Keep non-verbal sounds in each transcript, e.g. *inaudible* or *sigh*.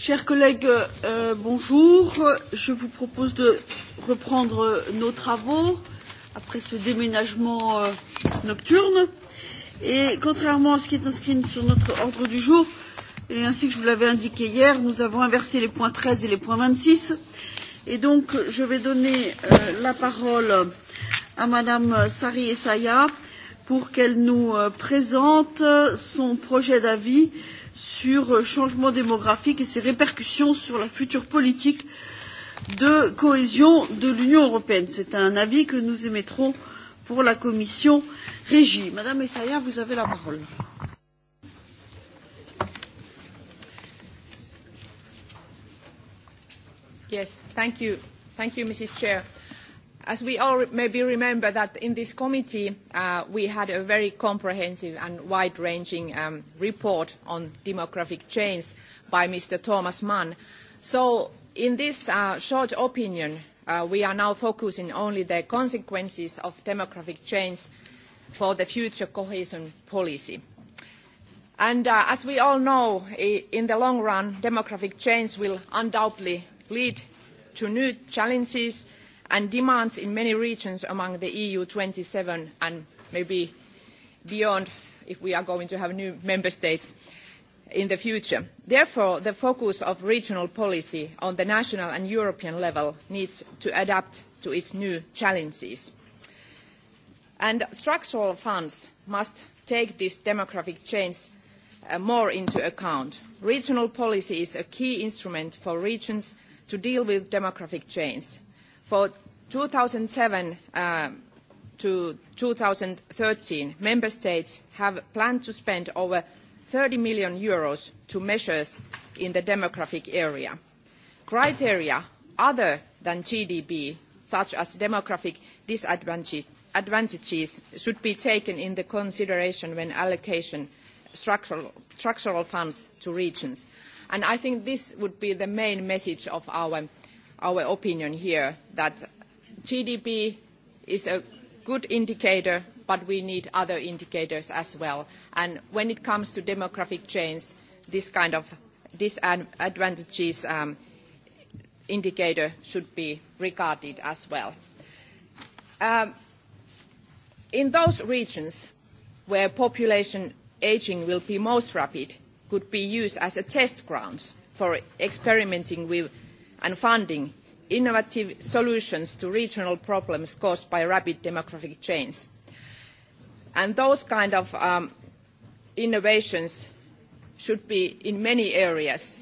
Chers collègues, euh, euh, bonjour. Je vous propose de reprendre nos travaux après ce déménagement euh, nocturne. Et contrairement à ce qui est inscrit sur notre ordre du jour, et ainsi que je vous l'avais indiqué hier, nous avons inversé les points 13 et les points 26. Et donc, je vais donner euh, la parole à Madame Sari Essaya pour qu'elle nous euh, présente son projet d'avis euh, sur le euh, changement démographique et ses répercussions sur la future politique de cohésion de l'union européenne. c'est un avis que nous émettrons pour la commission regi. madame essayah vous avez la parole. Yes, thank you. Thank you, Mrs. Chair. As we all maybe remember that in this committee, uh, we had a very comprehensive and wide-ranging um, report on demographic change by Mr. Thomas Mann. So in this uh, short opinion, uh, we are now focusing only the consequences of demographic change for the future cohesion policy. And uh, as we all know, in the long run, demographic change will undoubtedly lead to new challenges – and demands in many regions among the EU 27 and maybe beyond if we are going to have new member states in the future. Therefore, the focus of regional policy on the national and European level needs to adapt to its new challenges. And structural funds must take this demographic change uh, more into account. Regional policy is a key instrument for regions to deal with demographic change For 2007 uh, to 2013, member states have planned to spend over 30 million euros to measures in the demographic area. Criteria other than GDP, such as demographic disadvantages, should be taken into consideration when allocation structural, structural funds to regions. And I think this would be the main message of our our opinion here that GDP is a good indicator, but we need other indicators as well. And when it comes to demographic change, this kind of disadvantages um, indicator should be regarded as well. Um, in those regions where population aging will be most rapid, could be used as a test grounds for experimenting with and funding innovative solutions to regional problems caused by rapid demographic change. And those kind of um, innovations should be in many areas.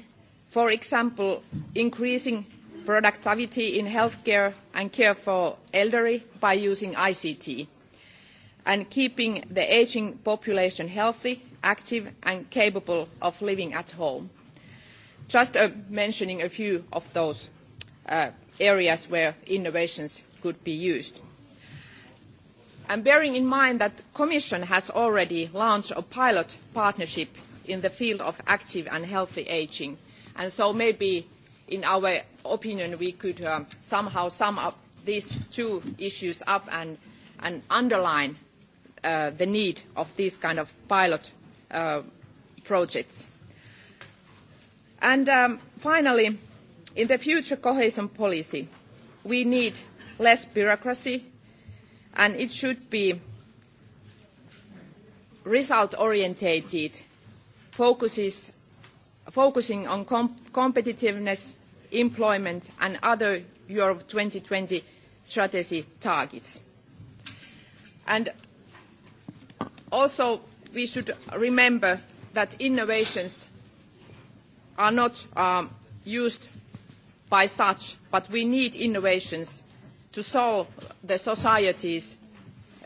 For example, increasing productivity in healthcare and care for elderly by using ICT, and keeping the aging population healthy, active, and capable of living at home. Just uh, mentioning a few of those uh, areas where innovations could be used. And bearing in mind that the Commission has already launched a pilot partnership in the field of active and healthy aging, and so maybe in our opinion we could um, somehow sum up these two issues up and, and underline uh, the need of these kind of pilot projects. And um, finally, in the future cohesion policy, we need less bureaucracy, and it should be result-oriented, focusing on com competitiveness, employment, and other Europe 2020 strategy targets. And also, we should remember that innovations are not um, used by such, but we need innovations to solve the society's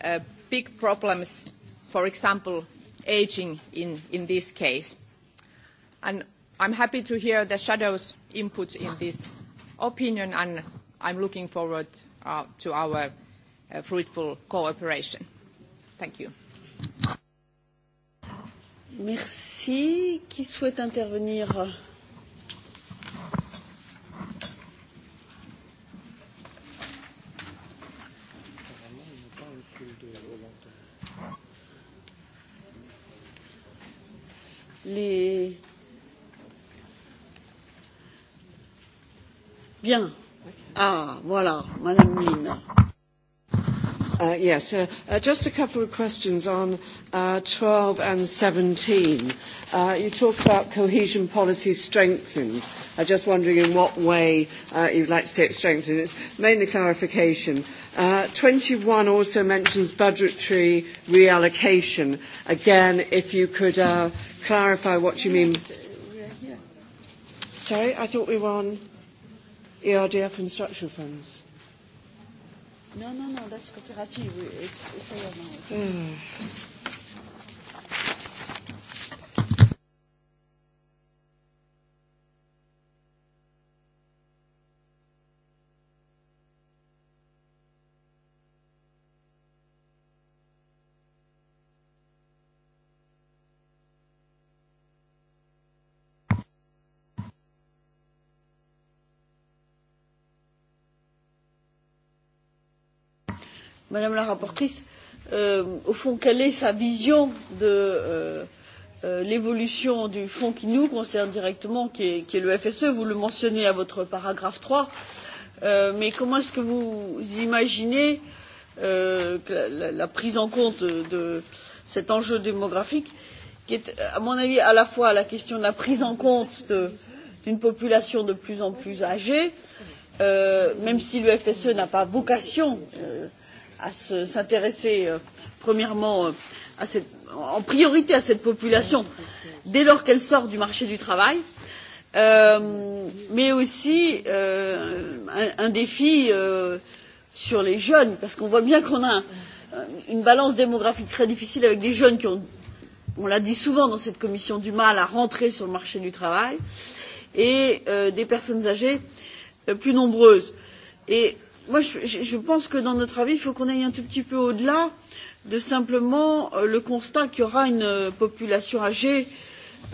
uh, big problems, for example, aging in, in this case. And I'm happy to hear the shadows' input in this opinion, and I'm looking forward uh, to our uh, fruitful cooperation. Thank you. Merci. Qui souhaite intervenir Les... Bien. Ah, voilà, Madame Lynn. Uh, yes. Uh, uh, just a couple of questions on uh, 12 and 17. you talk about cohesion policy strengthened. I'm just wondering in what way uh, you'd like to see it strengthened. It's mainly clarification. Uh, 21 also mentions budgetary reallocation. Again, if you could clarify what you mean. Sorry, I thought we were on ERDF and structural funds. No, no, no, that's cooperative. It's, it's a, no. Uh, mm. Madame la rapporteure, euh, au fond, quelle est sa vision de euh, euh, l'évolution du fonds qui nous concerne directement, qui est, qui est le FSE Vous le mentionnez à votre paragraphe 3, euh, mais comment est-ce que vous imaginez euh, la, la, la prise en compte de cet enjeu démographique, qui est, à mon avis, à la fois la question de la prise en compte d'une population de plus en plus âgée, euh, même si le FSE n'a pas vocation euh, à s'intéresser euh, premièrement euh, à cette, en priorité à cette population dès lors qu'elle sort du marché du travail euh, mais aussi euh, un, un défi euh, sur les jeunes parce qu'on voit bien qu'on a un, euh, une balance démographique très difficile avec des jeunes qui ont on l'a dit souvent dans cette commission du mal à rentrer sur le marché du travail et euh, des personnes âgées euh, plus nombreuses. Et moi, je, je pense que dans notre avis, il faut qu'on aille un tout petit peu au-delà de simplement euh, le constat qu'il y aura une euh, population âgée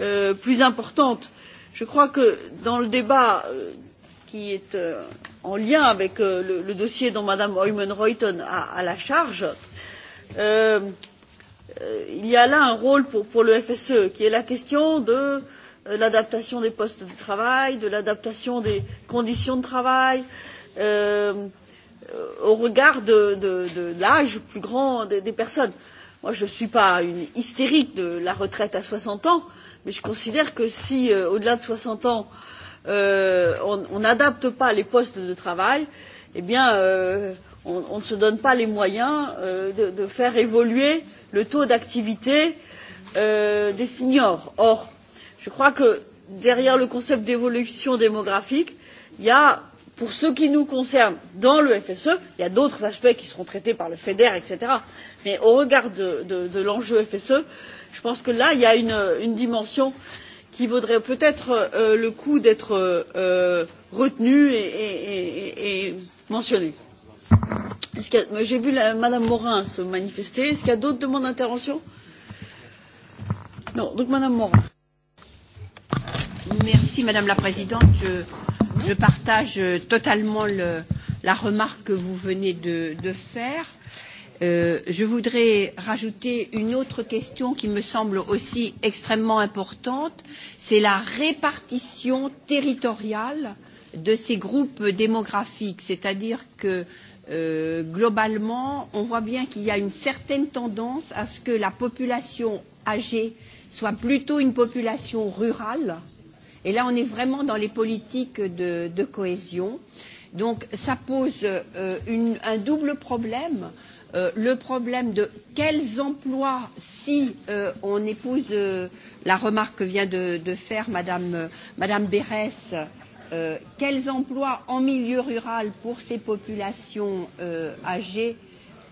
euh, plus importante. Je crois que dans le débat euh, qui est euh, en lien avec euh, le, le dossier dont Mme Heumann Reuton a, a la charge, euh, euh, il y a là un rôle pour, pour le FSE qui est la question de euh, l'adaptation des postes de travail, de l'adaptation des conditions de travail, euh, au regard de, de, de l'âge plus grand des, des personnes. Moi, je ne suis pas une hystérique de la retraite à 60 ans, mais je considère que si, euh, au-delà de 60 ans, euh, on n'adapte pas les postes de travail, eh bien, euh, on, on ne se donne pas les moyens euh, de, de faire évoluer le taux d'activité euh, des seniors. Or, je crois que derrière le concept d'évolution démographique, il y a pour ce qui nous concerne dans le fse il y a d'autres aspects qui seront traités par le feder etc. mais au regard de, de, de l'enjeu fse je pense que là il y a une, une dimension qui vaudrait peut être euh, le coup d'être euh, retenue et, et, et, et mentionnée. j'ai vu la, mme morin se manifester est ce qu'il y a d'autres demandes d'intervention? non donc mme morin. Merci, madame la présidente je Je partage euh, totalement le, la remarque que vous venez de, de faire. Euh, je voudrais rajouter une autre question qui me semble aussi extrêmement importante, c'est la répartition territoriale de ces groupes démographiques, c'est-à-dire que euh, globalement, on voit bien qu'il y a une certaine tendance à ce que la population âgée soit plutôt une population rurale euh, Et là, on est vraiment dans les politiques de, de cohésion. Donc, ça pose euh, une, un double problème. Euh, le problème de quels emplois, si euh, on épouse euh, la remarque que vient de, de faire Madame, euh, Madame Berès, euh, quels emplois en milieu rural pour ces populations euh, âgées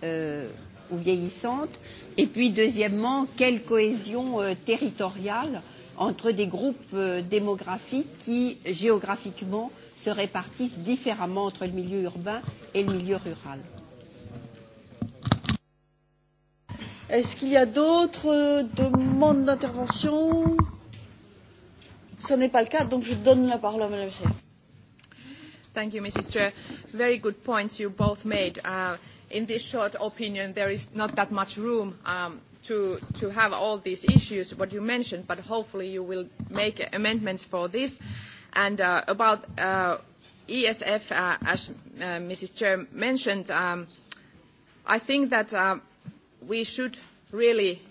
euh, ou vieillissantes Et puis, deuxièmement, quelle cohésion euh, territoriale euh, entre des groupes euh, démographiques qui, géographiquement, se répartissent différemment entre le milieu urbain et le milieu rural. Est-ce qu'il y a d'autres euh, demandes d'intervention Ce n'est pas le cas, donc je donne la parole à Mme Chef. Thank you, Mrs. Chair. Very good points you both made. Uh, in this short opinion, there is not that much room um, to, have all these issues, what you mentioned, but hopefully you will make amendments for this. And uh, about uh, ESF, uh, as Mrs. Chair mentioned, um, I think that we should really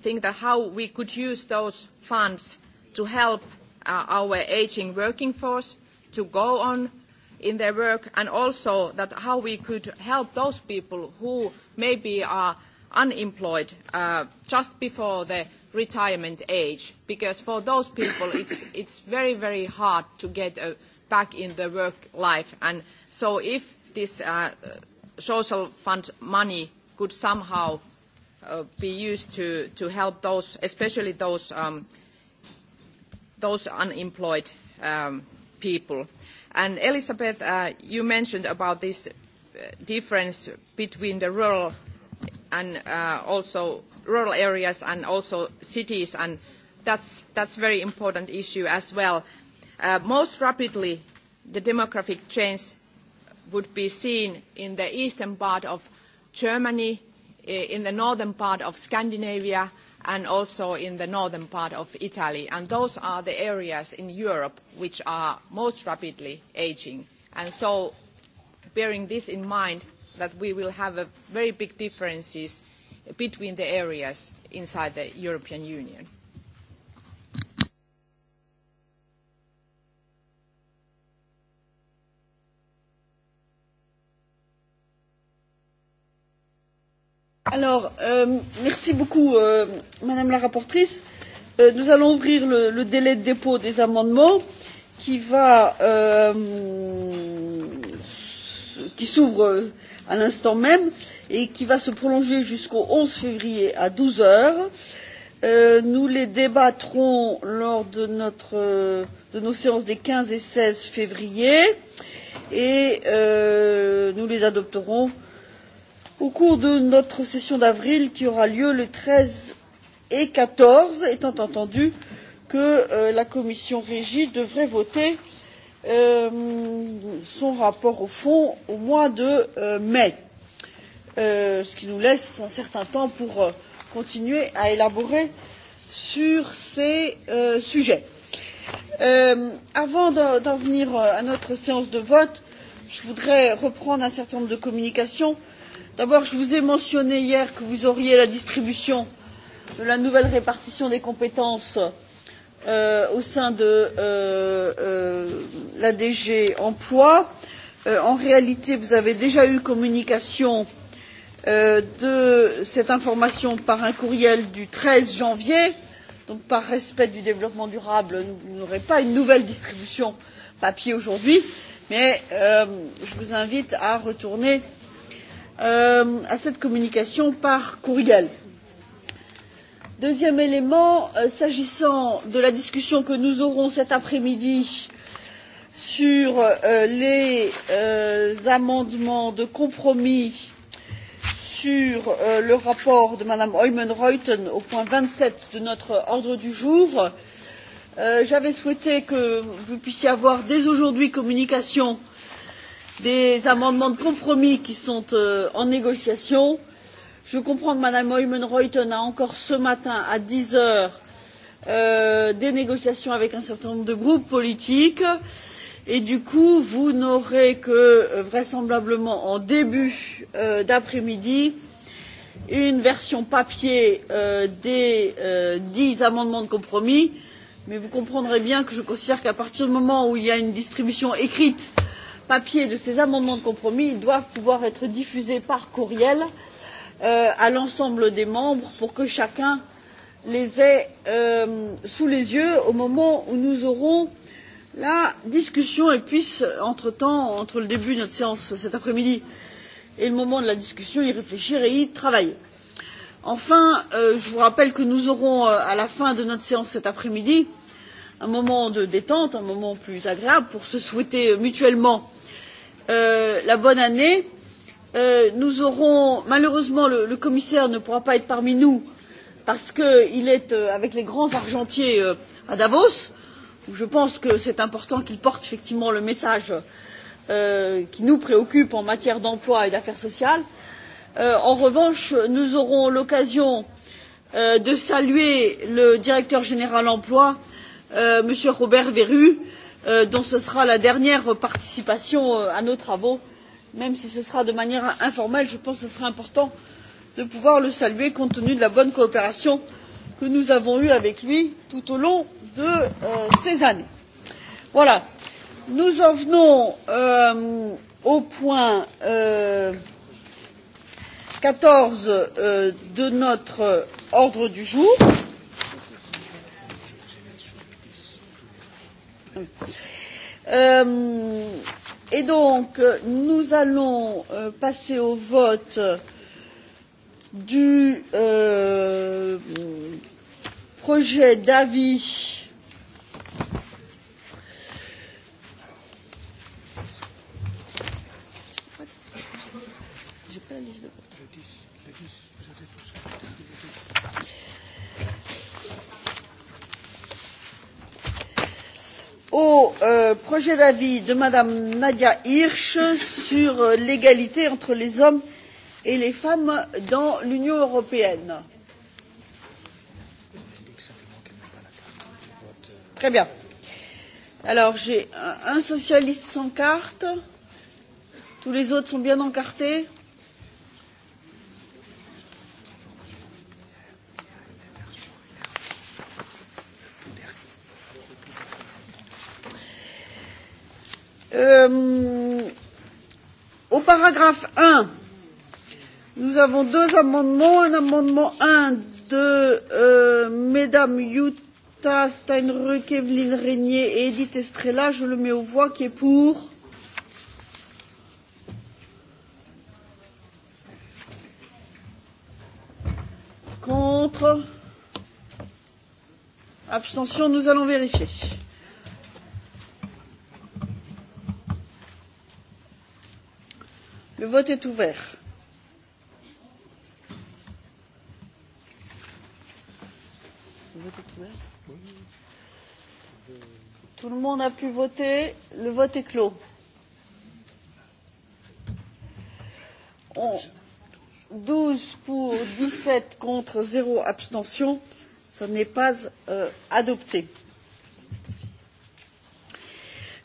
think that how we could use those funds to help our aging working force to go on in their work, and also that how we could help those people who maybe are unemployed uh, just before the retirement age because for those people it's, it's very, very hard to get uh, back in the work life. And so if this uh, social fund money could somehow uh, be used to, to help those, especially those, um, those unemployed um, people. And Elizabeth, uh, you mentioned about this uh, difference between the rural and uh, also rural areas and also cities, and that's that's very important issue as well. Uh, most rapidly, the demographic change would be seen in the eastern part of Germany, in the northern part of Scandinavia, and also in the northern part of Italy. And those are the areas in Europe which are most rapidly aging. And so, bearing this in mind, that we will have very big differences between the areas inside the European Union. Alors, euh, merci beaucoup, euh, Madame la rapporteure. Euh, nous allons ouvrir le, le délai de dépôt des amendements qui va euh, qui s'ouvre euh, à l'instant même et qui va se prolonger jusqu'au onze février à douze heures. Euh, nous les débattrons lors de, notre, euh, de nos séances des quinze et seize février et nous les adopterons au cours de notre session d'avril qui aura lieu les treize et quatorze étant entendu que euh, la commission regi devrait voter Euh, son rapport au fond au mois de euh, mai, euh, ce qui nous laisse un certain temps pour euh, continuer à élaborer sur ces euh, sujets. Euh, avant d'en venir euh, à notre séance de vote, je voudrais reprendre un certain nombre de communications. D'abord, je vous ai mentionné hier que vous auriez la distribution de la nouvelle répartition des compétences euh, Euh, au sein de euh, euh, la dg emploi en réalité vous avez déjà eu communication de cette information par un courriel du treize janvier donc par respect du développement durable vous n'aurez pas une nouvelle distribution papier aujourd'hui mais je vous invite à retourner à cette communication par courriel deuxième élément euh, s'agissant de la discussion que nous aurons cet après midi sur euh, les euh, amendements de compromis sur euh, le rapport de mme oomen ruijten au point vingt sept de notre ordre du jour euh, j'avais souhaité que vous puissiez avoir dès aujourd'hui communication des amendements de compromis qui sont euh, en négociation et je comprends que mme oomen ruijten a encore ce matin à dix heures euh, des négociations avec un certain nombre de groupes politiques et du coup vous n'aurez que euh, vraisemblablement en début euh, d'après midi une version papier des dix amendements de compromis mais vous comprendrez bien que je considère qu'à partir du moment où il y a une distribution écrite papier de ces amendements de compromis ils doivent pouvoir être diffusés par courriel et Euh, à l'ensemble des membres pour que chacun les ait euh, sous les yeux au moment où nous aurons la discussion et puisse entre temps entre le début de notre séance cet après midi et le moment de la discussion y réfléchir et y travailler. enfin euh, je vous rappelle que nous aurons à la fin de notre séance cet après midi un moment de détente un moment plus agréable pour se souhaiter mutuellement euh, la bonne année Euh, nous aurons malheureusement le, le commissaire ne pourra pas être parmi nous parce qu'il est euh, avec les grands argentiers euh, à davos où je pense que c'est important qu'il porte effectivement le message qui nous préoccupe en matière d'emploi et d'affaires sociales. en revanche nous aurons l'occasion de saluer le directeur général emploi m. robert verheu dont ce sera la dernière participation à nos travaux même si ce sera de manière informelle je pense que ce sera important de pouvoir le saluer compte tenu de la bonne coopération que nous avons eue avec lui tout au long de euh, ces années. Voilà. nous en venons euh, au point euh, quatorze euh, de notre ordre du jour euh, et donc euh, nous allons euh, passer au vote du euh, projet d'avis au euh, projet d'avis de mme nadia hirsch sur euh, l'égalité entre les hommes et les femmes dans l'union européenne. très bien. alors j'ai un, un socialiste sans carte tous les autres sont bien encartés. Euh, au paragraphe 1, nous avons deux amendements. Un amendement 1 de euh, Mesdames Jutta Steinruck, Evelyne Régnier et Edith Estrella. Je le mets aux voix qui est pour. Contre. Abstention, nous allons vérifier. Le vote est ouvert. Le vote est ouvert. Tout le monde a pu voter. Le vote est clos. On... 12 pour 17 contre 0 abstention. Ce n'est pas euh, adopté.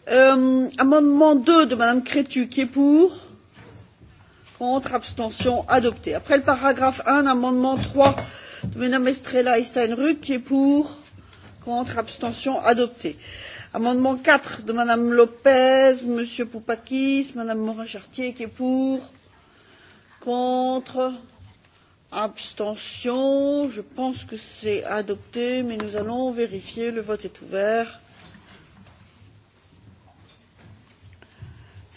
Euh, amendement 2 de Madame Crétu, qui est pour contre abstention adopté. après le paragraphe un amendement trois de mme estrela et steinruck qui est pour contre abstention adopté. amendement quatre de mme lopez m. poupakis mme morin chartier qui est pour contre abstention je pense que c'est adopté mais nous allons vérifier le vote est ouvert.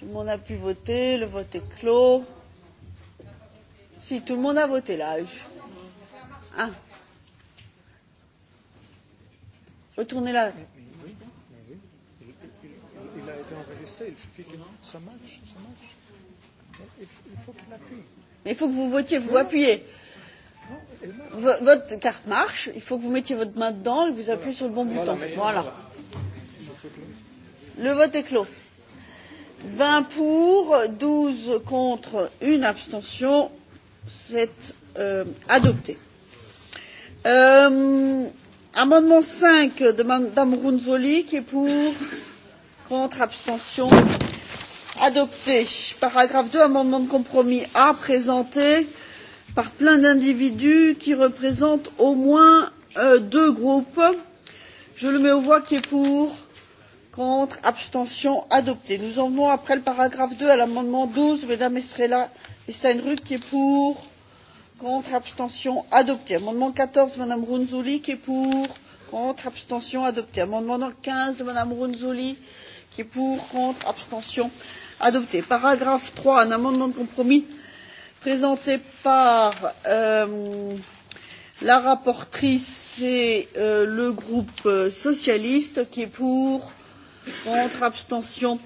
tout le monde a pu voter le vote est clos. Si, tout le monde a voté là. Je... Ah. Retournez là. Il a été enregistré, il suffit que ça marche, ça marche. Il faut qu'il appuie. Il faut que vous votiez, vous appuyez. V votre carte marche, il faut que vous mettiez votre main dedans et que vous appuyez voilà. sur le bon voilà, bouton. Voilà. Le vote est clos. 20 pour, 12 contre, 1 abstention. C'est euh, adopté. Euh, amendement 5 de Mme Runzoli qui est pour, contre, abstention adopté. Paragraphe 2, amendement de compromis A présenté par plein d'individus qui représentent au moins euh, deux groupes. Je le mets aux voix qui est pour, contre, abstention adopté. Nous en venons après le paragraphe 2 à l'amendement 12, Mme Estrella Steinruck qui est pour, contre, abstention, adopté. Amendement 14, Madame Runzoli qui est pour, contre, abstention, adopté. Amendement 15 de Madame Runzoli qui est pour, contre, abstention, adopté. Paragraphe 3, un amendement de compromis présenté par euh, la rapporteure c'est euh, le groupe euh, socialiste qui est pour contre abstention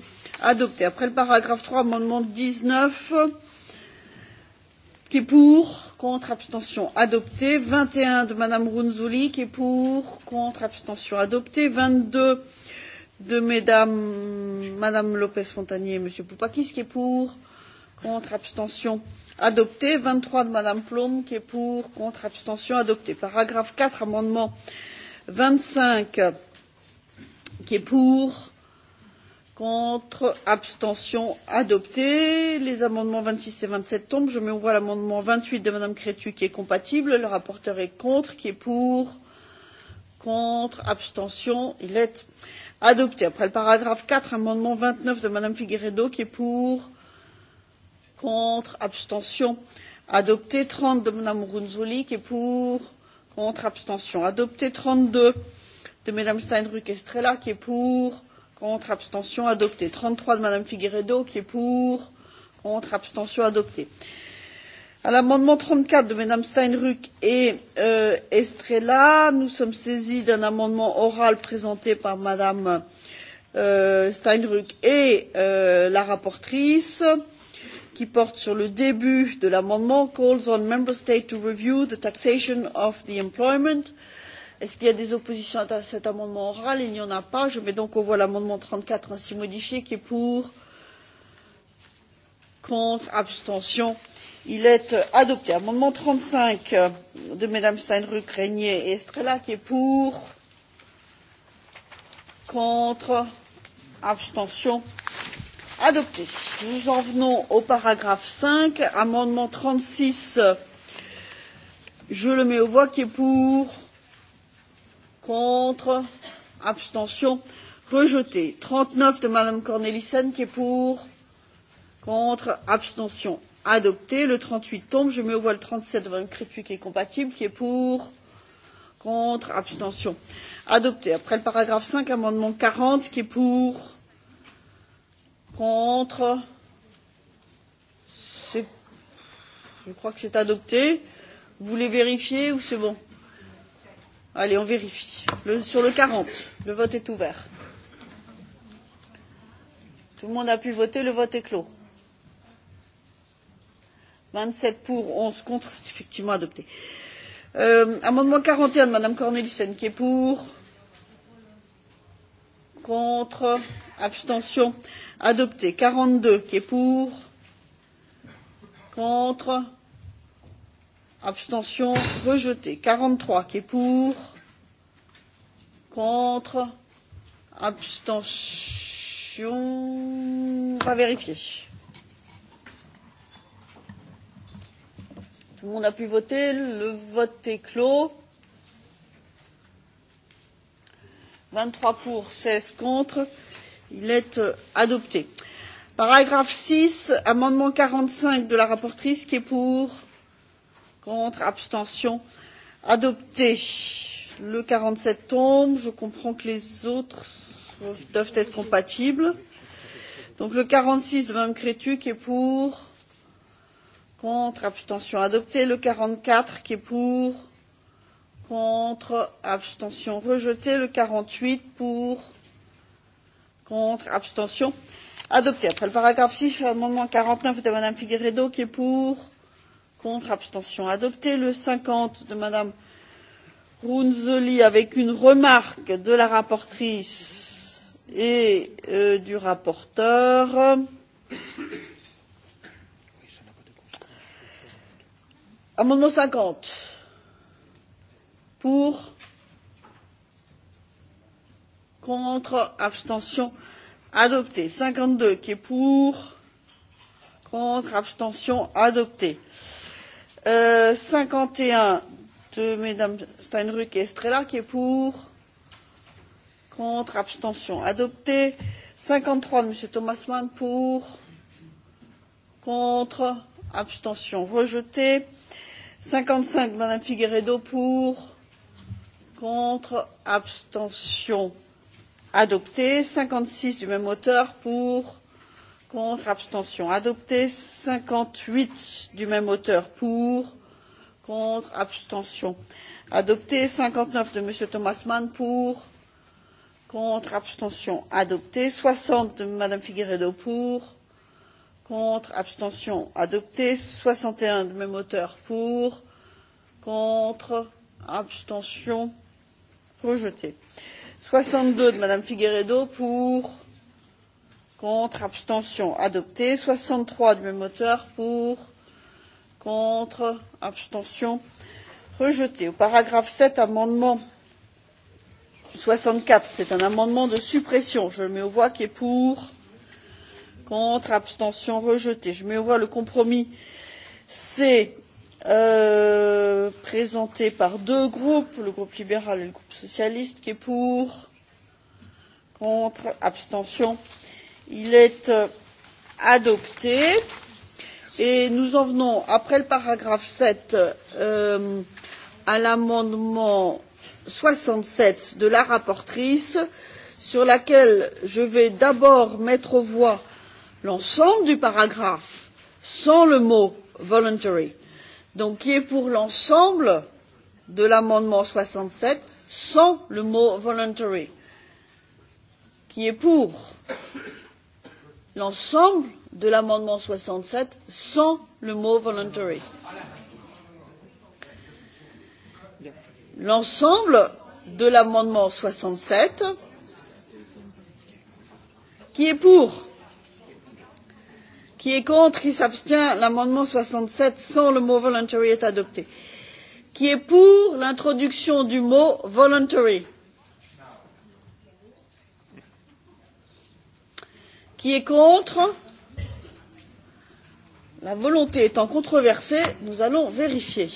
adopté. après le paragraphe trois amendement dix qui est pour, contre, abstention adopté. 21 de Madame Runzuli, qui est pour, contre, abstention adopté. 22 de Mesdames, Madame Lopez Fontanier et Monsieur Poupakis, qui est pour, contre, abstention adopté. 23 de Madame Plaume, qui est pour, contre, abstention adopté. Paragraphe 4, amendement 25, qui est pour, contre abstention adopté les amendements vingt six et vingt sept tombent je mets aux voix l'amendement vingt huit de mme creu qui est compatible le rapporteur est contre qui est pour contre abstention il est adopté après le paragraphe quatre amendement vingt neuf de mme figueiredo qui est pour contre abstention adopté trente de mme ronzulli qui est pour contre abstention adopté trente deux de mme steinruck estrela qui est pour contre, abstention adopté. 33 de Madame Figueredo qui est pour, contre, abstention adopté. À l'amendement 34 de Madame Steinruck et euh, Estrella, nous sommes saisis d'un amendement oral présenté par Madame euh, Steinruck et euh, la rapportrice qui porte sur le début de l'amendement calls on member state to review the taxation of the employment euh, Est-ce qu'il y a des oppositions à cet amendement oral Il n'y en a pas. Je mets donc aux voix l'amendement trente quatre ainsi modifié qui est pour, contre, abstention. Il est euh, adopté. Amendement trente cinq euh, de Mme Steinruck, Régnier et estrela qui est pour, contre, abstention. Adopté. Nous en venons au paragraphe cinq amendement trente six euh, Je le mets aux voix qui est pour, Contre Abstention Rejeté. 39 de Madame Cornelissen qui est pour Contre Abstention Adopté. Le 38 tombe. Je mets au voile 37 de Madame Crétu qui est compatible, qui est pour Contre Abstention Adopté. Après le paragraphe 5, amendement 40 qui est pour Contre Je crois que c'est adopté. Vous voulez vérifier ou c'est bon Allez, on vérifie. Le, sur le 40, le vote est ouvert. Tout le monde a pu voter, le vote est clos. 27 pour, 11 contre, c'est effectivement adopté. Euh, amendement 41 de Madame Cornelissen, qui est pour Contre Abstention Adopté. 42, qui est pour Contre Abstention rejeté. 43 qui est pour. Contre. Abstention. On va vérifier. Tout le monde a pu voter. Le vote est clos. 23 pour, 16 contre. Il est euh, adopté. Paragraphe 6, amendement 45 de la rapporteure qui est pour Contre. Abstention. Adopté. Le 47 tombe. Je comprends que les autres doivent être compatibles. Donc le 46 de Mme Crétu qui est pour. Contre. Abstention. Adopté. Le 44 qui est pour. Contre. Abstention. Rejeté. Le 48 pour. Contre. Abstention. Adopté. Après le paragraphe 6, amendement 49 de Mme Figueredo qui est pour contre, contre, abstention adopté. Le 50 de Madame Runzoli avec une remarque de la rapporteure et euh, du rapporteur. Amendement 50. Pour. Contre. Abstention. Adopté. 52 qui est pour. Contre. Abstention. Adopté. Euh, cinquante et un de mesdames steinruck et estrela qui est pour contre abstention adopté cinquante de m. thomas mann pour contre abstention rejeté 55, cinq de mme figueiredo pour contre abstention adopté cinquante six du même auteur pour contre abstention adopté cinquante huit du même auteur pour contre abstention adopté cinquante neuf de m. thomas mann pour contre abstention adopté soixante de mme figueiredo pour contre abstention adopté soixante et un du même auteur pour contre abstention rejeté soixante deux de mme figueiredo pour contre, abstention adopté, 63 du même auteur pour, contre, abstention rejeté. Au paragraphe 7, amendement 64, c'est un amendement de suppression. Je le mets aux voix qui est pour, contre, abstention rejeté. Je mets aux voix le compromis C euh, présenté par deux groupes, le groupe libéral et le groupe socialiste, qui est pour, contre, abstention rejeté Il est euh, adopté. Et nous en venons, après le paragraphe 7, euh, à l'amendement 67 de la rapporteure, sur laquelle je vais d'abord mettre aux voix l'ensemble du paragraphe sans le mot voluntary. Donc qui est pour l'ensemble de l'amendement 67 sans le mot voluntary Qui est pour l'ensemble de l'amendement soixante sept sans le mot voluntary l'ensemble de l'amendement soixante sept qui est pour qui est contre qui s'abstient l'amendement soixante sept sans le mot voluntary est adopté qui est pour l'introduction du mot voluntary Qui est contre La volonté étant controversée, nous allons vérifier.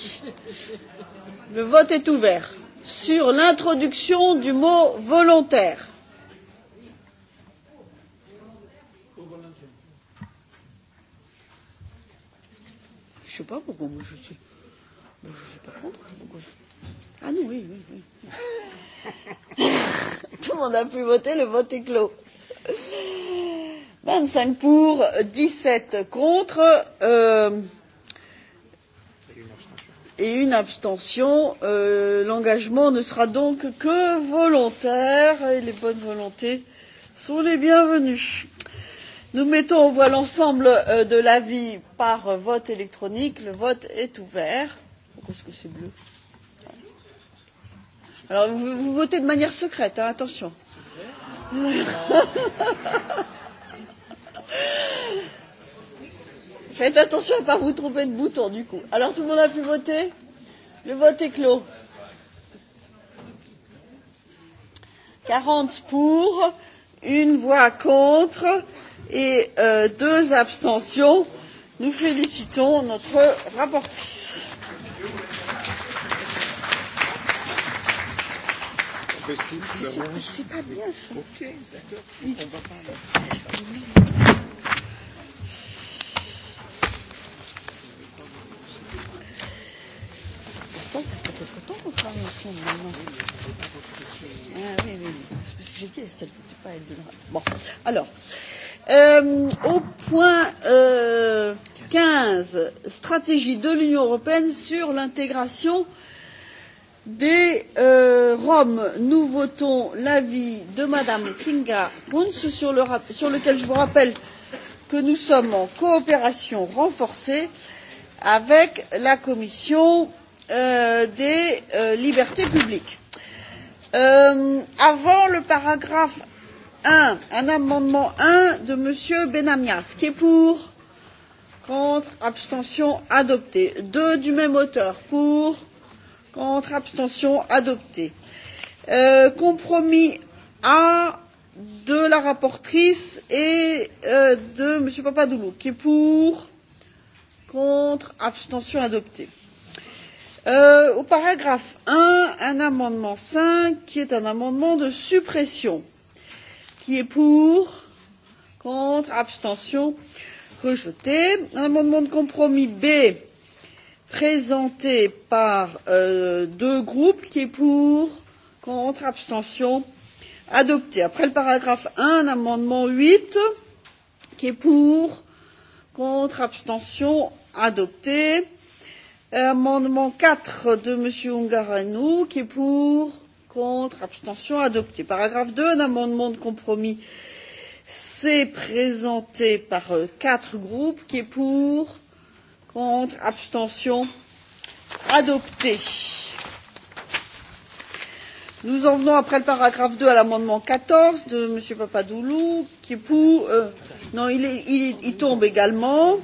Le vote est ouvert sur l'introduction du mot volontaire. Je ne sais pas pourquoi moi je suis. Je ne suis pas contre. Pourquoi... Ah non, oui, oui, oui. *laughs* Tout le monde a pu voter, le vote est clos vingt cinq pour dix sept contre euh, et une abstention. Euh, l'engagement ne sera donc que volontaire et les bonnes volontés sont les bienvenues. nous mettons aux voix l'ensemble euh, de l'avis par vote électronique. le vote est ouvert. pourquoi est ce que c'est bleu? alors vous, vous votez de manière secrète hein, attention. Faites attention à ne pas vous tromper de bouton du coup. Alors tout le monde a pu voter Le vote est clos. 40 pour, une voix contre et euh, deux abstentions. Nous félicitons notre rapporteur. fait tout le service. C'est pas bien ça. Ok, d'accord. Ah oui. On va pas. Pourtant, ça fait quelque temps qu'on travaille ensemble maintenant. Ah oui, oui. Parce que j'ai dit, Estelle, tu peux pas être de là. Bon, alors. Euh, au point euh, 15, stratégie de l'Union européenne sur l'intégration euh, des euh, roms nous votons l'avis de mme kinga gncz sur, le, sur lequel je vous rappelle que nous sommes en coopération renforcée avec la commission euh, des euh, libertés publiques. Euh, avant le paragraphe un un amendement un de m. benamias qui est pour contre abstention adopté deux du même auteur pour contre, abstention adopté. Euh, compromis A de la rapportrice et euh, de M. Papadoulou, qui est pour, contre, abstention adoptée. Euh, au paragraphe 1, un amendement 5 qui est un amendement de suppression. Qui est pour Contre Abstention Rejeté. Un amendement de compromis B présenté par euh, deux groupes qui est pour, contre, abstention, adopté. Après le paragraphe 1, amendement 8 qui est pour, contre, abstention, adopté. Amendement 4 de M. Ungaranou qui est pour, contre, abstention, adopté. Paragraphe 2, un amendement de compromis. C'est présenté par euh, quatre groupes qui est pour, Contre. Abstention. Adopté. Nous en venons après le paragraphe 2 à l'amendement 14 de M. Papadoulou qui est pour. Euh, non, il, est, il, il tombe également.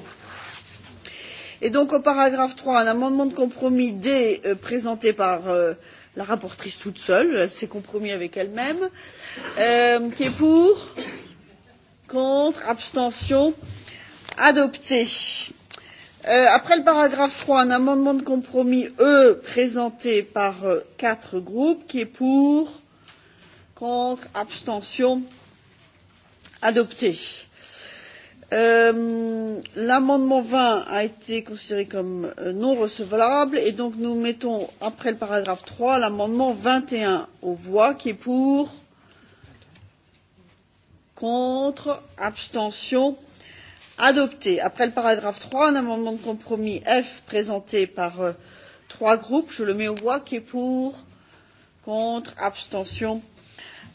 Et donc au paragraphe 3, un amendement de compromis D euh, présenté par euh, la rapportrice toute seule, elle s'est compromis avec elle-même, euh, qui est pour, contre, abstention, adopté. Euh, après le paragraphe trois un amendement de compromis e présenté par euh, quatre groupes qui est pour contre abstention adopté. Euh, l'amendement vingt a été considéré comme non recevable et donc nous mettons après le paragraphe trois l'amendement vingt et un aux voix qui est pour contre abstention adopté après le paragraphe trois un amendement de compromis f présenté par euh, trois groupes je le mets aux voix qui est pour contre abstention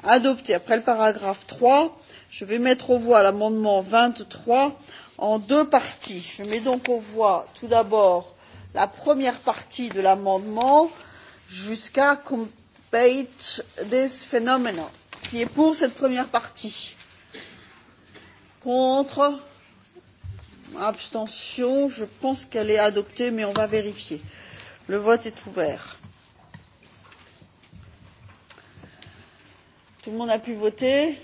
adopté après le paragraphe trois je vais mettre aux voix l'amendement vingt trois en deux parties. je mets donc aux voix tout d'abord la première partie de l'amendement jusqu'à combat this phenomenon qui est pour cette première partie contre abstention, je pense qu'elle est adoptée, mais on va vérifier. Le vote est ouvert. Tout le monde a pu voter.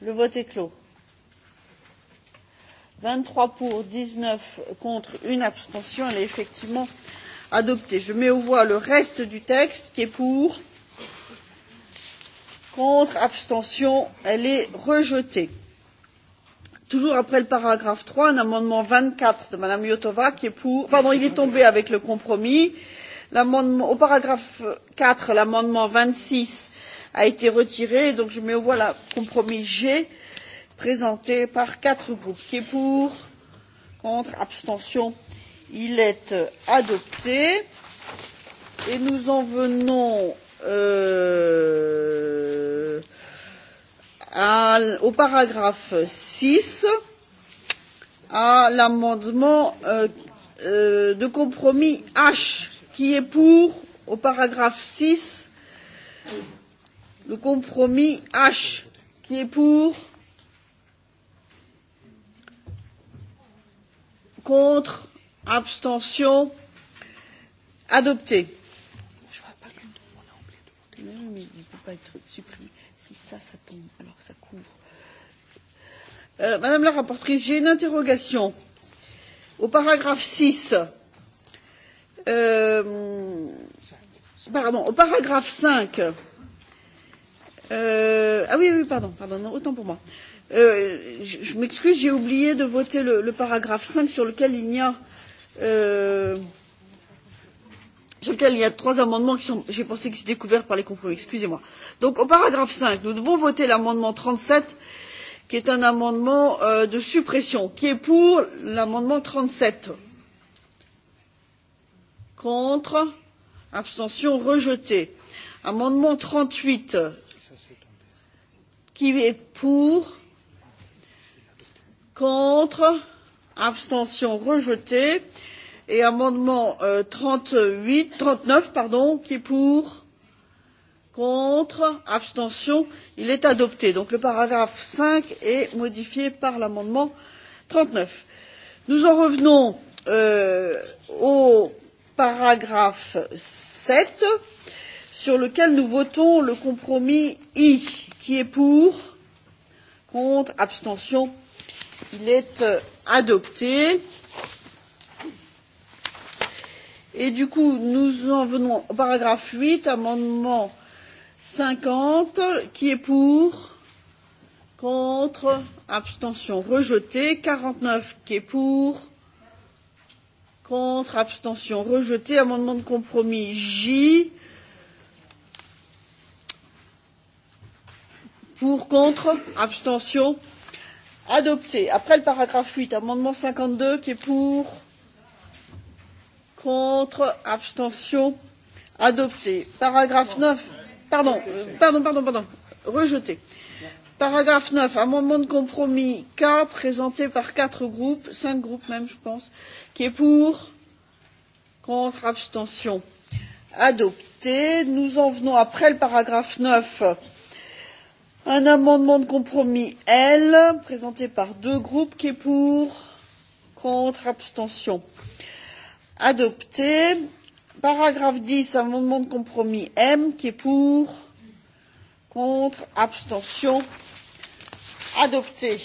Le vote est clos. 23 pour, 19 contre, une abstention. Elle est effectivement adoptée. Je mets aux voix le reste du texte qui est pour, contre, abstention. Elle est rejetée toujours après le paragraphe trois un amendement vingt quatre de mme iotova qui est pour pardon il est tombé avec le compromis au paragraphe quatre l'amendement vingt six a été retiré donc je mets aux voix le compromis g présenté par quatre groupes qui est pour contre abstention il est euh, adopté et nous en venons euh, à, au paragraphe 6 à l'amendement euh, euh, de compromis H qui est pour au paragraphe 6 le compromis H qui est pour contre abstention adopté. Je vois pas que mais oui, mais il ne peut pas être supprimé. Si ça, ça tombe ça couvre. Euh, Madame la rapporteure, j'ai une interrogation. Au paragraphe 6, euh, pardon, au paragraphe 5, euh, ah oui, oui, pardon, pardon, non, autant pour moi. Euh, je, je m'excuse, j'ai oublié de voter le, le paragraphe 5 sur lequel il n'y a euh, sur lequel il y a trois amendements qui sont j'ai pensé qu'ils étaient couverts par les compromis excusez moi. donc au paragraphe cinq nous devons voter l'amendement trente sept qui est un amendement euh, de suppression. qui est pour l'amendement trente sept? contre abstention rejeté. amendement trente huit qui est pour contre abstention rejeté et amendement euh, trente huit trente neuf pardon qui est pour contre abstention il est adopté. donc le paragraphe cinq est modifié par l'amendement. trente neuf nous en revenons euh, au paragraphe sept sur lequel nous votons le compromis i qui est pour contre abstention il est euh, adopté. Et du coup, nous en venons au paragraphe 8, amendement 50, qui est pour, contre, abstention rejeté, 49 qui est pour, contre, abstention rejeté, amendement de compromis J, pour, contre, abstention adopté. Après le paragraphe 8, amendement 52 qui est pour, contre, abstention, adopté. Paragraphe 9, pardon, euh, pardon, pardon, pardon, rejeté. Paragraphe 9, amendement de compromis K présenté par quatre groupes, cinq groupes même je pense, qui est pour, contre, abstention, adopté. Nous en venons après le paragraphe 9 un amendement de compromis L présenté par deux groupes qui est pour, contre, abstention, adopté. Paragraphe 10, amendement de compromis M, qui est pour, contre, abstention, adopté.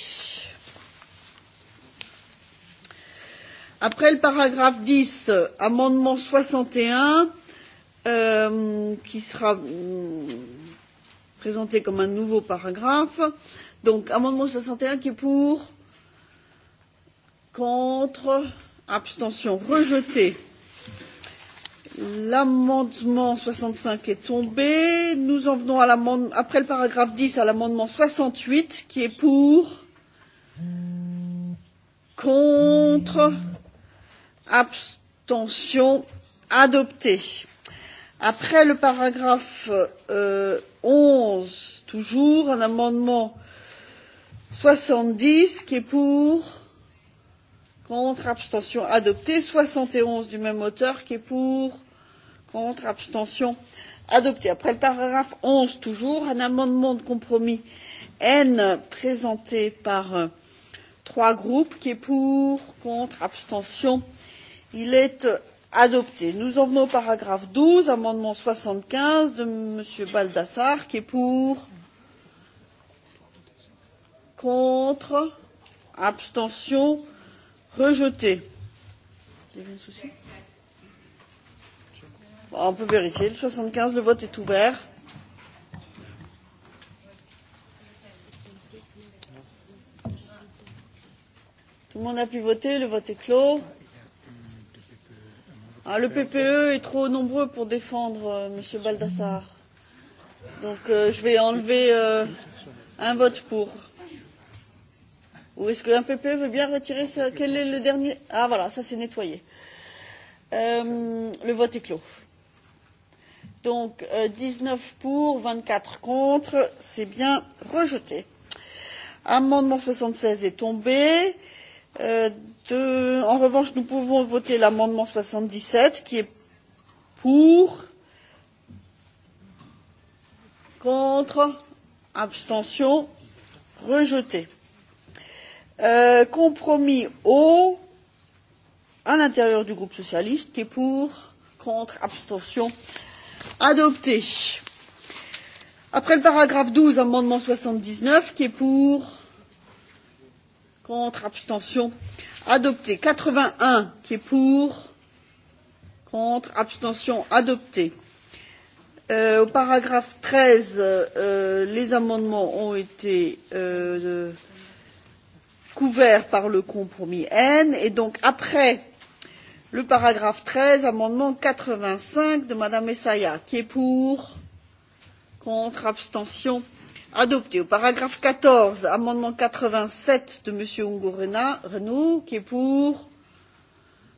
Après le paragraphe 10, amendement 61, euh, qui sera euh, présenté comme un nouveau paragraphe. Donc, amendement 61 qui est pour, contre, abstention rejeté. L'amendement 65 est tombé. Nous en venons à l'amendement, après le paragraphe 10, à l'amendement 68, qui est pour, contre, abstention, adopté. Après le paragraphe euh, 11, toujours, un amendement 70, qui est pour, Contre, abstention adoptée. 71 du même auteur qui est pour. Contre, abstention adoptée. Après le paragraphe 11, toujours, un amendement de compromis N présenté par euh, trois groupes qui est pour, contre, abstention. Il est euh, adopté. Nous en venons au paragraphe 12, amendement 75 de M. Baldassar qui est pour, contre, abstention Rejeté. Bon, on peut vérifier. Le 75, le vote est ouvert. Tout le monde a pu voter, le vote est clos. Ah, le PPE est trop nombreux pour défendre euh, M. Baldassar. Donc euh, je vais enlever euh, un vote pour. Ou est-ce qu'un PP veut bien retirer ce... Quel est le dernier Ah voilà, ça c'est nettoyé. Euh, le vote est clos. Donc euh, 19 pour, 24 contre, c'est bien rejeté. Amendement 76 est tombé. Euh, de... En revanche, nous pouvons voter l'amendement 77 qui est pour, contre, abstention, rejeté. Euh, compromis O à l'intérieur du groupe socialiste qui est pour, contre, abstention adopté. Après le paragraphe 12, amendement 79 qui est pour, contre, abstention adopté. 81 qui est pour, contre, abstention adopté. Euh, au paragraphe 13, euh, les amendements ont été euh, couvert par le compromis n et donc après le paragraphe treize amendement quatre vingt cinq de mme essayah qui est pour contre abstention adopté. au paragraphe quatorze amendement quatre vingt sept de m. ungureanu qui est pour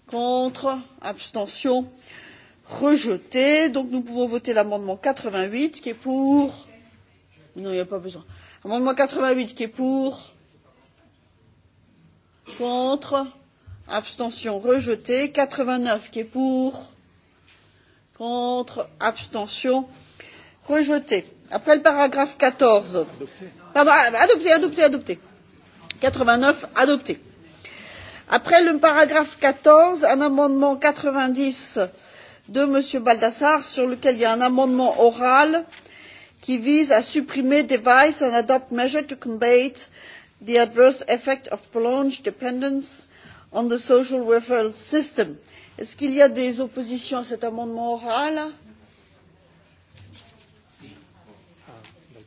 contre abstention rejeté. donc nous pouvons voter l'amendement quatre vingt huit qui est pour non il n'y a pas besoin amendement quatre vingt huit qui est pour Contre. Abstention rejeté. 89 qui est pour. Contre. Abstention rejeté. Après le paragraphe 14. Adopté. Pardon, ah, adopté, adopté, adopté. 89 adopté. Après le paragraphe 14, un amendement 90 de M. Baldassar sur lequel il y a un amendement oral qui vise à supprimer device and adopt measure to combat the adverse effect of prolonged dependence on the social welfare system. est ce qu'il y a des oppositions à cet amendement oral?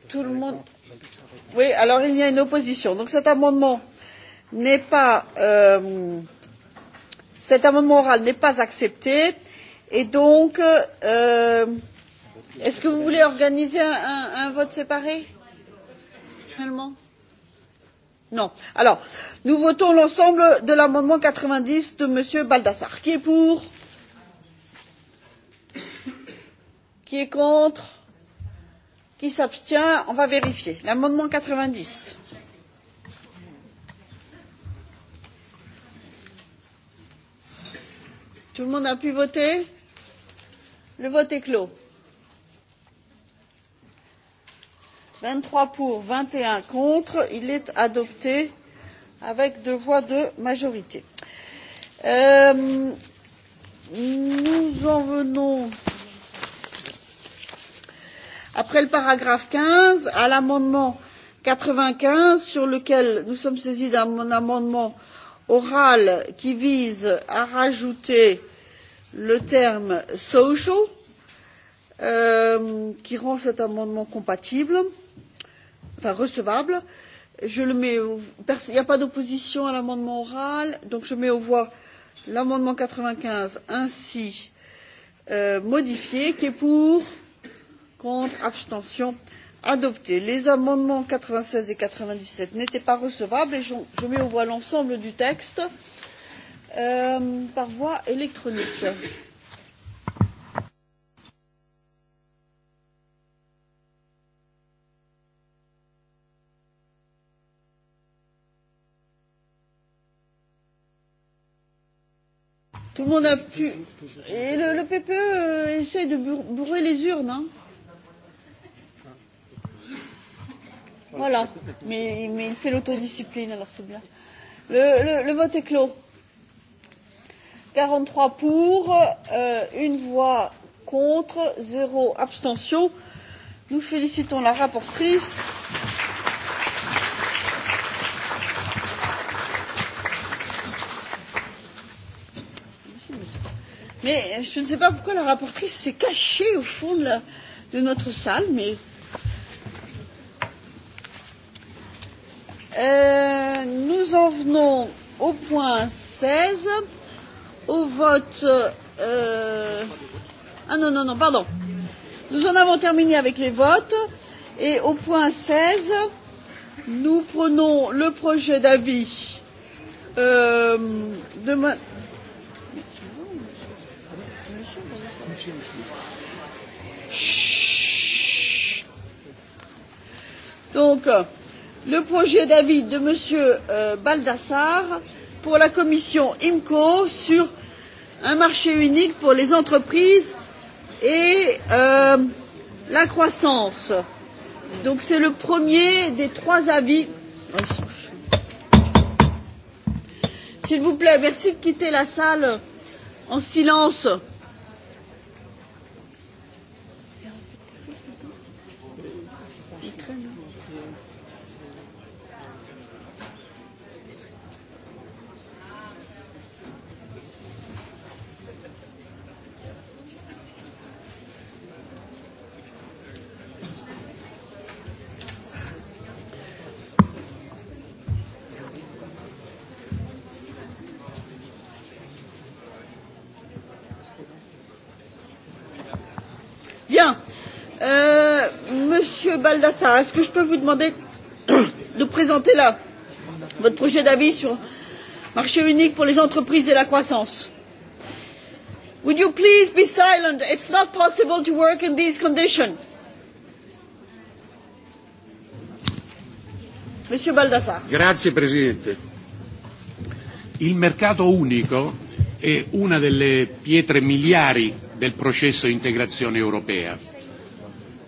tout le monde oui alors il y a une opposition donc cet amendement n'est pas euh, cet amendement oral n'est pas accepté et donc euh, est ce que vous voulez organiser un, un vote séparé finalement? non. alors nous votons l'ensemble de l'amendement quatre vingt dix de m. baldassarre qui est pour qui est contre qui s'abstient on va vérifier l'amendement quatre vingt dix tout le monde a pu voter le vote est clos. vingt trois pour vingt et un contre il est adopté avec deux voix de majorité. Euh, nous en venons après le paragraphe quinze à l'amendement quatre vingt quinze sur lequel nous sommes saisis d'un amendement oral qui vise à rajouter le terme social euh, qui rend cet amendement compatible. Euh, enfin recevable. Je le mets au... Il n'y a pas d'opposition à l'amendement oral, donc je mets aux voix l'amendement 95 ainsi euh, modifié, qui est pour, contre, abstention, adopté. Les amendements 96 et 97 n'étaient pas recevables et je, je mets aux voix l'ensemble du texte euh, par voie électronique. Tout le monde a pu. Et le, le PPE euh, essaye de bourrer les urnes. Hein. Voilà. Mais, mais il fait l'autodiscipline, alors c'est bien. Le, le, le vote est clos. 43 pour, euh, une voix contre, zéro abstention. Nous félicitons la rapportrice. Mais je ne sais pas pourquoi la rapportrice s'est cachée au fond de, la, de notre salle, mais. Euh, nous en venons au point 16, au vote. Euh... Ah non, non, non, pardon. Nous en avons terminé avec les votes. Et au point 16, nous prenons le projet d'avis euh, de. Ma... Donc, euh, le projet d'avis de Monsieur Euh, Baldassar pour la commission IMCO sur un marché unique pour les entreprises et euh, la croissance. Donc c'est le premier des trois avis. S'il vous plaît, merci de quitter la salle en silence. Monsieur Baldassar, est-ce que je peux vous demander de présenter là votre projet d'avis sur marché unique pour les entreprises et la croissance? Would you please be silent? It's not possible to work in these conditions. Monsieur Baldassar. Grazie Presidente. Il mercato unico è una delle pietre miliari del processo di integrazione europea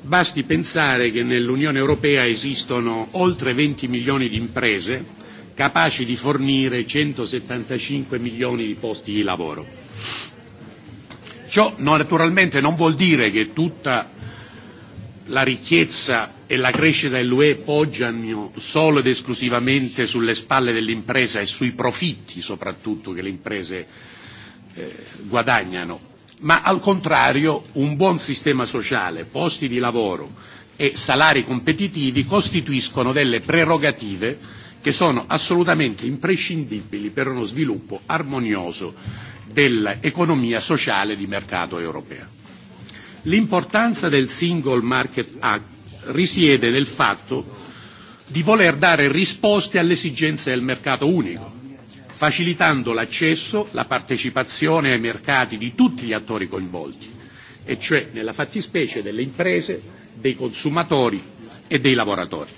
Basti pensare che nell'Unione Europea esistono oltre 20 milioni di imprese capaci di fornire 175 milioni di posti di lavoro. Ciò naturalmente non vuol dire che tutta la ricchezza e la crescita dell'UE poggiano solo ed esclusivamente sulle spalle dell'impresa e sui profitti soprattutto che le imprese eh, guadagnano ma al contrario un buon sistema sociale, posti di lavoro e salari competitivi costituiscono delle prerogative che sono assolutamente imprescindibili per uno sviluppo armonioso dell'economia sociale di mercato europea. L'importanza del Single Market Act risiede nel fatto di voler dare risposte alle esigenze del mercato unico, facilitando l'accesso, la partecipazione ai mercati di tutti gli attori coinvolti, e cioè nella fattispecie delle imprese, dei consumatori e dei lavoratori.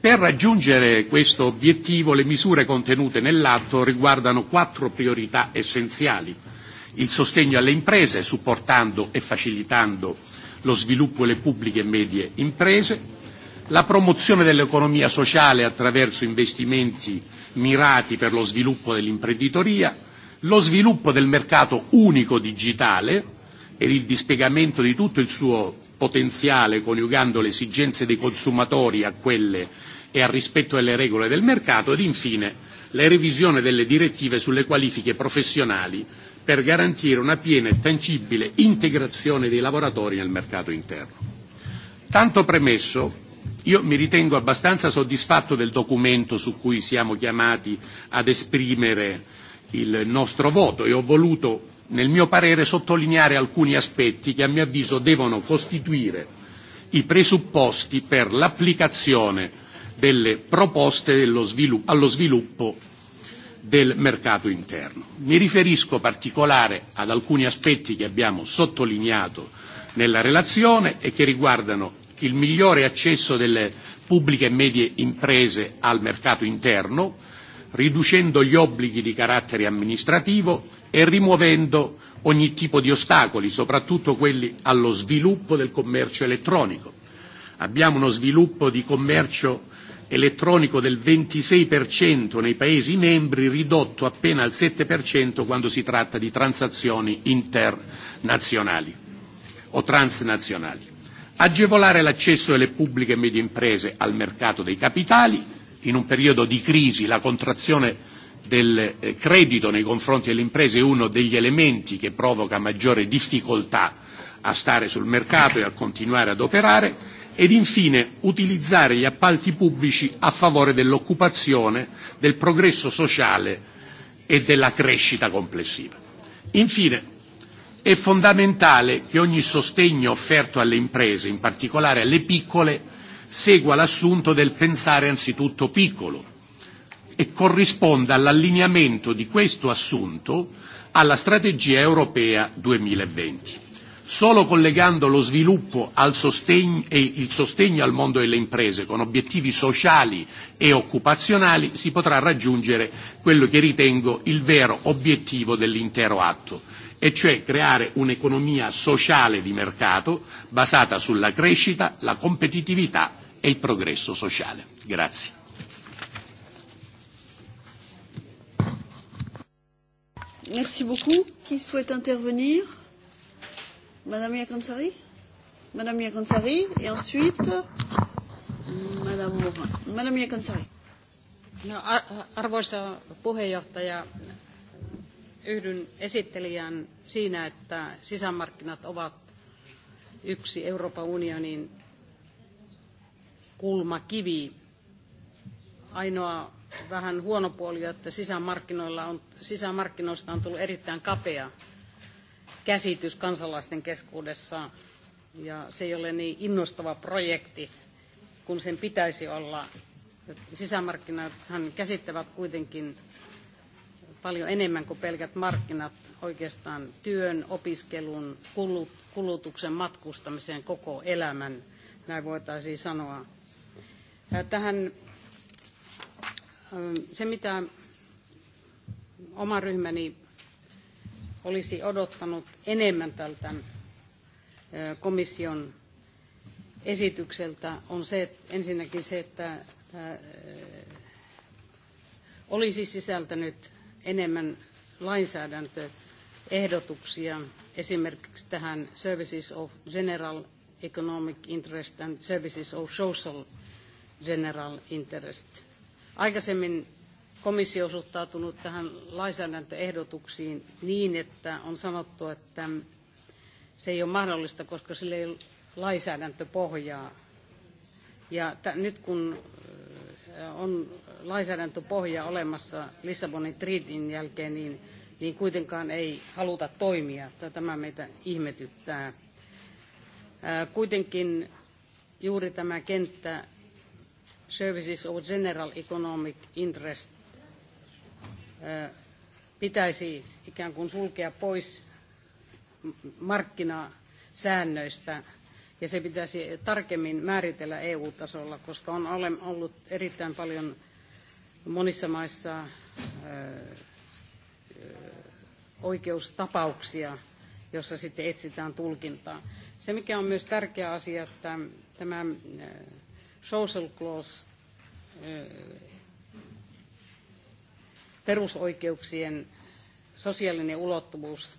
Per raggiungere questo obiettivo le misure contenute nell'atto riguardano quattro priorità essenziali il sostegno alle imprese, supportando e facilitando lo sviluppo delle pubbliche e medie imprese, la promozione dell'economia sociale attraverso investimenti mirati per lo sviluppo dell'imprenditoria, lo sviluppo del mercato unico digitale e il dispiegamento di tutto il suo potenziale coniugando le esigenze dei consumatori a quelle e al rispetto delle regole del mercato ed infine la revisione delle direttive sulle qualifiche professionali per garantire una piena e tangibile integrazione dei lavoratori nel mercato interno. Tanto premesso, Io mi ritengo abbastanza soddisfatto del documento su cui siamo chiamati ad esprimere il nostro voto e ho voluto nel mio parere sottolineare alcuni aspetti che a mio avviso devono costituire i presupposti per l'applicazione delle proposte dello sviluppo, allo sviluppo del mercato interno. Mi riferisco particolare ad alcuni aspetti che abbiamo sottolineato nella relazione e che riguardano il migliore accesso delle pubbliche e medie imprese al mercato interno, riducendo gli obblighi di carattere amministrativo e rimuovendo ogni tipo di ostacoli, soprattutto quelli allo sviluppo del commercio elettronico. Abbiamo uno sviluppo di commercio elettronico del 26% nei Paesi membri, ridotto appena al 7% quando si tratta di transazioni internazionali o transnazionali agevolare l'accesso delle pubbliche e medie imprese al mercato dei capitali, in un periodo di crisi la contrazione del eh, credito nei confronti delle imprese è uno degli elementi che provoca maggiore difficoltà a stare sul mercato e a continuare ad operare ed infine utilizzare gli appalti pubblici a favore dell'occupazione, del progresso sociale e della crescita complessiva. Infine, È fondamentale che ogni sostegno offerto alle imprese, in particolare alle piccole, segua l'assunto del pensare anzitutto piccolo e corrisponda all'allineamento di questo assunto alla strategia europea 2020. Solo collegando lo sviluppo al sostegno e il sostegno al mondo delle imprese con obiettivi sociali e occupazionali si potrà raggiungere quello che ritengo il vero obiettivo dell'intero atto, e cioè creare un'economia sociale di mercato basata sulla crescita, la competitività e il progresso sociale. Grazie. Merci beaucoup. Qui souhaite intervenir Madame Yacansari Madame Yacansari et ensuite Madame Morin. Madame Yacansari. No, ar arvoisa puheenjohtaja, yhdyn esittelijän siinä, että sisämarkkinat ovat yksi Euroopan unionin kulmakivi. Ainoa vähän huono puoli, että sisämarkkinoilla on, sisämarkkinoista on tullut erittäin kapea käsitys kansalaisten keskuudessa ja se ei ole niin innostava projekti kuin sen pitäisi olla. Sisämarkkinathan käsittävät kuitenkin paljon enemmän kuin pelkät markkinat oikeastaan työn, opiskelun, kulutuksen, matkustamiseen koko elämän, näin voitaisiin sanoa. Tähän se, mitä oma ryhmäni olisi odottanut enemmän tältä komission esitykseltä, on se, ensinnäkin se, että olisi sisältänyt enemmän lainsäädäntöehdotuksia esimerkiksi tähän Services of General Economic Interest and Services of Social General Interest. Aikaisemmin komissio on suhtautunut tähän lainsäädäntöehdotuksiin niin, että on sanottu, että se ei ole mahdollista, koska sillä ei ole lainsäädäntöpohjaa. Ja nyt kun on lainsäädäntöpohja olemassa Lissabonin triitin jälkeen, niin, niin kuitenkaan ei haluta toimia. Tämä meitä ihmetyttää. Kuitenkin juuri tämä kenttä Services of General Economic Interest pitäisi ikään kuin sulkea pois markkinasäännöistä ja se pitäisi tarkemmin määritellä EU-tasolla, koska on ollut erittäin paljon monissa maissa oikeustapauksia, jossa sitten etsitään tulkintaa. Se, mikä on myös tärkeä asia, että tämä social clause perusoikeuksien sosiaalinen ulottuvuus.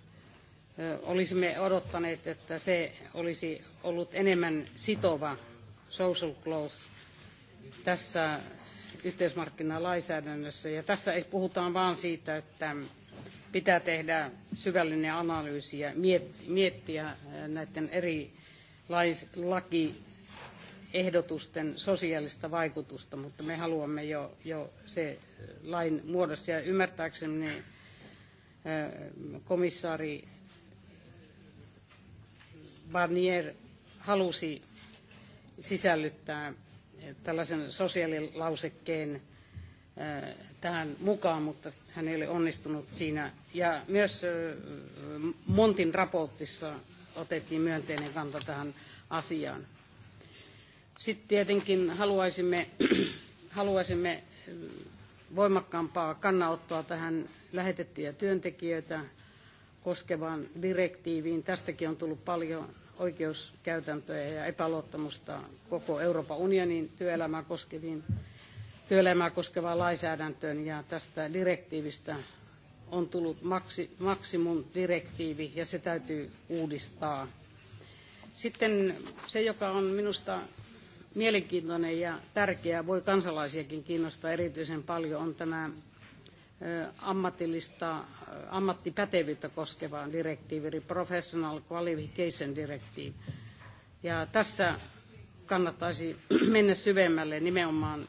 Olisimme odottaneet, että se olisi ollut enemmän sitova social clause tässä yhteismarkkinalainsäädännössä. Ja tässä ei puhutaan vain siitä, että pitää tehdä syvällinen analyysi ja miettiä äh, näiden eri lakiehdotusten sosiaalista vaikutusta, mutta me haluamme jo, jo se äh, lain muodossa. Ja ymmärtääkseni äh, komissaari Barnier halusi sisällyttää tällaisen sosiaalilausekkeen tähän mukaan, mutta hän ei ole onnistunut siinä. Ja myös Montin raportissa otettiin myönteinen kanta tähän asiaan. Sitten tietenkin haluaisimme, *clears throat* haluaisimme voimakkaampaa kannanottoa tähän lähetettyjä työntekijöitä koskevaan direktiiviin. Tästäkin on tullut paljon oikeuskäytäntöjä ja epäluottamusta koko Euroopan unionin työelämää koskeviin työelämää koskevaan lainsäädäntöön ja tästä direktiivistä on tullut maksi, maksimum direktiivi ja se täytyy uudistaa. Sitten se, joka on minusta mielenkiintoinen ja tärkeä, voi kansalaisiakin kiinnostaa erityisen paljon, on tämä ammatillista ammattipätevyyttä koskeva direktiivi, eli Professional Qualification Directive. Ja tässä kannattaisi *clears throat* mennä syvemmälle nimenomaan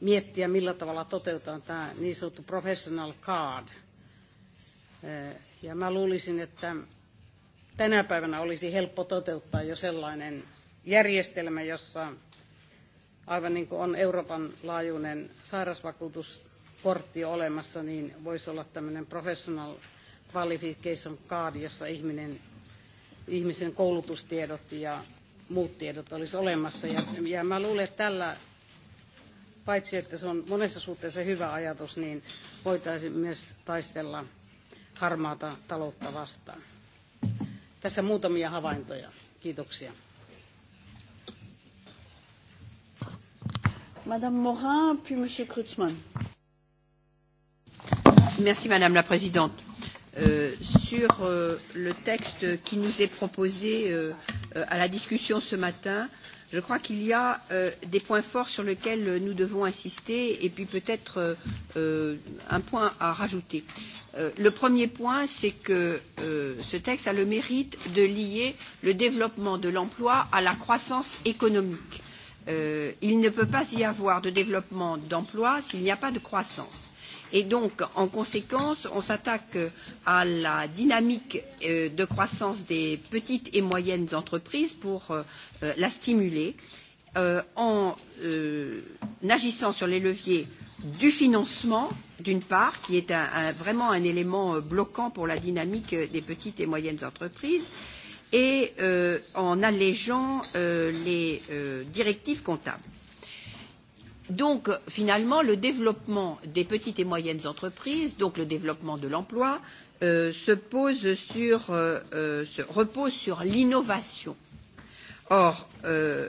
miettiä, millä tavalla toteutetaan tämä niin sanottu professional card. Ja mä luulisin, että tänä päivänä olisi helppo toteuttaa jo sellainen järjestelmä, jossa aivan niin kuin on Euroopan laajuinen sairausvakuutus, portti olemassa, niin voisi olla tämmöinen professional qualification card, jossa ihminen, ihmisen koulutustiedot ja muut tiedot olisi olemassa. Ja, ja mä luulen, että tällä, paitsi että se on monessa suhteessa hyvä ajatus, niin voitaisiin myös taistella harmaata taloutta vastaan. Tässä muutamia havaintoja. Kiitoksia. Madame Morin, puis Monsieur Kreutzmann. Merci Madame la Présidente. Euh, sur euh, le texte qui nous est proposé euh, euh, à la discussion ce matin, je crois qu'il y a euh, des points forts sur lesquels nous devons insister et puis peut-être euh, euh, un point à rajouter. Euh, le premier point, c'est que euh, ce texte a le mérite de lier le développement de l'emploi à la croissance économique. Euh, il ne peut pas y avoir de développement d'emploi s'il n'y a pas de croissance Et donc, en conséquence, on s'attaque à la dynamique euh, de croissance des petites et moyennes entreprises pour euh, euh, la stimuler en agissant sur les leviers du financement, d'une part, qui est un, un, vraiment un élément bloquant pour la dynamique des petites et moyennes entreprises, et en allégeant les directives comptables. Donc, finalement, le développement des petites et moyennes entreprises, donc le développement de l'emploi, euh, se pose sur, euh, euh, se repose sur l'innovation. Or, euh,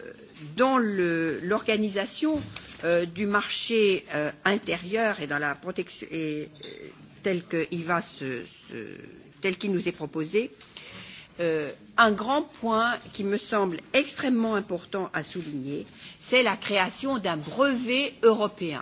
dans l'organisation euh, du marché euh, intérieur et dans la protection et, euh, tel qu'il va se, se tel qu'il nous est proposé, euh, un grand point qui me semble extrêmement important à souligner, euh, c'est la création d'un brevet européen.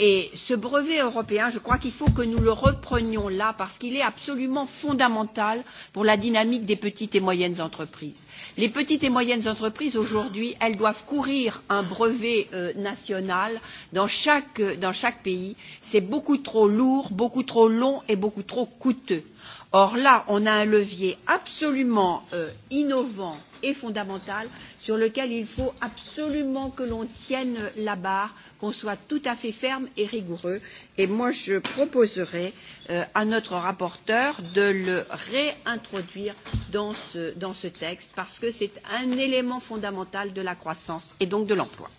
Et ce brevet européen, je crois qu'il faut que nous le reprenions là parce qu'il est absolument fondamental pour la dynamique des petites et moyennes entreprises. Les petites et moyennes entreprises, aujourd'hui, elles doivent courir un brevet euh, national dans chaque, euh, dans chaque pays. C'est beaucoup trop lourd, beaucoup trop long et beaucoup trop coûteux. Or là, on a un levier absolument euh, innovant et fondamental sur lequel il faut absolument que l'on tienne la barre, qu'on soit tout à fait ferme et rigoureux. Et moi, je proposerai euh, à notre rapporteur de le réintroduire dans ce, dans ce texte parce que c'est un élément fondamental de la croissance et donc de l'emploi.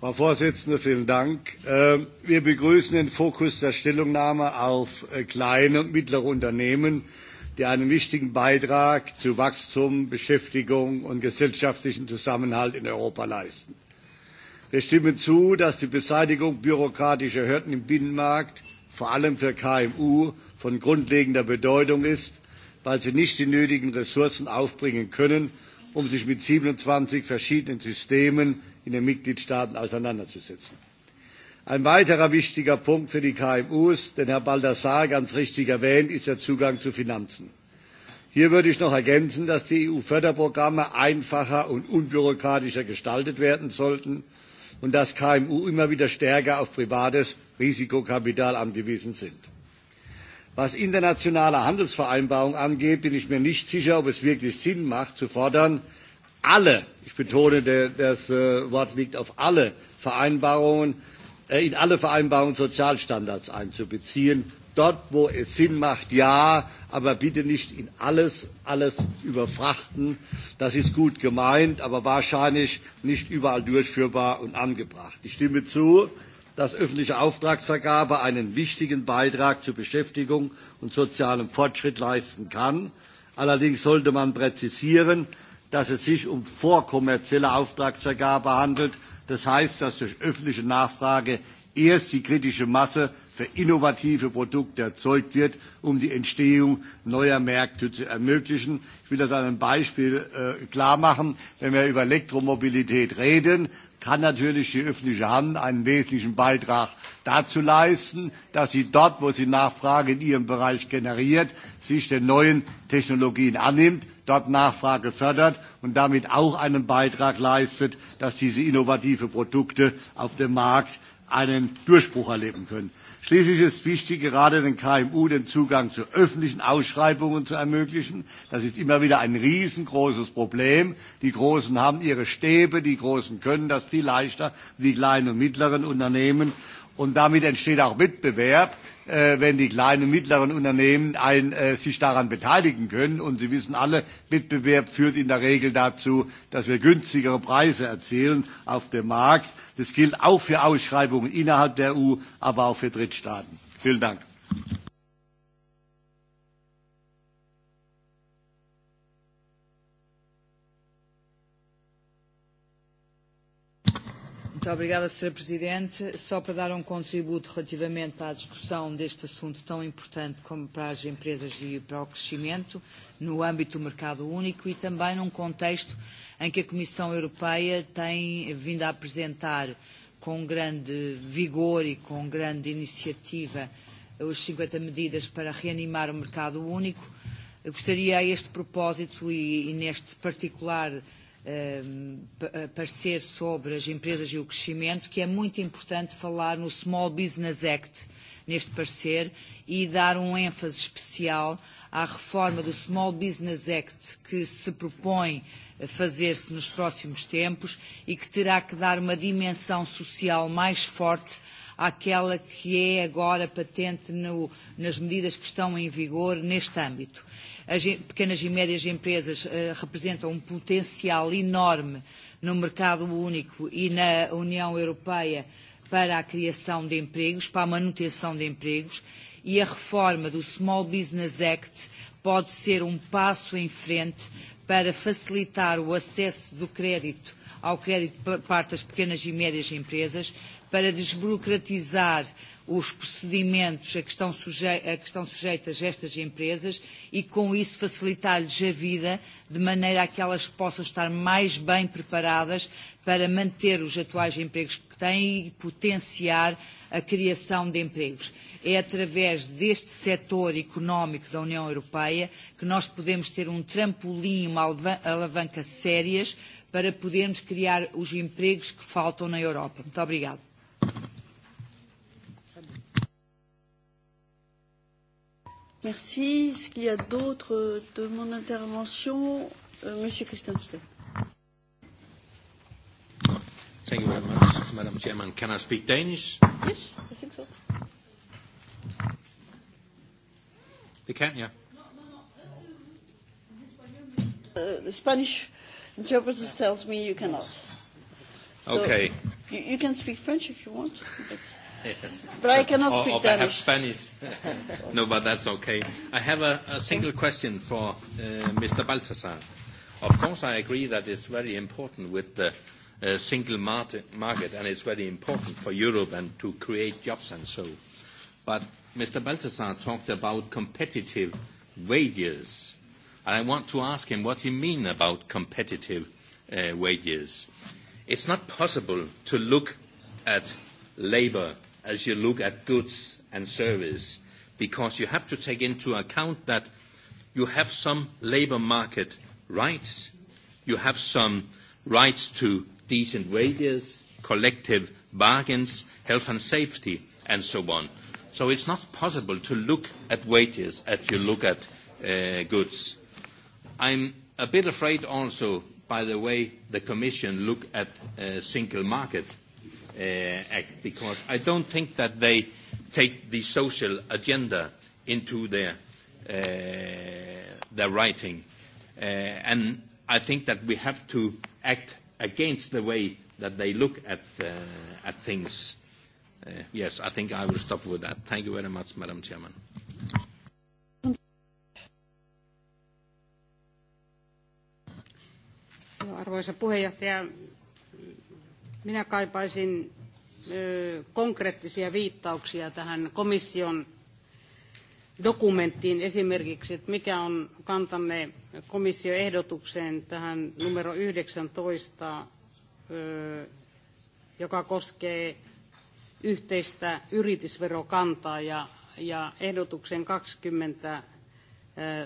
Frau Vorsitzende, vielen Dank. Ähm, wir begrüßen den Fokus der Stellungnahme auf äh, kleine und mittlere Unternehmen, die einen wichtigen Beitrag zu Wachstum, Beschäftigung und gesellschaftlichem Zusammenhalt in Europa leisten. Wir stimmen zu, dass die Beseitigung bürokratischer Hürden im Binnenmarkt vor allem für KMU von grundlegender Bedeutung ist, weil sie nicht die nötigen Ressourcen aufbringen können, um sich mit 27 verschiedenen Systemen in den Mitgliedstaaten auseinanderzusetzen. Ein weiterer wichtiger Punkt für die KMUs, den Herr Baldassar ganz richtig erwähnt, ist der Zugang zu Finanzen. Hier würde ich noch ergänzen, dass die EU-Förderprogramme einfacher und unbürokratischer gestaltet werden sollten und dass KMU immer wieder stärker auf privates Risikokapital angewiesen sind. Was internationale Handelsvereinbarungen angeht, bin ich mir nicht sicher, ob es wirklich Sinn macht, zu fordern, alle, ich betone, das äh, Wort liegt auf alle Vereinbarungen, äh, in alle Vereinbarungen Sozialstandards einzubeziehen. Dort, wo es Sinn macht, ja, aber bitte nicht in alles, alles überfrachten. Das ist gut gemeint, aber wahrscheinlich nicht überall durchführbar und angebracht. Ich stimme zu, dass öffentliche Auftragsvergabe einen wichtigen Beitrag zur Beschäftigung und sozialem Fortschritt leisten kann. Allerdings sollte man präzisieren, dass es sich um vorkommerzielle Auftragsvergabe handelt. Das heißt, dass durch öffentliche Nachfrage erst die kritische Masse für innovative Produkte erzeugt wird, um die Entstehung neuer Märkte zu ermöglichen. Ich will das an einem Beispiel äh, klar machen. Wenn wir über Elektromobilität reden, kann natürlich die öffentliche Hand einen wesentlichen Beitrag dazu leisten, dass sie dort, wo sie Nachfrage in ihrem Bereich generiert, sich den neuen Technologien annimmt, dort Nachfrage fördert und damit auch einen Beitrag leistet, dass diese innovative Produkte auf dem Markt einen Durchbruch erleben können. Schließlich ist es wichtig, gerade den KMU den Zugang zu öffentlichen Ausschreibungen zu ermöglichen. Das ist immer wieder ein riesengroßes Problem. Die Großen haben ihre Stäbe, die Großen können das viel leichter, wie die kleinen und mittleren Unternehmen. Und damit entsteht auch Wettbewerb, äh, wenn die kleinen und mittleren Unternehmen ein, äh, sich daran beteiligen können. Und Sie wissen alle, Wettbewerb führt in der Regel dazu, dass wir günstigere Preise erzielen auf dem Markt. Das gilt auch für Ausschreibungen innerhalb der EU, aber auch für Drittstaaten. Vielen Dank. Muito obrigada, Sra. Presidente. Só para dar um contributo relativamente à discussão deste assunto tão importante como para as empresas e para o crescimento no âmbito do mercado único e também num contexto em que a Comissão Europeia tem vindo a apresentar com grande vigor e com grande iniciativa as 50 medidas para reanimar o mercado único. Eu gostaria a este propósito e, e neste particular uh, parecer sobre as empresas e o crescimento, que é muito importante falar no Small Business Act neste parecer e dar um ênfase especial à reforma do Small Business Act que se propõe fazer-se nos próximos tempos e que terá que dar uma dimensão social mais forte àquela que é agora patente no, nas medidas que estão em vigor neste âmbito. Uh, As pequenas e médias empresas uh, representam um potencial enorme no mercado único e na União Europeia para a criação de empregos, para a manutenção de empregos, e a reforma do Small Business Act pode ser um passo em frente para facilitar o acesso do crédito ao crédito por parte das pequenas e médias empresas, para desburocratizar os procedimentos a que estão, suje a que estão sujeitas estas empresas e, com isso, facilitar-lhes a vida de maneira a que elas possam estar mais bem preparadas para manter os atuais empregos que têm e potenciar a criação de empregos. É através deste setor económico da União Europeia que nós podemos ter um trampolim, uma alavanca sérias para podermos criar os empregos que faltam na Europa. Muito obrigado. Merci. Est-ce qu'il y a d'autres euh, demandes d'intervention euh, Monsieur Christensen. Thank you very much, Madam Chairman. Can I speak Danish? Yes, I think so. They can, yeah. Uh, the Spanish interpreters tells me you cannot. So okay. You, you can speak French if you want. But yes. But I cannot or, speak or Danish. Spanish. *laughs* no, but that's okay. I have a, a single question for uh, Mr. Baltasar. Of course, I agree that it's very important with the uh, single market, market, and it's very important for Europe and to create jobs and so. But Mr. Baltasar talked about competitive wages, and I want to ask him what he means about competitive uh, wages. It's not possible to look at labour as you look at goods and service, because you have to take into account that you have some labor market rights, you have some rights to decent wages, collective bargains, health and safety, and so on. So it's not possible to look at wages as you look at uh, goods. I'm a bit afraid also by the way the Commission look at uh, single market uh, Act because I don't think that they take the social agenda into their, uh, their writing. Uh, and I think that we have to act against the way that they look at, uh, at things. Uh, yes, I think I will stop with that. Thank you very much, Madam Chairman. Arvoisa puheenjohtaja, Minä kaipaisin ö, konkreettisia viittauksia tähän komission dokumenttiin esimerkiksi, että mikä on kantanne komission ehdotukseen tähän numero 19, ö, joka koskee yhteistä yritysverokantaa ja, ja ehdotuksen 20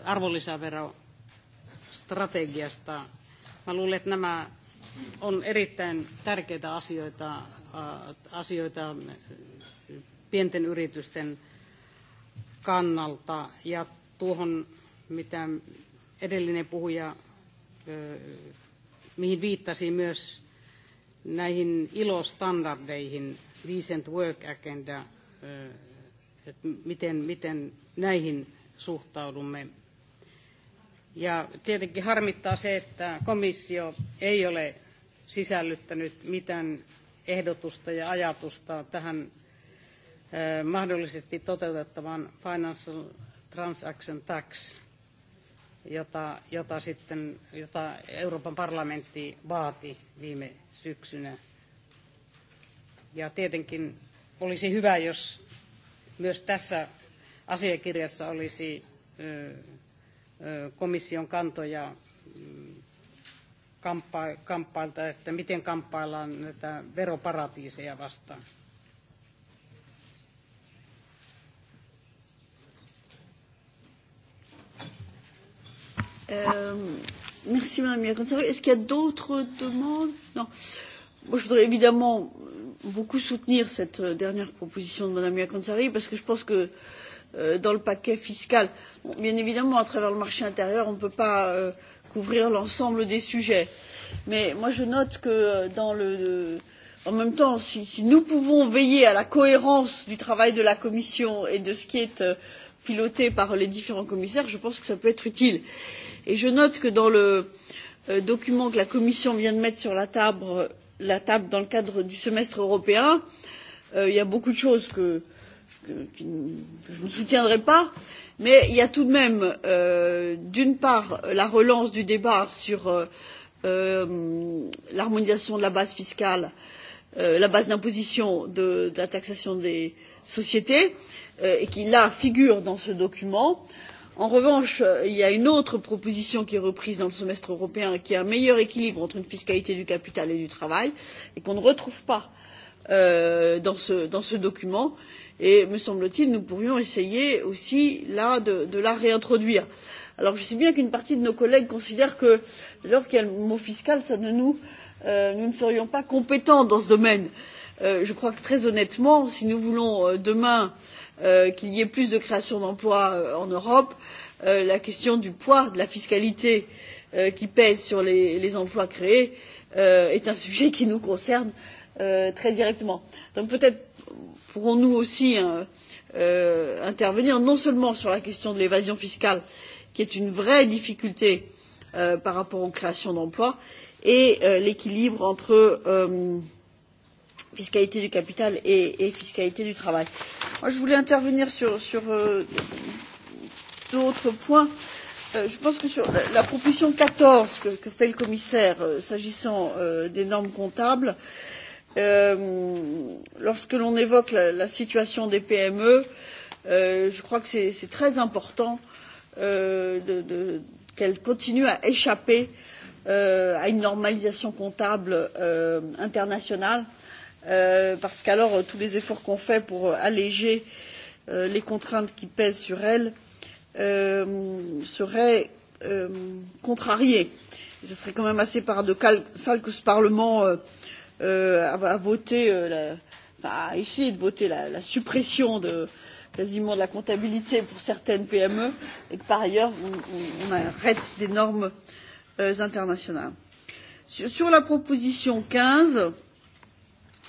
arvonlisäverostrategiasta. Mä luulen, että nämä on erittäin tärkeitä asioita, äh, asioita pienten yritysten kannalta. Ja tuohon, mitä edellinen puhuja, äh, mihin viittasi myös näihin ILO-standardeihin, Recent Work Agenda, äh, että miten, miten näihin suhtaudumme Ja tietenkin harmittaa se, että komissio ei ole sisällyttänyt mitään ehdotusta ja ajatusta tähän mahdollisesti toteutettavaan financial transaction tax, jota, jota, sitten, jota Euroopan parlamentti vaati viime syksynä. Ja tietenkin olisi hyvä, jos myös tässä asiakirjassa olisi komission kantoja mm, kamppailta, että miten kamppaillaan näitä veroparatiiseja vastaan. Euh, merci Madame la Conseillère. Est-ce qu'il y a d'autres demandes Non. Moi, je voudrais évidemment beaucoup soutenir cette dernière proposition de Madame Yakonsari parce que je pense que euh, Euh, dans le paquet fiscal. Bon, bien évidemment, à travers le marché intérieur, on ne peut pas euh, couvrir l'ensemble des sujets. Mais moi, je note que euh, dans le, euh, en même temps, si, si nous pouvons veiller à la cohérence du travail de la Commission et de ce qui est piloté par les différents commissaires, je pense que ça peut être utile. Et je note que dans le document que la Commission vient de mettre sur la table, la table dans le cadre du semestre européen, euh, il y a beaucoup de choses que euh, que je ne soutiendrai pas mais il y a tout de même euh, d'une part la relance du débat sur euh, euh l'harmonisation de la base fiscale euh, la base d'imposition de, de la taxation des sociétés euh, et qui là figure dans ce document. en revanche il y a une autre proposition qui est reprise dans le semestre européen qui est un meilleur équilibre entre une fiscalité du capital et du travail et qu'on ne retrouve pas dans ce, dans ce document et et me semble t il nous pourrions essayer aussi là de, de la réintroduire. Alors, je sais bien qu'une partie de nos collègues considère que lors qu'il y a le mot fiscal ça ne nous, euh, nous ne serions pas compétents dans ce domaine. Euh, je crois que très honnêtement si nous voulons euh, demain euh, qu'il y ait plus de création d'emplois euh, en europe euh, la question du poids de la fiscalité euh, qui pèse sur les, les emplois créés euh, est un sujet qui nous concerne euh, très directement. donc peut être pourrons nous aussi euh, euh, intervenir non seulement sur la question de l'évasion fiscale qui est une vraie difficulté euh, par rapport aux créations d'emplois et euh, l'équilibre entre euh, fiscalité du capital et, et fiscalité du travail. Moi, je voulais intervenir sur, sur euh, d'autres points. Euh, je pense que sur la, la proposition 14 que, que fait le commissaire euh, s'agissant euh, des normes comptables, euh, Euh, lorsque l'on évoque la, la situation des PME, euh, je crois que c'est très important euh, de, de, qu'elles continuent à échapper euh, à une normalisation comptable euh, internationale, euh, parce qu'alors tous les efforts qu'on fait pour alléger euh, les contraintes qui pèsent sur elles euh, seraient euh, contrariés. ce serait quand même assez paradoxal que ce Parlement euh, euh, à, à voter, euh, la, enfin, à essayer de voter la, la suppression de quasiment de la comptabilité pour certaines PME et que par ailleurs on, on, on arrête des normes euh, internationales. Sur, sur la proposition 15,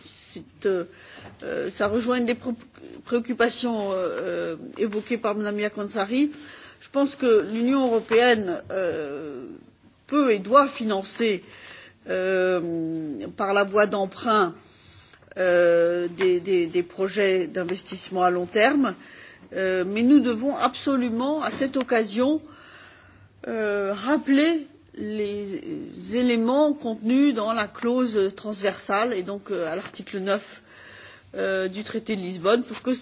c'est, euh, euh, ça rejoint une des pré préoccupations euh, euh évoquées par Mme Yakonsari. Je pense que l'Union européenne euh, peut et doit financer euh, Euh, par la voie d'emprunt euh, des, des, des projets d'investissement à long terme, euh, mais nous devons absolument, à cette occasion, euh, rappeler les éléments contenus dans la clause transversale et donc euh, à l'article 9 euh, du traité de Lisbonne pour qu'il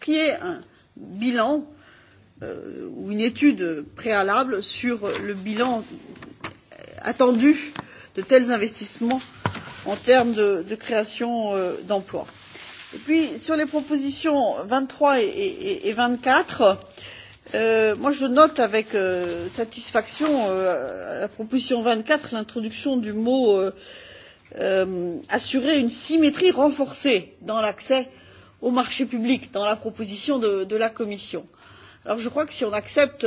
qu y ait un bilan euh, ou une étude préalable sur le bilan attendu euh, de tels investissements en termes de, de création euh, d'emplois. Et puis sur les propositions 23 et, et et 24, euh, moi je note avec euh, satisfaction euh, à la proposition 24 l'introduction du mot euh, euh, assurer une symétrie renforcée dans l'accès au marché public dans la proposition de, de la commission. alors je crois que si on accepte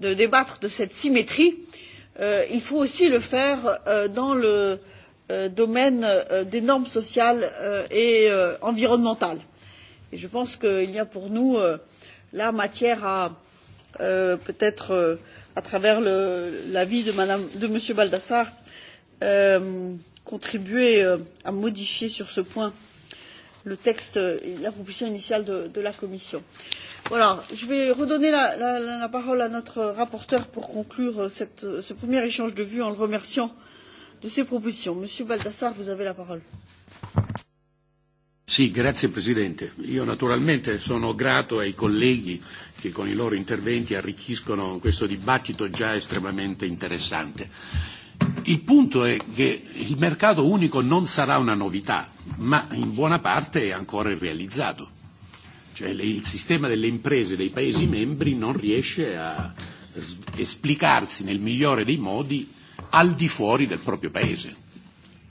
de débattre de cette symétrie Euh, il faut aussi le faire euh, dans le euh, domaine des normes sociales et environnementales et je pense qu'il y a pour nous là matière à peut être à travers l'avis de, m. baldassarre contribuer à modifier sur ce point le texte la proposition initiale de, de la commission. Voilà, je vais redonner la, la, la parole à notre rapporteur pour conclure euh, cette, euh, ce premier échange de vues en le remerciant de ses propositions. Monsieur Baldassar, vous avez la parole. Sì, grazie Presidente. Io naturalmente sono grato ai colleghi che con i loro interventi arricchiscono questo dibattito già estremamente interessante. Il punto è che il mercato unico non sarà una novità, ma in buona parte è ancora irrealizzato Cioè il sistema delle imprese dei Paesi membri non riesce a esplicarsi nel migliore dei modi al di fuori del proprio Paese.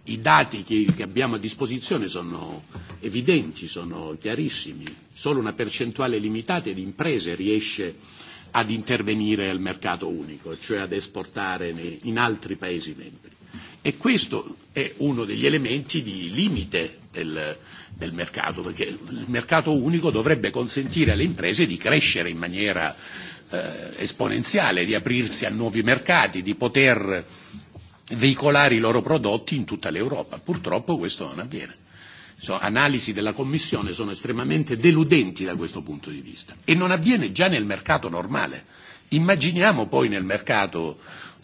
I dati che abbiamo a disposizione sono evidenti, sono chiarissimi. Solo una percentuale limitata di imprese riesce ad intervenire al mercato unico, cioè ad esportare in altri Paesi membri. E questo è uno degli elementi di limite del, del mercato, perché il mercato unico dovrebbe consentire alle imprese di crescere in maniera eh, esponenziale, di aprirsi a nuovi mercati, di poter veicolare i loro prodotti in tutta l'Europa. Purtroppo questo non avviene. Insomma, analisi della Commissione sono estremamente deludenti da questo punto di vista e non avviene già nel mercato normale. Immaginiamo poi nel mercato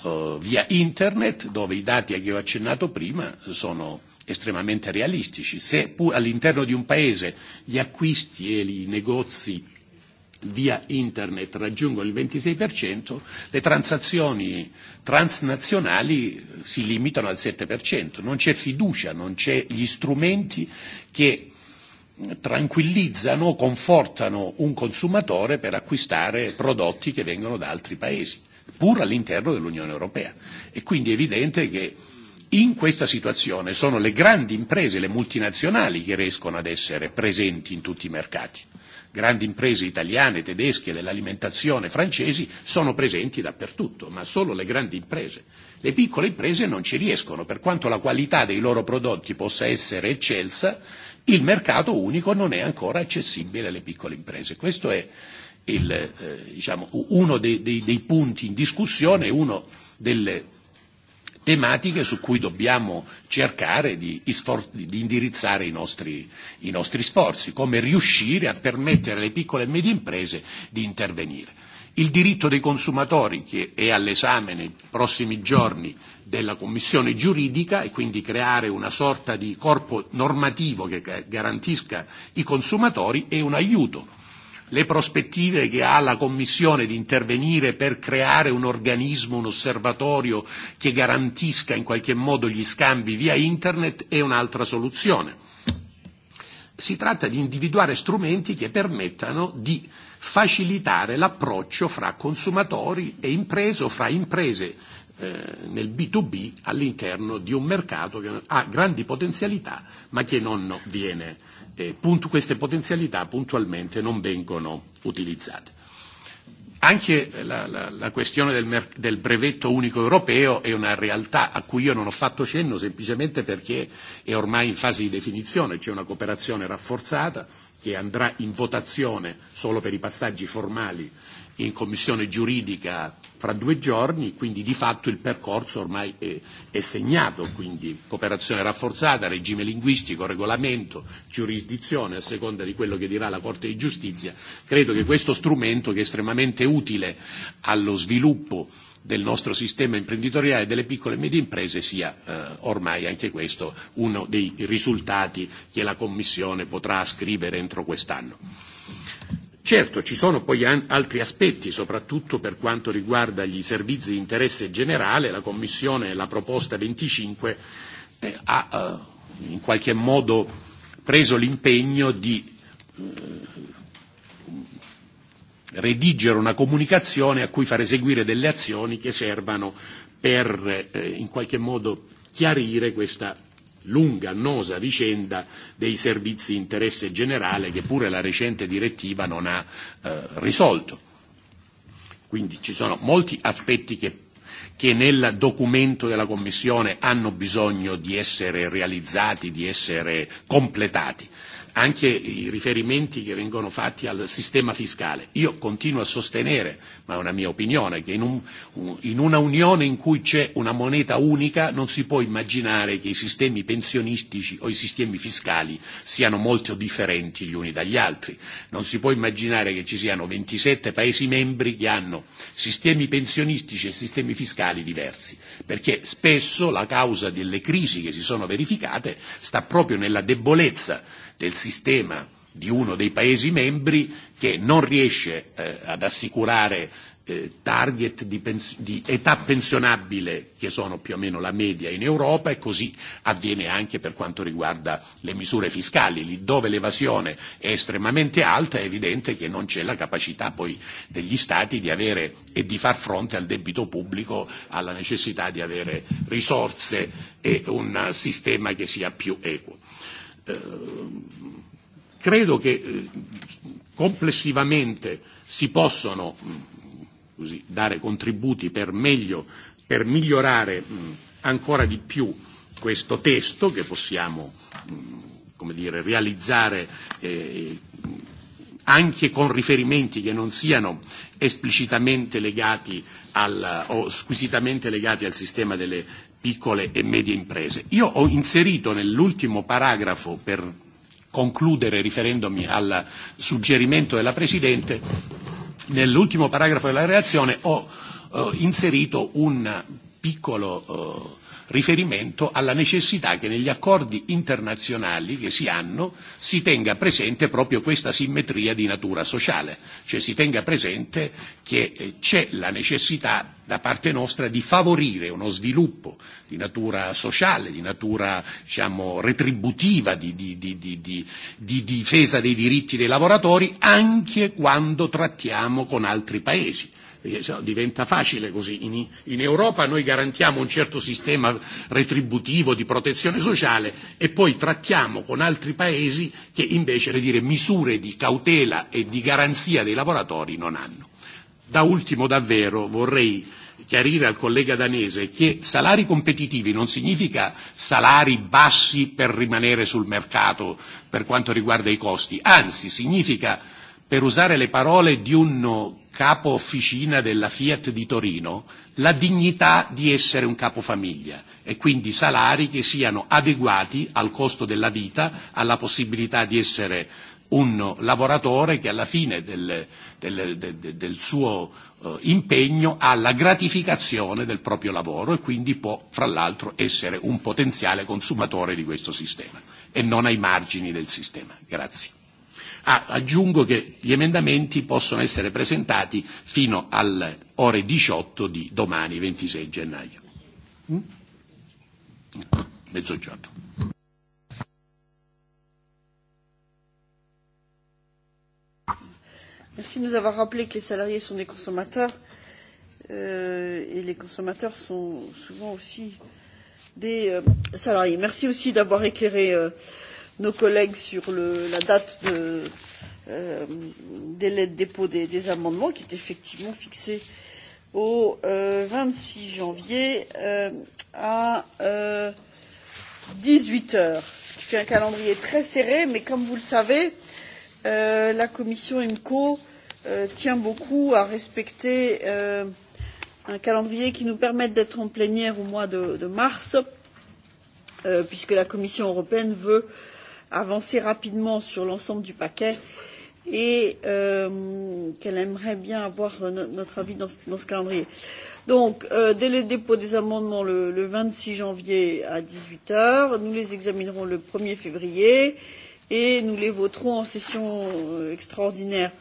uh, via internet, dove i dati che ho accennato prima sono estremamente realistici. Se all'interno di un paese gli acquisti e i negozi via internet raggiungono il 26%, le transazioni transnazionali si limitano al 7%. Non c'è fiducia, non c'è gli strumenti che tranquillizzano, confortano un consumatore per acquistare prodotti che vengono da altri paesi pur all'interno dell'Unione Europea. E è quindi evidente che in questa situazione sono le grandi imprese, le multinazionali che riescono ad essere presenti in tutti i mercati. Grandi imprese italiane, tedesche, dell'alimentazione francesi sono presenti dappertutto, ma solo le grandi imprese. Le piccole imprese non ci riescono, per quanto la qualità dei loro prodotti possa essere eccelsa, il mercato unico non è ancora accessibile alle piccole imprese. Questo è il, eh, diciamo, uno dei, dei, dei punti in discussione è uno delle tematiche su cui dobbiamo cercare di, di indirizzare i nostri, i nostri sforzi, come riuscire a permettere alle piccole e medie imprese di intervenire. Il diritto dei consumatori, che è all'esame nei prossimi giorni della Commissione giuridica, e quindi creare una sorta di corpo normativo che garantisca i consumatori, è un aiuto le prospettive che ha la Commissione di intervenire per creare un organismo, un osservatorio che garantisca in qualche modo gli scambi via Internet è un'altra soluzione. Si tratta di individuare strumenti che permettano di facilitare l'approccio fra consumatori e imprese o fra imprese eh, nel B2B all'interno di un mercato che ha grandi potenzialità ma che non viene eh, queste potenzialità puntualmente non vengono utilizzate. Anche la, la, la questione del, mer- del brevetto unico europeo è una realtà a cui io non ho fatto cenno semplicemente perché è ormai in fase di definizione, c'è una cooperazione rafforzata che andrà in votazione solo per i passaggi formali eh, in commissione giuridica fra due giorni, quindi di fatto il percorso ormai è, è segnato, quindi cooperazione rafforzata, regime linguistico, regolamento, giurisdizione, a seconda di quello che dirà la Corte di Giustizia. Credo che questo strumento, che è estremamente utile allo sviluppo del nostro sistema imprenditoriale e delle piccole e medie imprese sia eh, ormai anche questo uno dei risultati che la Commissione potrà scrivere entro quest'anno. Certo, ci sono poi an- altri aspetti, soprattutto per quanto riguarda gli servizi di interesse generale, la Commissione, la proposta 25, eh, ha eh, in qualche modo preso l'impegno di eh, redigere una comunicazione a cui fare seguire delle azioni che servano per eh, in qualche modo chiarire questa lunga, annosa vicenda dei servizi interesse generale che pure la recente direttiva non ha eh, risolto. Quindi ci sono molti aspetti che che nel documento della Commissione hanno bisogno di essere realizzati, di essere completati anche i riferimenti che vengono fatti al sistema fiscale. Io continuo a sostenere, ma è una mia opinione, che in, un, in una unione in cui c'è una moneta unica non si può immaginare che i sistemi pensionistici o i sistemi fiscali siano molto differenti gli uni dagli altri. Non si può immaginare che ci siano 27 Paesi membri che hanno sistemi pensionistici e sistemi fiscali mondiali diversi, perché spesso la causa delle crisi che si sono verificate sta proprio nella debolezza del sistema di uno dei Paesi membri che non riesce eh, ad assicurare Eh, target di, pens- di età pensionabile che sono più o meno la media in Europa e così avviene anche per quanto riguarda le misure fiscali. Lì dove l'evasione è estremamente alta è evidente che non c'è la capacità poi degli Stati di avere e di far fronte al debito pubblico, alla necessità di avere risorse e un sistema che sia più equo. Eh, credo che eh, complessivamente si possono così, dare contributi per, meglio, per migliorare ancora di più questo testo che possiamo come dire, realizzare eh, anche con riferimenti che non siano esplicitamente legati al, o squisitamente legati al sistema delle piccole e medie imprese. Io ho inserito nell'ultimo paragrafo, per concludere riferendomi al suggerimento della Presidente, nell'ultimo paragrafo della relazione ho eh, inserito un piccolo eh, riferimento alla necessità che negli accordi internazionali che si hanno si tenga presente proprio questa simmetria di natura sociale, cioè si tenga presente che eh, c'è la necessità da parte nostra di favorire uno sviluppo di natura sociale, di natura diciamo, retributiva, di, di, di, di, di, di difesa dei diritti dei lavoratori, anche quando trattiamo con altri paesi. E, diventa facile così. In, in Europa noi garantiamo un certo sistema retributivo di protezione sociale e poi trattiamo con altri paesi che invece le dire, misure di cautela e di garanzia dei lavoratori non hanno. Da ultimo davvero vorrei chiarire al collega danese che salari competitivi non significa salari bassi per rimanere sul mercato per quanto riguarda i costi, anzi significa, per usare le parole di un capo officina della Fiat di Torino la dignità di essere un capofamiglia e quindi salari che siano adeguati al costo della vita, alla possibilità di essere un lavoratore che alla fine del, del, del, del suo eh, impegno ha la gratificazione del proprio lavoro e quindi può, fra l'altro, essere un potenziale consumatore di questo sistema e non ai margini del sistema. Grazie. Ah, aggiungo che gli emendamenti possono essere presentati fino alle ore 18 di domani, 26 gennaio. Mm? Mezzogiorno. Merci de nous avoir rappelé que les salariés sont des consommateurs euh, et les consommateurs sont souvent aussi des euh, salariés. Merci aussi d'avoir éclairé euh, nos collègues sur le, la date de euh, délai de dépôt des, des amendements, qui est effectivement fixée au euh, 26 janvier euh, à euh, 18 heures, ce qui fait un calendrier très serré, mais comme vous le savez, euh, la commission IMCO euh, tient beaucoup à respecter euh, un calendrier qui nous permette d'être en plénière au mois de, de mars, euh, puisque la Commission européenne veut euh, avancer rapidement sur l'ensemble du paquet et euh, qu'elle aimerait bien avoir notre avis dans, ce, dans ce calendrier. Donc, euh, délai de dépôt des amendements le, le 26 janvier à 18h. Nous les examinerons le 1er février et nous les voterons en session euh, extraordinaire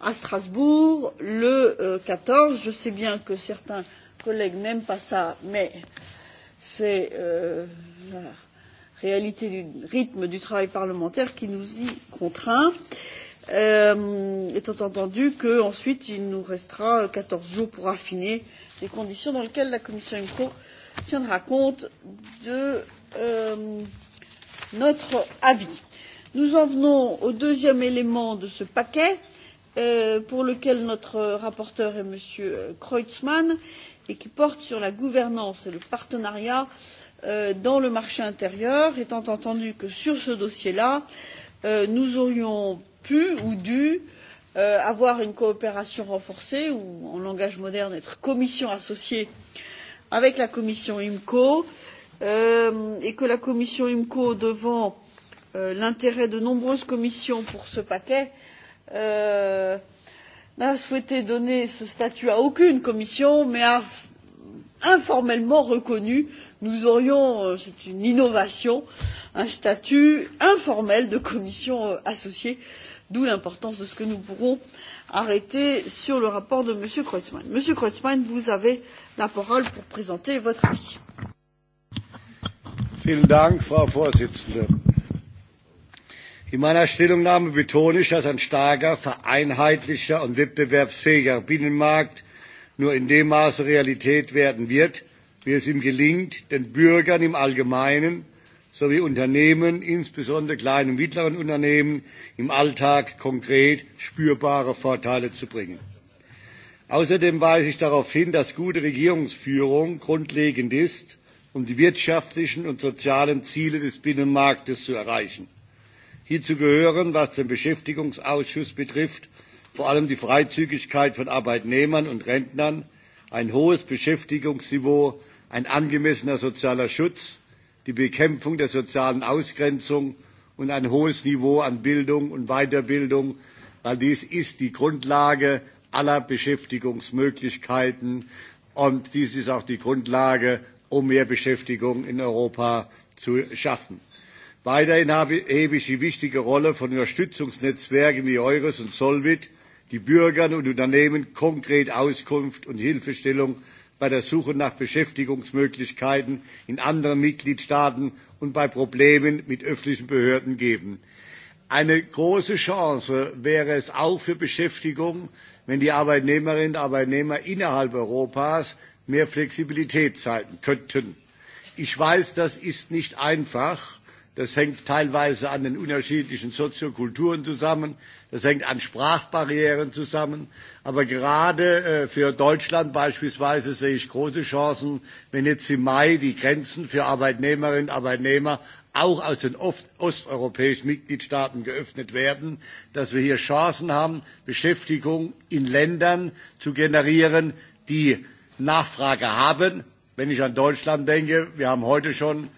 à Strasbourg le euh, 14. Je sais bien que certains collègues n'aiment pas ça, mais c'est euh, réalité du rythme du travail parlementaire qui nous y contraint euh, étant entendu qu'ensuite il nous restera 14 euh, jours pour affiner les conditions dans lesquelles la commission imco tiendra compte de euh, notre avis. Nous en venons au deuxième élément de ce paquet euh, pour lequel notre rapporteur est M. Kreutzmann et qui porte sur la gouvernance et le partenariat euh, Euh, dans le marché intérieur étant entendu que sur ce dossier là euh, nous aurions pu ou dû euh, avoir une coopération renforcée ou en langage moderne être commission associée avec la commission imco et que la commission imco devant l'intérêt de nombreuses commissions pour ce paquet n'a souhaité donner ce statut à aucune commission mais a informellement reconnu nous aurions euh, c'est une innovation un statut informel de commission euh, associée d'où l'importance de ce que nous pourrons arrêter sur le rapport de m. creutzmann. monsieur creutzmann vous avez la parole pour présenter votre avis. Dank, frau präsidentin! in meiner stellungnahme betone ich dass ein starker vereinheitlichter und wettbewerbsfähiger binnenmarkt nur in dem maße realität werden wird wie es ihm gelingt, den Bürgern im Allgemeinen sowie Unternehmen, insbesondere kleinen und mittleren Unternehmen, im Alltag konkret spürbare Vorteile zu bringen. Außerdem weise ich darauf hin, dass gute Regierungsführung grundlegend ist, um die wirtschaftlichen und sozialen Ziele des Binnenmarktes zu erreichen. Hierzu gehören, was den Beschäftigungsausschuss betrifft, vor allem die Freizügigkeit von Arbeitnehmern und Rentnern, ein hohes Beschäftigungsniveau ein angemessener sozialer Schutz, die Bekämpfung der sozialen Ausgrenzung und ein hohes Niveau an Bildung und Weiterbildung, weil dies ist die Grundlage aller Beschäftigungsmöglichkeiten und dies ist auch die Grundlage, um mehr Beschäftigung in Europa zu schaffen. Weiterhin habe ich die wichtige Rolle von Unterstützungsnetzwerken wie Eures und Solvit, die Bürgern und Unternehmen konkret Auskunft und Hilfestellung bei der Suche nach Beschäftigungsmöglichkeiten in anderen Mitgliedstaaten und bei Problemen mit öffentlichen Behörden geben. Eine große Chance wäre es auch für Beschäftigung, wenn die Arbeitnehmerinnen und Arbeitnehmer innerhalb Europas mehr Flexibilität zeigen könnten. Ich weiß, das ist nicht einfach, Das hängt teilweise an den unterschiedlichen Soziokulturen zusammen. Das hängt an Sprachbarrieren zusammen. Aber gerade äh, für Deutschland beispielsweise sehe ich große Chancen, wenn jetzt im Mai die Grenzen für Arbeitnehmerinnen und Arbeitnehmer auch aus den osteuropäischen Mitgliedstaaten geöffnet werden, dass wir hier Chancen haben, Beschäftigung in Ländern zu generieren, die Nachfrage haben. Wenn ich an Deutschland denke, wir haben heute schon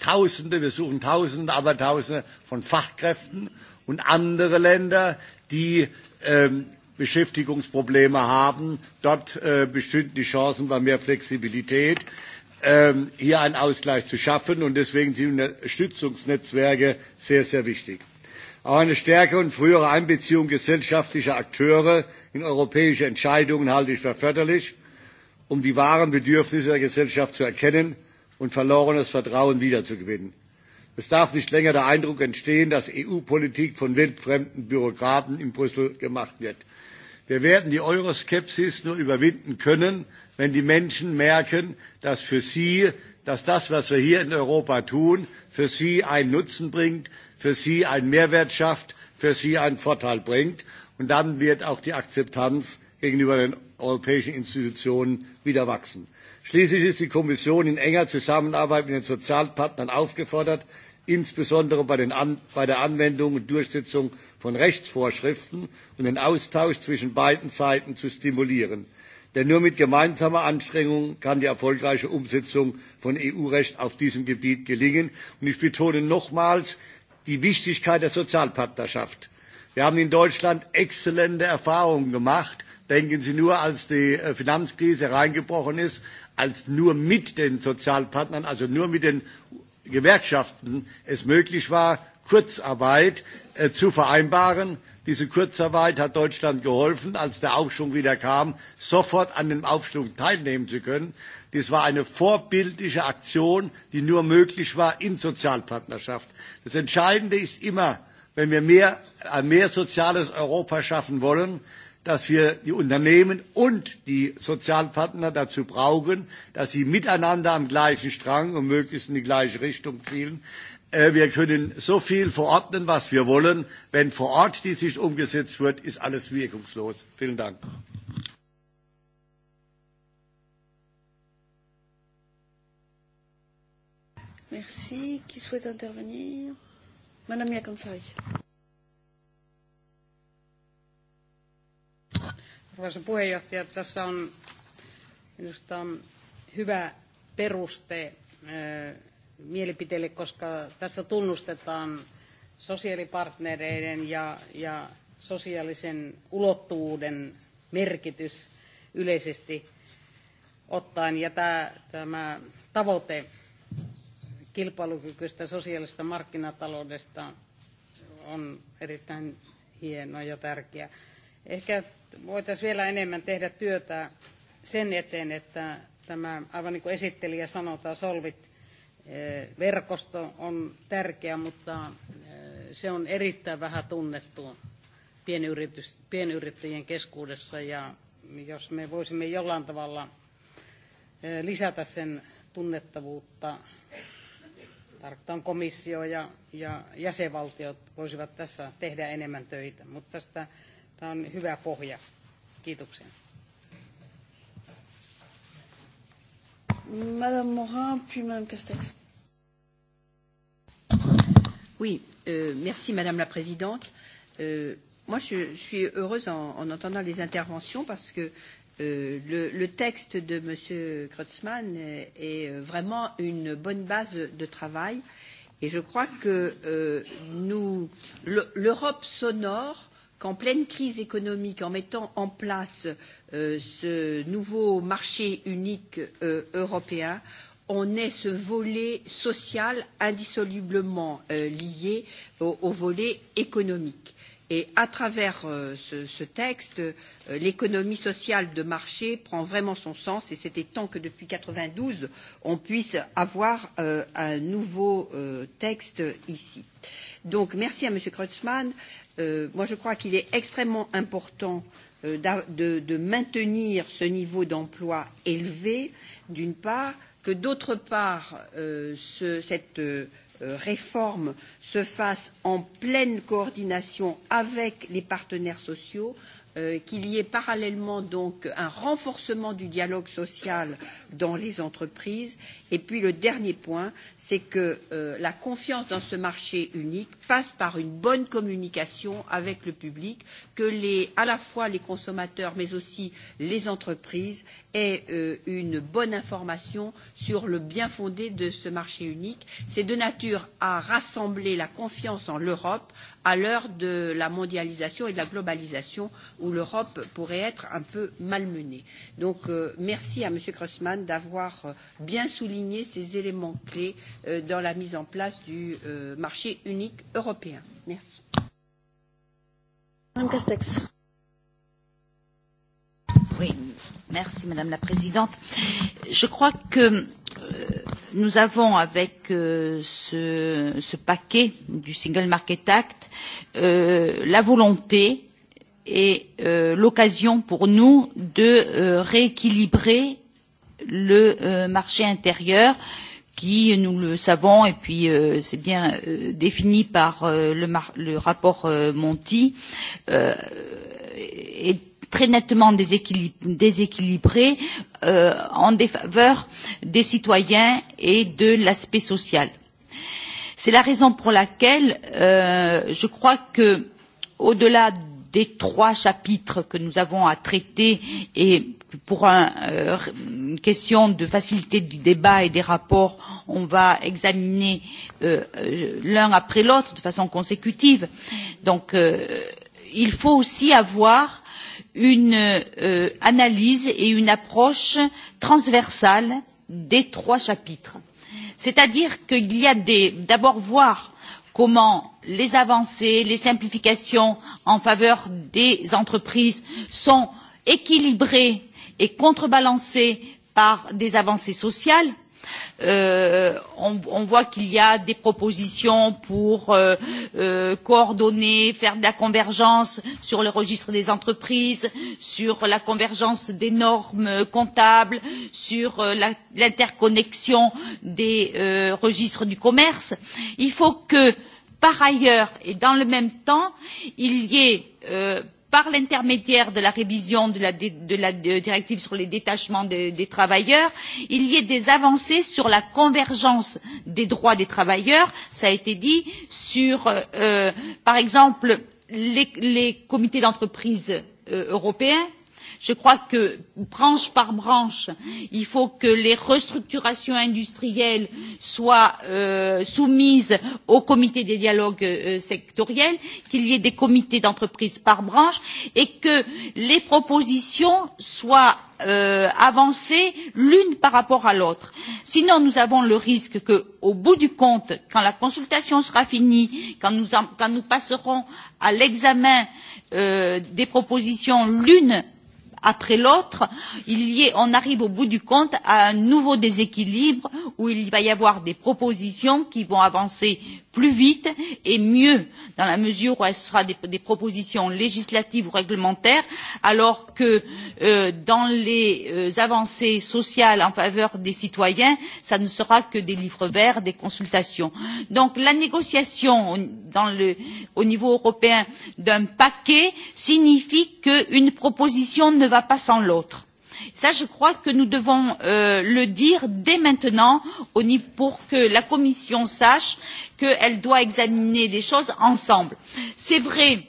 Tausende, wir suchen Tausende, aber Tausende von Fachkräften und andere Länder, die ähm, Beschäftigungsprobleme haben. Dort äh, bestünden die Chancen bei mehr Flexibilität, ähm, hier einen Ausgleich zu schaffen. Und deswegen sind Unterstützungsnetzwerke sehr, sehr wichtig. Auch eine stärkere und frühere Einbeziehung gesellschaftlicher Akteure in europäische Entscheidungen halte ich für förderlich, um die wahren Bedürfnisse der Gesellschaft zu erkennen und verlorenes Vertrauen wiederzugewinnen. Es darf nicht länger der Eindruck entstehen, dass EU-Politik von wildfremden Bürokraten in Brüssel gemacht wird. Wir werden die Euroskepsis nur überwinden können, wenn die Menschen merken, dass für sie, dass das, was wir hier in Europa tun, für sie einen Nutzen bringt, für sie einen Mehrwert schafft, für sie einen Vorteil bringt. Und dann wird auch die Akzeptanz gegenüber den europäischen Institutionen wieder wachsen. Schließlich ist die Kommission in enger Zusammenarbeit mit den Sozialpartnern aufgefordert, insbesondere bei, den An bei der Anwendung und Durchsetzung von Rechtsvorschriften und den Austausch zwischen beiden Seiten zu stimulieren. Denn nur mit gemeinsamer Anstrengung kann die erfolgreiche Umsetzung von EU-Recht auf diesem Gebiet gelingen. Und ich betone nochmals die Wichtigkeit der Sozialpartnerschaft. Wir haben in Deutschland exzellente Erfahrungen gemacht Denken Sie nur, als die äh, Finanzkrise reingebrochen ist, als nur mit den Sozialpartnern, also nur mit den Gewerkschaften es möglich war, Kurzarbeit äh, zu vereinbaren. Diese Kurzarbeit hat Deutschland geholfen, als der Aufschwung wieder kam, sofort an dem Aufschwung teilnehmen zu können. Dies war eine vorbildliche Aktion, die nur möglich war in Sozialpartnerschaft. Das Entscheidende ist immer, wenn wir mehr, ein äh, mehr soziales Europa schaffen wollen, dass wir die Unternehmen und die Sozialpartner dazu brauchen, dass sie miteinander am gleichen Strang und möglichst in die gleiche Richtung zielen. Äh, wir können so viel verordnen, was wir wollen. Wenn vor Ort dies nicht umgesetzt wird, ist alles wirkungslos. Vielen Dank. Merci. Qui souhaite intervenir Madame Yacansay. Arvoisa puheenjohtaja, tässä on minusta hyvä peruste mielipiteelle, koska tässä tunnustetaan sosiaalipartnereiden ja, ja sosiaalisen ulottuvuuden merkitys yleisesti ottaen. Ja tämä, tämä tavoite kilpailukykyistä sosiaalista markkinataloudesta on erittäin hieno ja tärkeä. Ehkä voitaisiin vielä enemmän tehdä työtä sen eteen, että tämä, aivan niin kuin esittelijä sanoi, tämä Solvit eh, verkosto on tärkeä, mutta eh, se on erittäin vähän tunnettu pienyritys, pienyrittäjien keskuudessa ja jos me voisimme jollain tavalla eh, lisätä sen tunnettavuutta, tarkoitan komissio ja, ja jäsenvaltiot voisivat tässä tehdä enemmän töitä. Mutta tästä Tämä on hyvä pohja. Kiitoksia. Madame Morin, puis Madame Castex. Oui, euh, merci Madame la Présidente. Euh, moi, je, je suis heureuse en, en entendant les interventions parce que euh, le, le texte de M. Kreutzmann est, est vraiment une bonne base de travail. Et je crois que euh, nous, l'Europe sonore euh, qu'en pleine crise économique, en mettant en place euh, ce nouveau marché unique euh, européen, on ait ce volet social indissolublement euh, lié au, au volet économique. Et à travers euh, ce, ce texte, euh, l'économie sociale de marché prend vraiment son sens et c'était temps que depuis 92, on puisse avoir euh, un nouveau euh, texte ici. Donc merci à M. Kreutzmann euh, moi je crois qu'il est extrêmement important euh, de, de maintenir ce niveau d'emploi élevé, d'une part, que d'autre part, euh, ce, cette euh, réforme se fasse en pleine coordination avec les partenaires sociaux, Euh, qu'il y ait parallèlement donc un renforcement du dialogue social dans les entreprises. Et puis le dernier point, c'est que euh, la confiance dans ce marché unique passe par une bonne communication avec le public, que les, à la fois les consommateurs mais aussi les entreprises aient euh, une bonne information sur le bien fondé de ce marché unique. C'est de nature à rassembler la confiance en l'Europe à l'heure de la mondialisation et de la globalisation où l'Europe pourrait être un peu malmenée. Donc euh, merci à M. Crossman d'avoir euh, bien souligné ces éléments clés euh, dans la mise en place du euh, marché unique européen. Merci. Madame Castex. Oui, merci Madame la Présidente. Je crois que euh, nous avons avec euh, ce, ce paquet du Single Market Act euh, la volonté et euh, l'occasion pour nous de euh, rééquilibrer le euh, marché intérieur qui, nous le savons, et puis euh, c'est bien euh, défini par euh, le, le rapport euh, Monti, euh, est très nettement déséquilib déséquilibrée euh, en défaveur des citoyens et de l'aspect social. C'est la raison pour laquelle euh, je crois que, au delà des trois chapitres que nous avons à traiter et pour un, euh, une question de facilité du débat et des rapports, on va examiner euh, euh l'un après l'autre de façon consécutive. Donc, euh, il faut aussi avoir une euh, analyse et une approche transversale des trois chapitres. C'est à dire qu'il faut d'abord voir comment les avancées, les simplifications en faveur des entreprises sont équilibrées et contrebalancées par des avancées sociales euh, on, on voit qu'il y a des propositions pour euh, euh, coordonner, faire de la convergence sur le registre des entreprises, sur la convergence des normes comptables, sur euh, l'interconnexion des euh, registres du commerce. Il faut que, par ailleurs et dans le même temps, il y ait euh, par l'intermédiaire de la révision de la, directive sur le détachement des travailleurs, il y ait des avancées sur la convergence des droits des travailleurs, ça a été dit, sur, euh, par exemple, les, comités d'entreprise euh, européens je crois que branche par branche il faut que les restructurations industrielles soient euh, soumises au comité des dialogues euh, sectoriels qu'il y ait des comités d'entreprise par branche et que les propositions soient euh, avancées l'une par rapport à l'autre. Sinon, nous avons le risque que, au bout du compte, quand la consultation sera finie, quand nous, en, quand nous passerons à l'examen euh, des propositions l'une après l'autre, on arrive au bout du compte à un nouveau déséquilibre où il va y avoir des propositions qui vont avancer plus vite et mieux dans la mesure où ce sera des, des propositions législatives ou réglementaires alors que euh, dans les euh, avancées sociales en faveur des citoyens ça ne sera que des livres verts des consultations. donc la négociation dans le, au niveau européen d'un paquet signifie qu'une proposition ne va pas sans l'autre. Ça, je crois que nous devons euh, le dire dès maintenant au niveau, pour que la Commission sache qu'elle doit examiner les choses ensemble. C'est vrai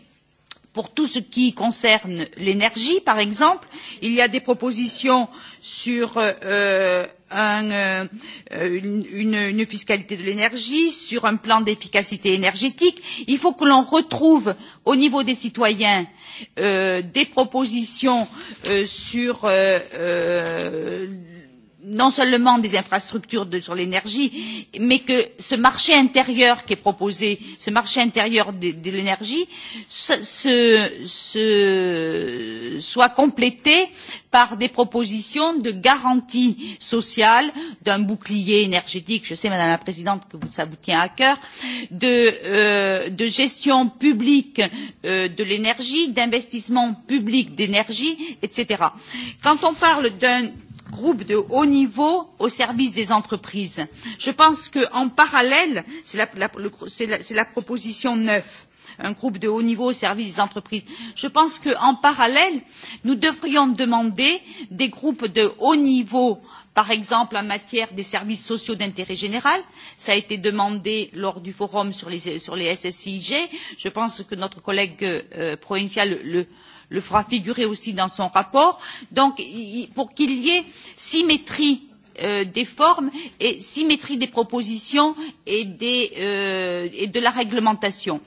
pour tout ce qui concerne l'énergie, par exemple, il y a des propositions euh, sur euh, euh, un, euh, euh une, une, fiscalité de l'énergie, sur un plan d'efficacité énergétique. Il faut que l'on retrouve au niveau des citoyens euh, des propositions euh, sur euh, euh, non seulement des infrastructures sur l'énergie, mais que ce marché intérieur qui est proposé, ce marché intérieur de, de l'énergie, se, se, se, soit complété par des propositions de garantie sociale, d'un bouclier énergétique, je sais, Madame la Présidente, que ça vous tient à cœur, de, euh, de gestion publique euh, de l'énergie, d'investissement public d'énergie, etc. Quand on parle d'un groupes de haut niveau au service des entreprises. Je pense qu'en parallèle, c'est la, la, la, la proposition 9, un groupe de haut niveau au service des entreprises. Je pense qu'en parallèle, nous devrions demander des groupes de haut niveau par exemple en matière des services sociaux d'intérêt général. Cela a été demandé lors du forum sur les, sur les SSIG. Je pense que notre collègue euh, provincial le, le fera figurer aussi dans son rapport donc pour qu'il y ait symétrie euh, des formes et symétrie des propositions et, des, euh, et de la réglementation.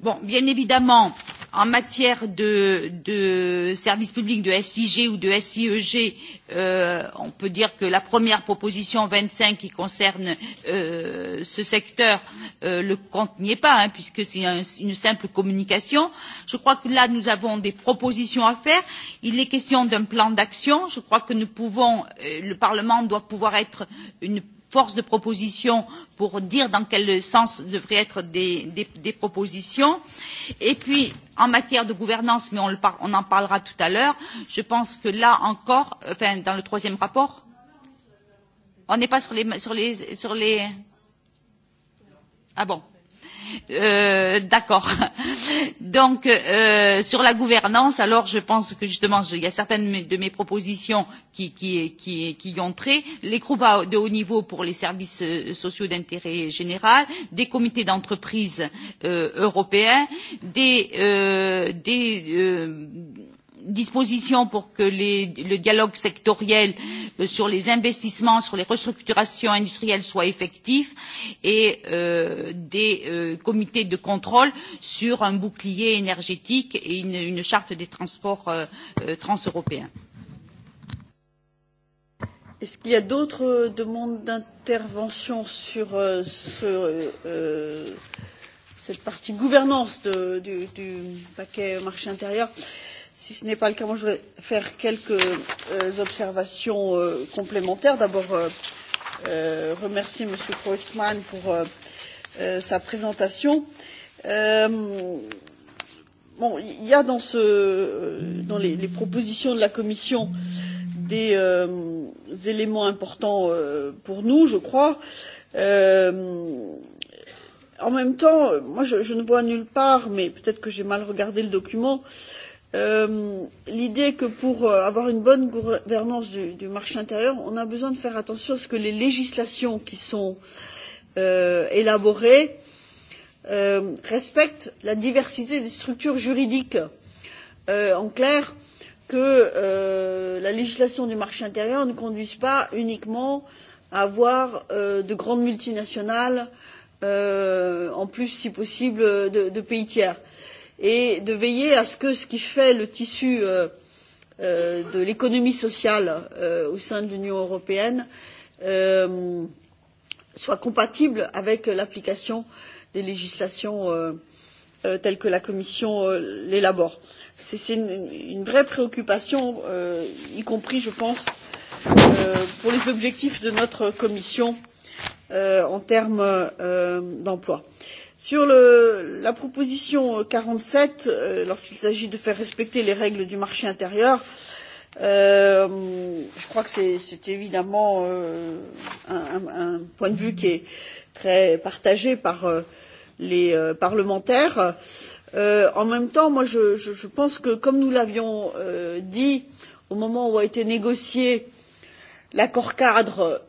Bon, bien évidemment euh, en matière de, de services publics de SIG ou de SIEG, euh, on peut dire que la première proposition 25 qui concerne euh, ce secteur, euh, le compte n'y est pas, hein, puisque c'est un, une simple communication. Je crois que là, nous avons des propositions à faire. Il est question d'un plan d'action. Je crois que nous pouvons, euh, le Parlement doit pouvoir être une force de proposition pour dire dans quel sens devraient être des, des, des propositions. Et puis, en matière de gouvernance, mais on, le par, on en parlera tout à l'heure, je pense que là encore, enfin, dans le troisième rapport, on n'est pas sur les, sur les, sur les... Ah bon euh, d'accord. Donc, euh, sur la gouvernance, alors je pense que justement, il y a certaines de mes propositions qui, qui, qui, qui y ont trait. Les groupes de haut niveau pour les services euh, sociaux d'intérêt général, des comités d'entreprise euh, européens, des, euh, des euh, dispositions pour que le dialogue sectoriel euh, sur les investissements sur les restructurations industrielles soit effectif et euh, des euh, comités de contrôle sur un bouclier énergétique et une, une charte des transports transeuropéens. Est-ce qu'il y a d'autres demandes d'intervention sur ce, euh, cette partie gouvernance de, du, du paquet marché intérieur euh, si ce n'est pas le cas je voudrais faire quelques euh, observations euh, complémentaires. d'abord euh, euh remercier m. creutzmann pour sa présentation. il y a dans, ce, dans les, les propositions de la commission des éléments importants pour nous je crois. en même temps moi, je, je ne vois nulle part mais peut être que j'ai mal regardé le document euh, Euh, l'idée que pour euh, avoir une bonne gouvernance du, du marché intérieur, on a besoin de faire attention à ce que les législations qui sont euh, élaborées euh, respectent la diversité des structures juridiques. Euh, en clair, que euh, la législation du marché intérieur ne conduise pas uniquement à avoir euh, de grandes multinationales, euh, en plus, si possible, de, de pays tiers. Euh, et de veiller à ce que ce qui fait le tissu euh, euh, de l'économie sociale euh, au sein de l'Union européenne euh, soit compatible avec l'application des législations euh, euh, telles que la Commission euh, l'élabore. C'est une, une vraie préoccupation, euh, y compris, je pense, euh, pour les objectifs de notre Commission euh, en termes euh, d'emploi. Euh, sur le, la proposition quarante sept euh, lorsqu'il s'agit de faire respecter les règles du marché intérieur euh, je crois que c'est évidemment euh, un, un point de vue qui est très partagé par euh, les euh, parlementaires. Euh, en même temps moi, je, je, je pense que comme nous l'avions dit au moment où a été négocié l'accord cadre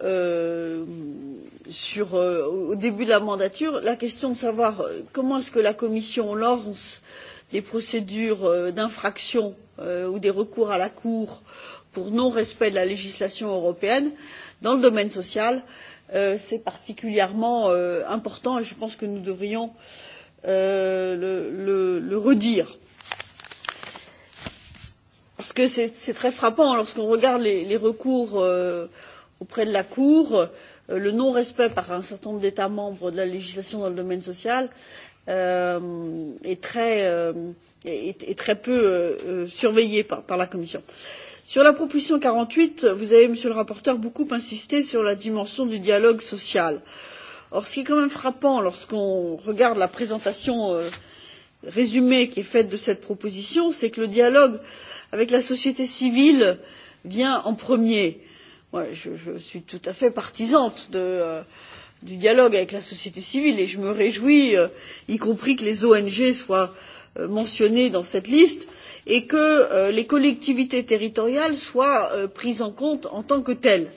Euh, au début de la mandature la question de savoir euh, comment est-ce que la Commission lance des procédures euh, d'infraction ou des recours à la Cour pour non respect de la législation européenne dans le domaine social, c'est particulièrement important et je pense que nous devrions le, le, le redire. Parce que c'est très frappant lorsqu'on regarde les, les recours euh, auprès de la Cour, euh, Euh, le non respect par un certain nombre d'états membres de la législation dans le domaine social euh, est, très, euh, est, est très peu euh, euh surveillé par, par la commission. sur la proposition quarante huit vous avez monsieur le rapporteur beaucoup insisté sur la dimension du dialogue social. or ce qui est quand même frappant lorsqu'on regarde la présentation euh, résumée qui est faite de cette proposition c'est que le dialogue avec la société civile vient en premier moi je, je suis tout à fait partisante de, euh, du dialogue avec la société civile et je me réjouis euh, y compris que les ong soient euh, mentionnées dans cette liste et que euh, les collectivités territoriales soient euh, prises en compte en tant que telles.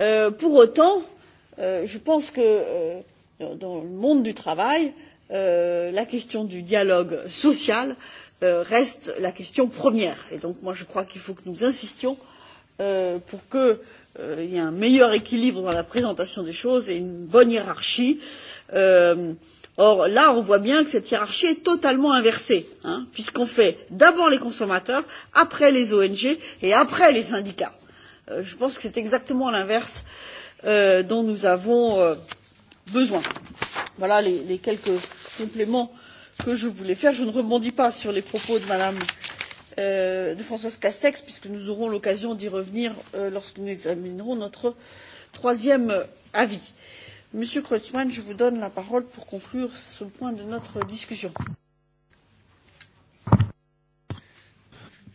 Euh, pour autant euh, je pense que euh, dans le monde du travail euh, la question du dialogue social euh, reste la question première et donc moi je crois qu'il faut que nous insistions euh, Euh, pour que euh, il y ait un meilleur équilibre dans la présentation des choses et une bonne hiérarchie. Euh, or là on voit bien que cette hiérarchie est totalement inversée hein, puisqu'on fait d'abord les consommateurs après les ong et après les syndicats. Euh, je pense que c'est exactement l'inverse euh, dont nous avons euh, besoin. voilà les, les quelques compléments que je voulais faire. je ne rebondis pas sur les propos de mme Euh, de Françoise Castex, puisque nous aurons l'occasion d'y revenir euh, lorsque nous examinerons notre troisième avis. Monsieur creutzmann je vous donne la parole pour conclure ce point de notre discussion.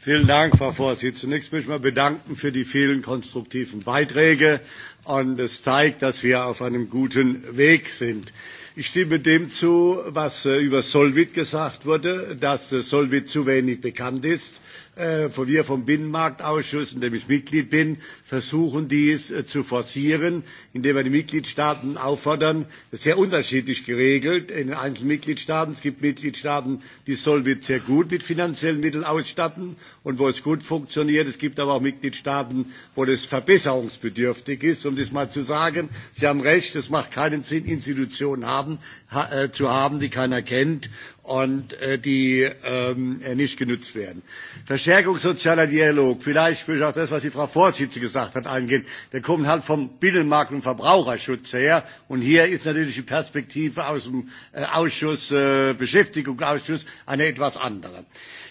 Vielen Dank, Frau Vorsitzende. Zunächst möchte ich mich bedanken für die vielen konstruktiven Beiträge. Und es das zeigt, dass wir auf einem guten Weg sind. Ich stimme dem zu, was äh, über Solvit gesagt wurde, dass äh, Solvit zu wenig bekannt ist. Äh, wir vom Binnenmarktausschuss, in dem ich Mitglied bin, versuchen dies äh, zu forcieren, indem wir die Mitgliedstaaten auffordern, das ist sehr unterschiedlich geregelt in den einzelnen Mitgliedstaaten. Es gibt Mitgliedstaaten, die Solvit sehr gut mit finanziellen Mitteln ausstatten und wo es gut funktioniert. Es gibt aber auch Mitgliedstaaten, wo es verbesserungsbedürftig ist. Und um das mal zu sagen. Sie haben recht, es macht keinen Sinn, Institutionen haben, ha, äh, zu haben, die keiner kennt und äh, die ähm, äh, nicht genutzt werden. Verstärkung sozialer Dialog. Vielleicht will ich auch das, was die Frau Vorsitzende gesagt hat, eingehen. Wir kommen halt vom Binnenmarkt und Verbraucherschutz her. Und hier ist natürlich die Perspektive aus dem äh, Ausschuss, äh, Beschäftigungsausschuss, eine etwas andere.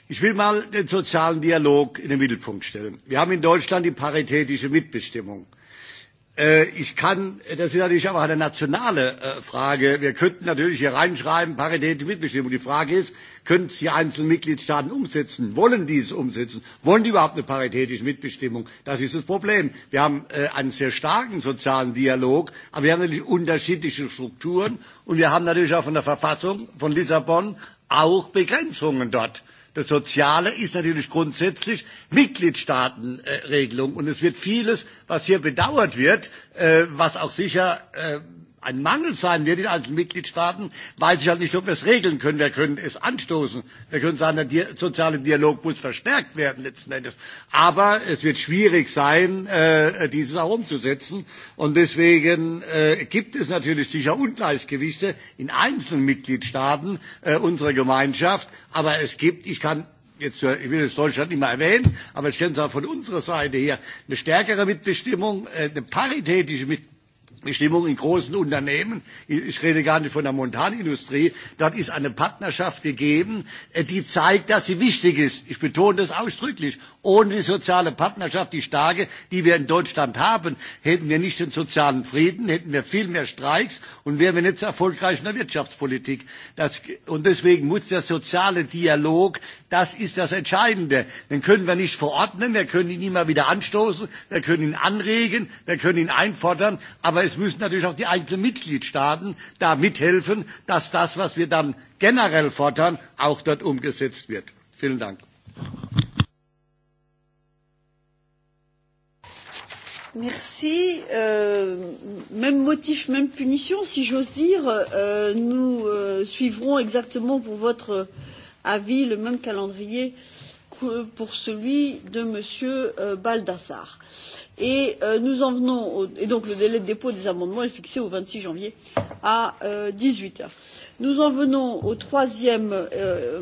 Ich will mal den sozialen Dialog in den Mittelpunkt stellen. Wir haben in Deutschland die paritätische Mitbestimmung. Äh, ich kann, äh, das ist natürlich auch eine nationale äh, Frage. Wir könnten natürlich hier reinschreiben, Parität die Mitbestimmung. Die Frage ist, können es die einzelnen Mitgliedstaaten umsetzen? Wollen die es umsetzen? Wollen die überhaupt eine paritätische Mitbestimmung? Das ist das Problem. Wir haben einen sehr starken sozialen Dialog, aber wir haben natürlich unterschiedliche Strukturen und wir haben natürlich auch von der Verfassung von Lissabon auch Begrenzungen dort. Das Soziale ist natürlich grundsätzlich Mitgliedstaatenregelung. Äh, und es wird vieles, was hier bedauert wird, äh, was auch sicher äh, ein Mangel sein wird in einzelnen Mitgliedstaaten, weiß ich halt nicht, ob wir es regeln können. Wir können es anstoßen. Wir können sagen, der Di soziale Dialog muss verstärkt werden letzten Endes. Aber es wird schwierig sein, äh, dieses auch umzusetzen. Und deswegen äh, gibt es natürlich sicher Ungleichgewichte in einzelnen Mitgliedstaaten äh, unserer Gemeinschaft. Aber es gibt, ich kann jetzt, äh, ich will es Deutschland nicht mehr erwähnen, aber ich kenne es auch von unserer Seite her, eine stärkere Mitbestimmung, äh, eine paritätische Mitbestimmung Die Stimmung in großen Unternehmen, ich rede gar nicht von der Montanindustrie, dort ist eine Partnerschaft gegeben, äh, die zeigt, dass sie wichtig ist. Ich betone das ausdrücklich. Ohne die soziale Partnerschaft, die starke, die wir in Deutschland haben, hätten wir nicht den sozialen Frieden, hätten wir viel mehr Streiks und wären wir nicht so erfolgreich in der Wirtschaftspolitik. Das, und deswegen muss der soziale Dialog, das ist das Entscheidende. Den können wir nicht verordnen, wir können ihn immer wieder anstoßen, wir können ihn anregen, wir können ihn einfordern, aber es müssen natürlich auch die einzelnen Mitgliedstaaten da mithelfen, dass das, was wir dann generell fordern, auch dort umgesetzt wird. Vielen Dank. Merci. Euh, même motif, même punition, si j'ose dire. Euh, nous euh, suivrons exactement pour votre avis le même calendrier que pour celui de M. Euh, Baldassar. Et euh, nous en venons, au, et donc le délai de dépôt des amendements est fixé au 26 janvier à euh, 18 heures. Nous en venons au troisième. Euh,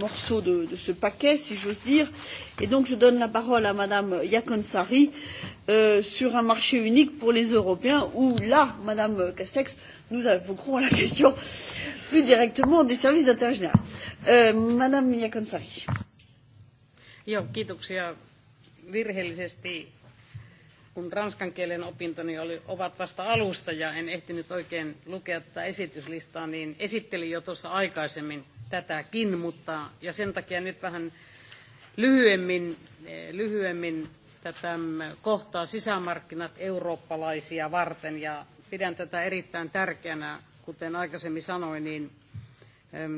morceau de, de ce paquet, si j'ose dire. Et donc, je donne la parole à Madame Yakonsari euh, sur un marché unique pour les Européens, où là, Madame Castex, nous évoquerons la question plus directement des services d'intérêt général. Euh, Madame Yakonsari. Joo, kiitoksia virheellisesti kun ranskan kielen opintoni oli, ovat vasta alussa ja en ehtinyt oikein lukea tätä esityslistaa, niin esittelin jo tuossa aikaisemmin tätäkin, mutta, ja sen takia nyt vähän lyhyemmin, eh, lyhyemmin tätä mm, kohtaa sisämarkkinat eurooppalaisia varten, ja pidän tätä erittäin tärkeänä, kuten aikaisemmin sanoin, niin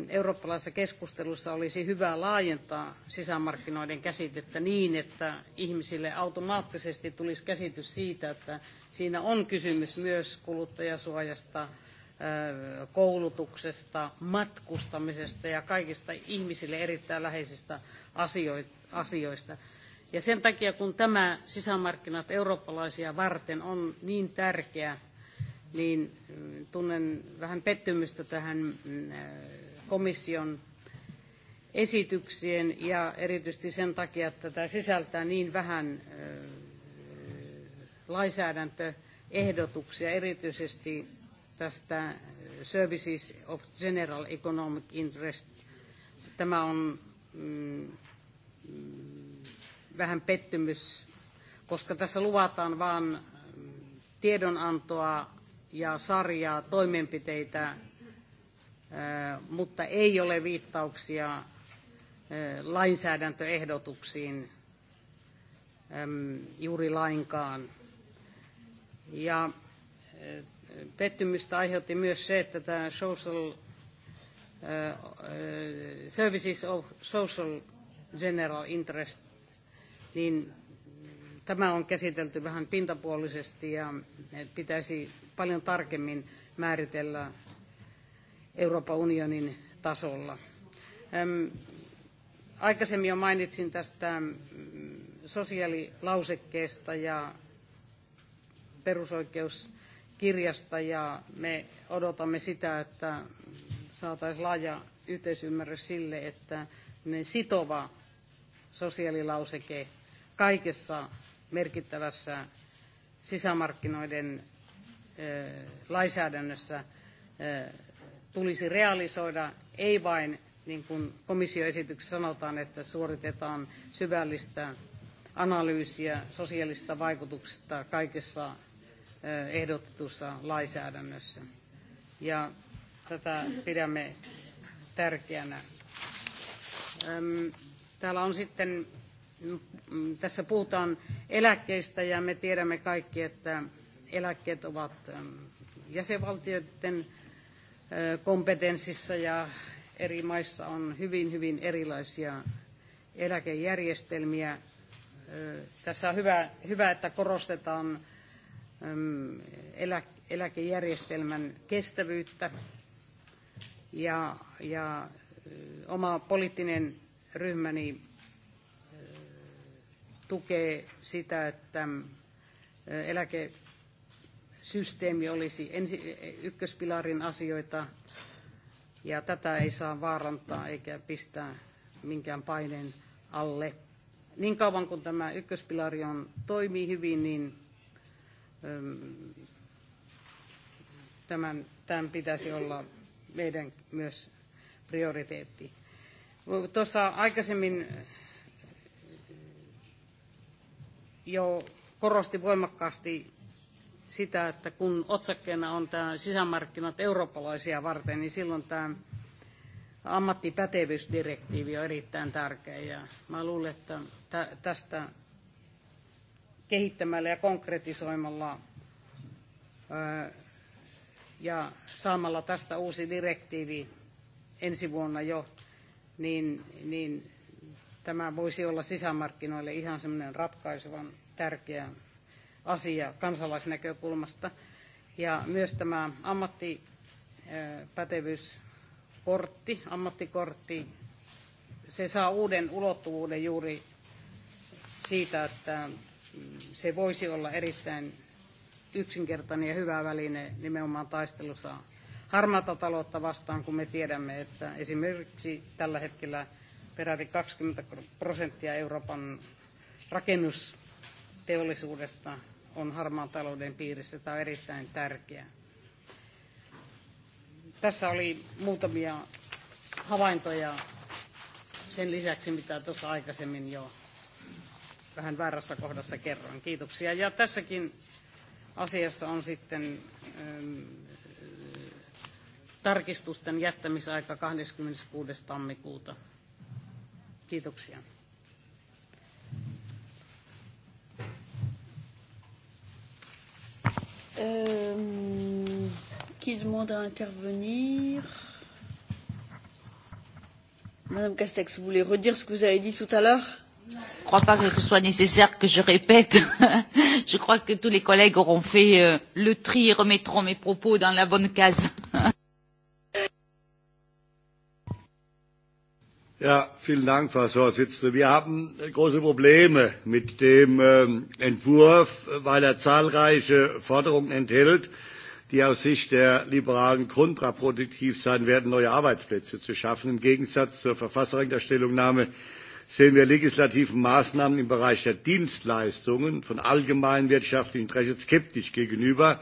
eurooppalaisessa keskustelussa olisi hyvä laajentaa sisämarkkinoiden käsitettä niin, että ihmisille automaattisesti tulisi käsitys siitä, että siinä on kysymys myös kuluttajasuojasta, koulutuksesta, matkustamisesta ja kaikista ihmisille erittäin läheisistä asioista. Ja sen takia, kun tämä sisämarkkinat eurooppalaisia varten on niin tärkeä, niin tunnen vähän pettymystä tähän komission esityksien ja erityisesti sen takia, että tämä sisältää niin vähän lainsäädäntöehdotuksia, erityisesti tästä Services of General Economic Interest. Tämä on mm, mm vähän pettymys, koska tässä luvataan vain mm, tiedonantoa ja sarjaa toimenpiteitä, mutta ei ole viittauksia lainsäädäntöehdotuksiin juuri lainkaan. Ja pettymystä aiheutti myös se, että tämä social, uh, services of social general interest, niin tämä on käsitelty vähän pintapuolisesti ja pitäisi paljon tarkemmin määritellä Euroopan unionin tasolla. Um, Aikaisemmin jo mainitsin tästä sosiaalilausekkeesta ja perusoikeus kirjasta ja me odotamme sitä, että saataisiin laaja yhteisymmärrys sille, että ne sitova sosiaalilauseke kaikessa merkittävässä sisämarkkinoiden lainsäädännössä tulisi realisoida, ei vain niin kuin komissioesityksessä sanotaan, että suoritetaan syvällistä analyysiä sosiaalista vaikutuksista kaikessa Eh, ehdotetussa lainsäädännössä. Ja tätä pidämme tärkeänä. Täällä on sitten, mm, mm, tässä puhutaan eläkkeistä ja me tiedämme kaikki, että eläkkeet ovat jäsenvaltioiden kompetenssissa ja eri maissa on hyvin, hyvin erilaisia eläkejärjestelmiä. Tässä on hyvä, hyvä että korostetaan eläkejärjestelmän kestävyyttä ja, ja oma poliittinen ryhmäni tukee sitä, että eläkesysteemi olisi ensi, ykköspilarin asioita ja tätä ei saa vaarantaa eikä pistää minkään paineen alle. Niin kauan kuin tämä ykköspilari on, toimii hyvin, niin tämän, tämän pitäisi olla meidän myös prioriteetti. Tuossa aikaisemmin äh, jo korosti voimakkaasti sitä, että kun otsakkeena on tämä sisämarkkinat eurooppalaisia varten, niin silloin tämä ammattipätevyysdirektiivi on erittäin tärkeä. Ja mä luulen, että tästä kehittämällä ja konkretisoimalla ja saamalla tästä uusi direktiivi ensi vuonna jo, niin, niin tämä voisi olla sisämarkkinoille ihan semmoinen ratkaisevan tärkeä asia kansalaisnäkökulmasta. Ja myös tämä ammattipätevyyskortti, ammattikortti, se saa uuden ulottuvuuden juuri siitä, että se voisi olla erittäin yksinkertainen ja hyvä väline nimenomaan taistelussa harmaata taloutta vastaan, kun me tiedämme, että esimerkiksi tällä hetkellä peräti 20 prosenttia Euroopan rakennusteollisuudesta on harmaan talouden piirissä. Tämä on erittäin tärkeää. Tässä oli muutamia havaintoja sen lisäksi, mitä tuossa aikaisemmin jo vähän väärässä kohdassa kerroin. Kiitoksia. Ja tässäkin asiassa on sitten ähm, tarkistusten jättämisaika 26. tammikuuta. Kiitoksia. Euh, qui demande à intervenir Madame Castex, vous voulez redire ce que vous avez dit tout à l'heure Je ne crois pas que ce soit nécessaire que je répète. *laughs* je crois que tous les collègues auront fait euh, le tri et remettront mes propos dans la bonne case. *laughs* Ja, vielen Dank, Frau Vorsitzende. Wir haben große Probleme mit dem ähm, Entwurf, weil er zahlreiche Forderungen enthält, die aus Sicht der Liberalen kontraproduktiv sein werden, neue Arbeitsplätze zu schaffen. Im Gegensatz zur Verfasserin der Stellungnahme sehen wir legislativen Maßnahmen im Bereich der Dienstleistungen von allgemeinem wirtschaftlichem Interesse skeptisch gegenüber,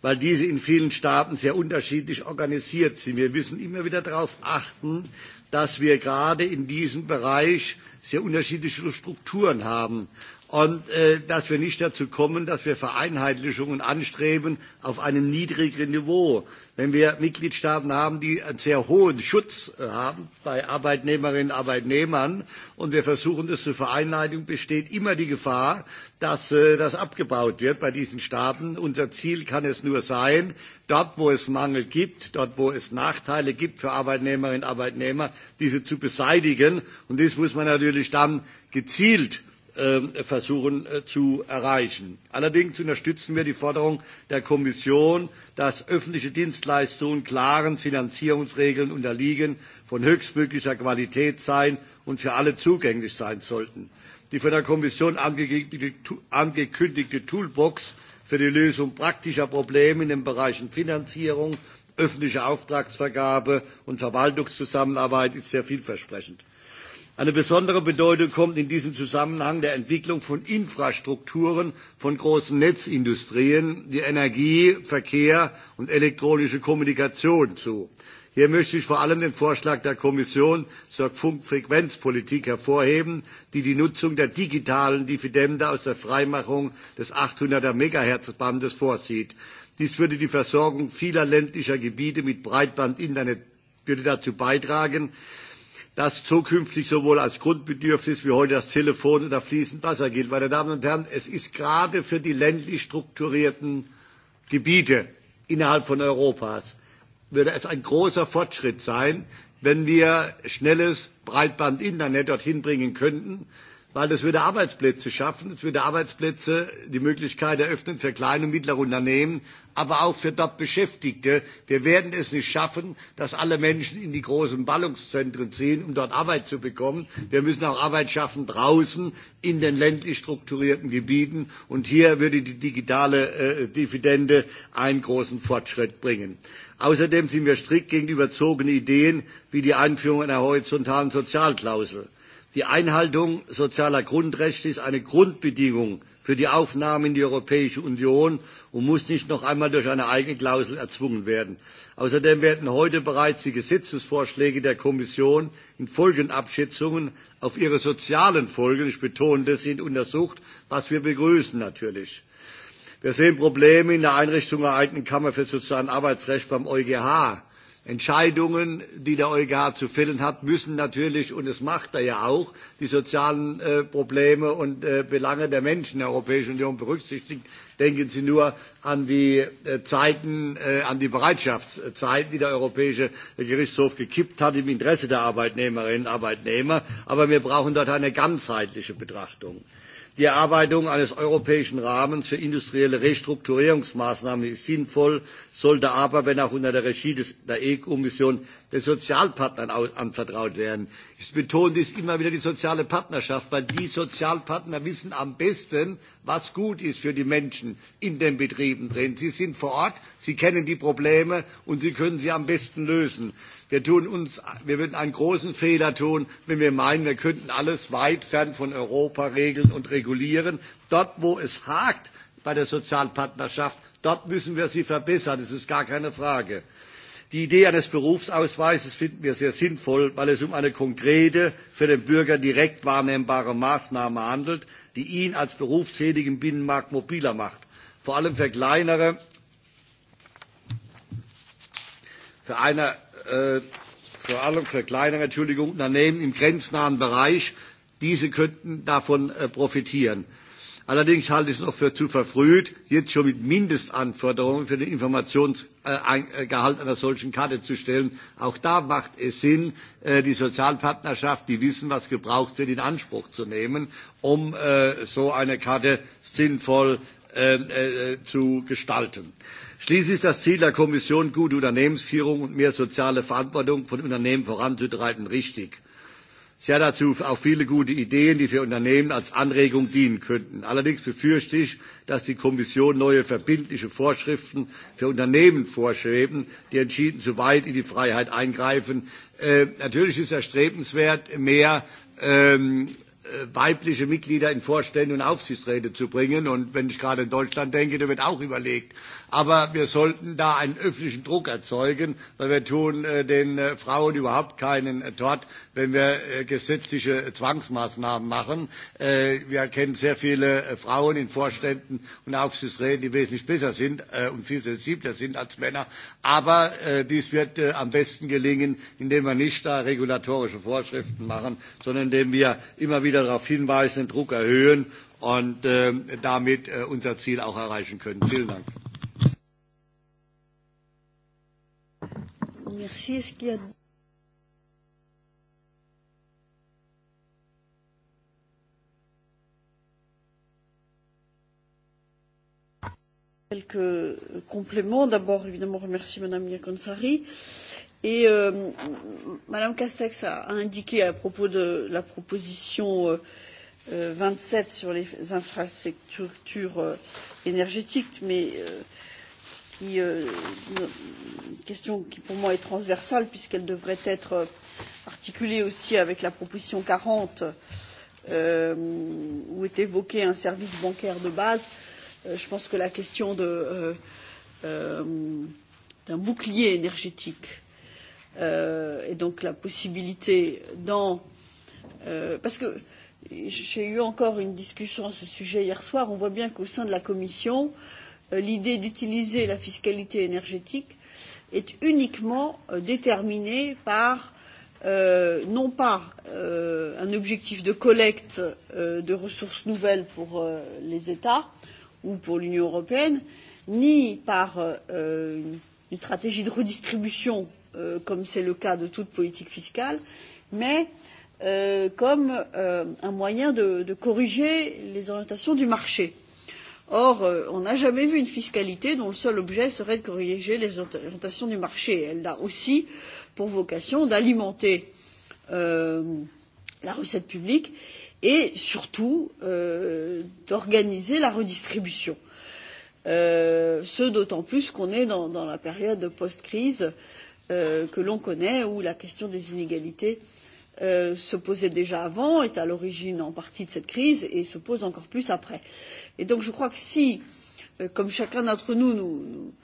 weil diese in vielen Staaten sehr unterschiedlich organisiert sind. Wir müssen immer wieder darauf achten, dass wir gerade in diesem Bereich sehr unterschiedliche Strukturen haben und äh, dass wir nicht dazu kommen, dass wir Vereinheitlichungen anstreben auf einem niedrigeren Niveau. Wenn wir Mitgliedstaaten haben, die einen sehr hohen Schutz äh, haben bei Arbeitnehmerinnen und Arbeitnehmern und wir versuchen das zu vereinheitlichen, besteht immer die Gefahr, dass äh, das abgebaut wird bei diesen Staaten. Unser Ziel kann es nur sein, dort wo es Mangel gibt, dort wo es Nachteile gibt für Arbeitnehmerinnen und Arbeitnehmer, diese zu beseitigen. Und das muss man natürlich dann gezielt Ähm, versuchen äh, zu erreichen. Allerdings unterstützen wir die Forderung der Kommission, dass öffentliche Dienstleistungen klaren Finanzierungsregeln unterliegen, von höchstmöglicher Qualität sein und für alle zugänglich sein sollten. Die von der Kommission angekündigte Toolbox für die Lösung praktischer Probleme in den Bereichen Finanzierung, öffentliche Auftragsvergabe und Verwaltungszusammenarbeit ist sehr vielversprechend. Eine besondere Bedeutung kommt in diesem Zusammenhang der Entwicklung von Infrastrukturen von großen Netzindustrien wie Energie, Verkehr und elektronische Kommunikation zu. Hier möchte ich vor allem den Vorschlag der Kommission zur Funkfrequenzpolitik hervorheben, die die Nutzung der digitalen Dividende aus der Freimachung des 800er Megahertz-Bandes vorsieht. Dies würde die Versorgung vieler ländlicher Gebiete mit Breitbandinternet würde dazu beitragen, dass zukünftig sowohl als Grundbedürfnis wie heute das Telefon oder fließend Wasser gilt. Meine Damen und Herren, es ist gerade für die ländlich strukturierten Gebiete innerhalb von Europas, würde es ein großer Fortschritt sein, wenn wir schnelles Breitbandinternet dorthin bringen könnten, weil das würde Arbeitsplätze schaffen, das würde Arbeitsplätze die Möglichkeit eröffnen für kleine und mittlere Unternehmen, aber auch für dort Beschäftigte. Wir werden es nicht schaffen, dass alle Menschen in die großen Ballungszentren ziehen, um dort Arbeit zu bekommen. Wir müssen auch Arbeit schaffen draußen in den ländlich strukturierten Gebieten. Und hier würde die digitale äh, Dividende einen großen Fortschritt bringen. Außerdem sind wir strikt gegen überzogene Ideen wie die Einführung einer horizontalen Sozialklausel. Die Einhaltung sozialer Grundrechte ist eine Grundbedingung für die Aufnahme in die Europäische Union und muss nicht noch einmal durch eine eigene Klausel erzwungen werden. Außerdem werden heute bereits die Gesetzesvorschläge der Kommission in Folgenabschätzungen auf ihre sozialen Folgen, ich betone das, sind untersucht, was wir begrüßen natürlich. Wir sehen Probleme in der Einrichtung der eigenen Kammer für Sozial- und Arbeitsrecht beim EuGH. Entscheidungen, die der EuGH zu fällen hat, müssen natürlich, und es macht er ja auch, die sozialen äh, Probleme und äh, Belange der Menschen der Europäischen Union berücksichtigen. Denken Sie nur an die äh, Zeiten, äh, an die Bereitschaftszeiten, die der Europäische Gerichtshof gekippt hat im Interesse der Arbeitnehmerinnen und Arbeitnehmer. Aber wir brauchen dort eine ganzheitliche Betrachtung. Die Erarbeitung eines europäischen Rahmens für industrielle Restrukturierungsmaßnahmen ist sinnvoll, sollte aber, wenn auch unter der Regie des, der EU-Kommission, den Sozialpartnern anvertraut werden. Ich betone es immer wieder die soziale Partnerschaft, weil die Sozialpartner wissen am besten, was gut ist für die Menschen in den Betrieben drin. Sie sind vor Ort, sie kennen die Probleme und sie können sie am besten lösen. Wir, tun uns, wir würden einen großen Fehler tun, wenn wir meinen, wir könnten alles weit fern von Europa regeln und regulieren. Dort, wo es hakt bei der Sozialpartnerschaft, dort müssen wir sie verbessern. Das ist gar keine Frage. Die Idee eines Berufsausweises finden wir sehr sinnvoll, weil es um eine konkrete, für den Bürger direkt wahrnehmbare Maßnahme handelt, die ihn als berufstätigen Binnenmarkt mobiler macht. Vor allem für kleinere, für eine, äh, vor allem für kleinere Entschuldigung, Unternehmen im grenznahen Bereich. Diese könnten davon äh, profitieren. Allerdings halte ich es noch für zu verfrüht, jetzt schon mit Mindestanforderungen für den Informationsgehalt einer solchen Karte zu stellen. Auch da macht es Sinn, äh, die Sozialpartnerschaft, die wissen, was gebraucht wird, in Anspruch zu nehmen, um äh, so eine Karte sinnvoll äh, zu gestalten. Schließlich ist das Ziel der Kommission, gute Unternehmensführung und mehr soziale Verantwortung von Unternehmen voranzutreiben, richtig. Sie hat dazu auch viele gute Ideen, die für Unternehmen als Anregung dienen könnten. Allerdings befürchte ich, dass die Kommission neue verbindliche Vorschriften für Unternehmen vorschreiben, die entschieden zu weit in die Freiheit eingreifen. Äh, natürlich ist erstrebenswert, mehr ähm, äh, weibliche Mitglieder in Vorstände und Aufsichtsräte zu bringen. Und wenn ich gerade in Deutschland denke, da wird auch überlegt, Aber wir sollten da einen öffentlichen Druck erzeugen, weil wir tun äh, den äh, Frauen überhaupt keinen äh, Tort, wenn wir äh, gesetzliche Zwangsmaßnahmen machen. Äh, wir kennen sehr viele äh, Frauen in Vorständen und Aufsichtsräten, die wesentlich besser sind äh, und viel sensibler sind als Männer. Aber äh, dies wird äh, am besten gelingen, indem wir nicht da regulatorische Vorschriften machen, sondern indem wir immer wieder darauf hinweisen, den Druck erhöhen und äh, damit äh, unser Ziel auch erreichen können. Vielen Dank. Merci. Est-ce qu'il y a... Quelques compléments. D'abord, évidemment, remercier Madame Yakonsari. Et euh, Madame Castex a, a indiqué à propos de la proposition euh, euh, 27 sur les infrastructures euh, énergétiques, mais euh, qui, euh, une question qui pour moi est transversale puisqu'elle devrait être euh, articulée aussi avec la proposition 40 euh, où est évoqué un service bancaire de base. Euh, je pense que la question de, euh, euh, d'un bouclier énergétique euh, et donc la possibilité dans euh, parce que j'ai eu encore une discussion à ce sujet hier soir on voit bien qu'au sein de la commission euh, Euh, l'idée d'utiliser la fiscalité énergétique est uniquement euh, déterminée par euh, non pas euh, un objectif de collecte euh, de ressources nouvelles pour euh, les États ou pour l'Union européenne, ni par euh, une stratégie de redistribution euh, comme c'est le cas de toute politique fiscale, mais euh, comme euh, un moyen de, de corriger les orientations du marché Euh, Or, euh, on n'a jamais vu une fiscalité dont le seul objet serait de corriger les orientations du marché. Elle a aussi pour vocation d'alimenter euh, la recette publique et surtout euh, d'organiser la redistribution. Euh, ce d'autant plus qu'on est dans, dans la période post-crise euh, que l'on connaît où la question des inégalités euh, Euh, se posait déjà avant est à l'origine en partie de cette crise et se pose encore plus après. Et donc je crois que si euh, comme chacun d'entre nous, nous, nous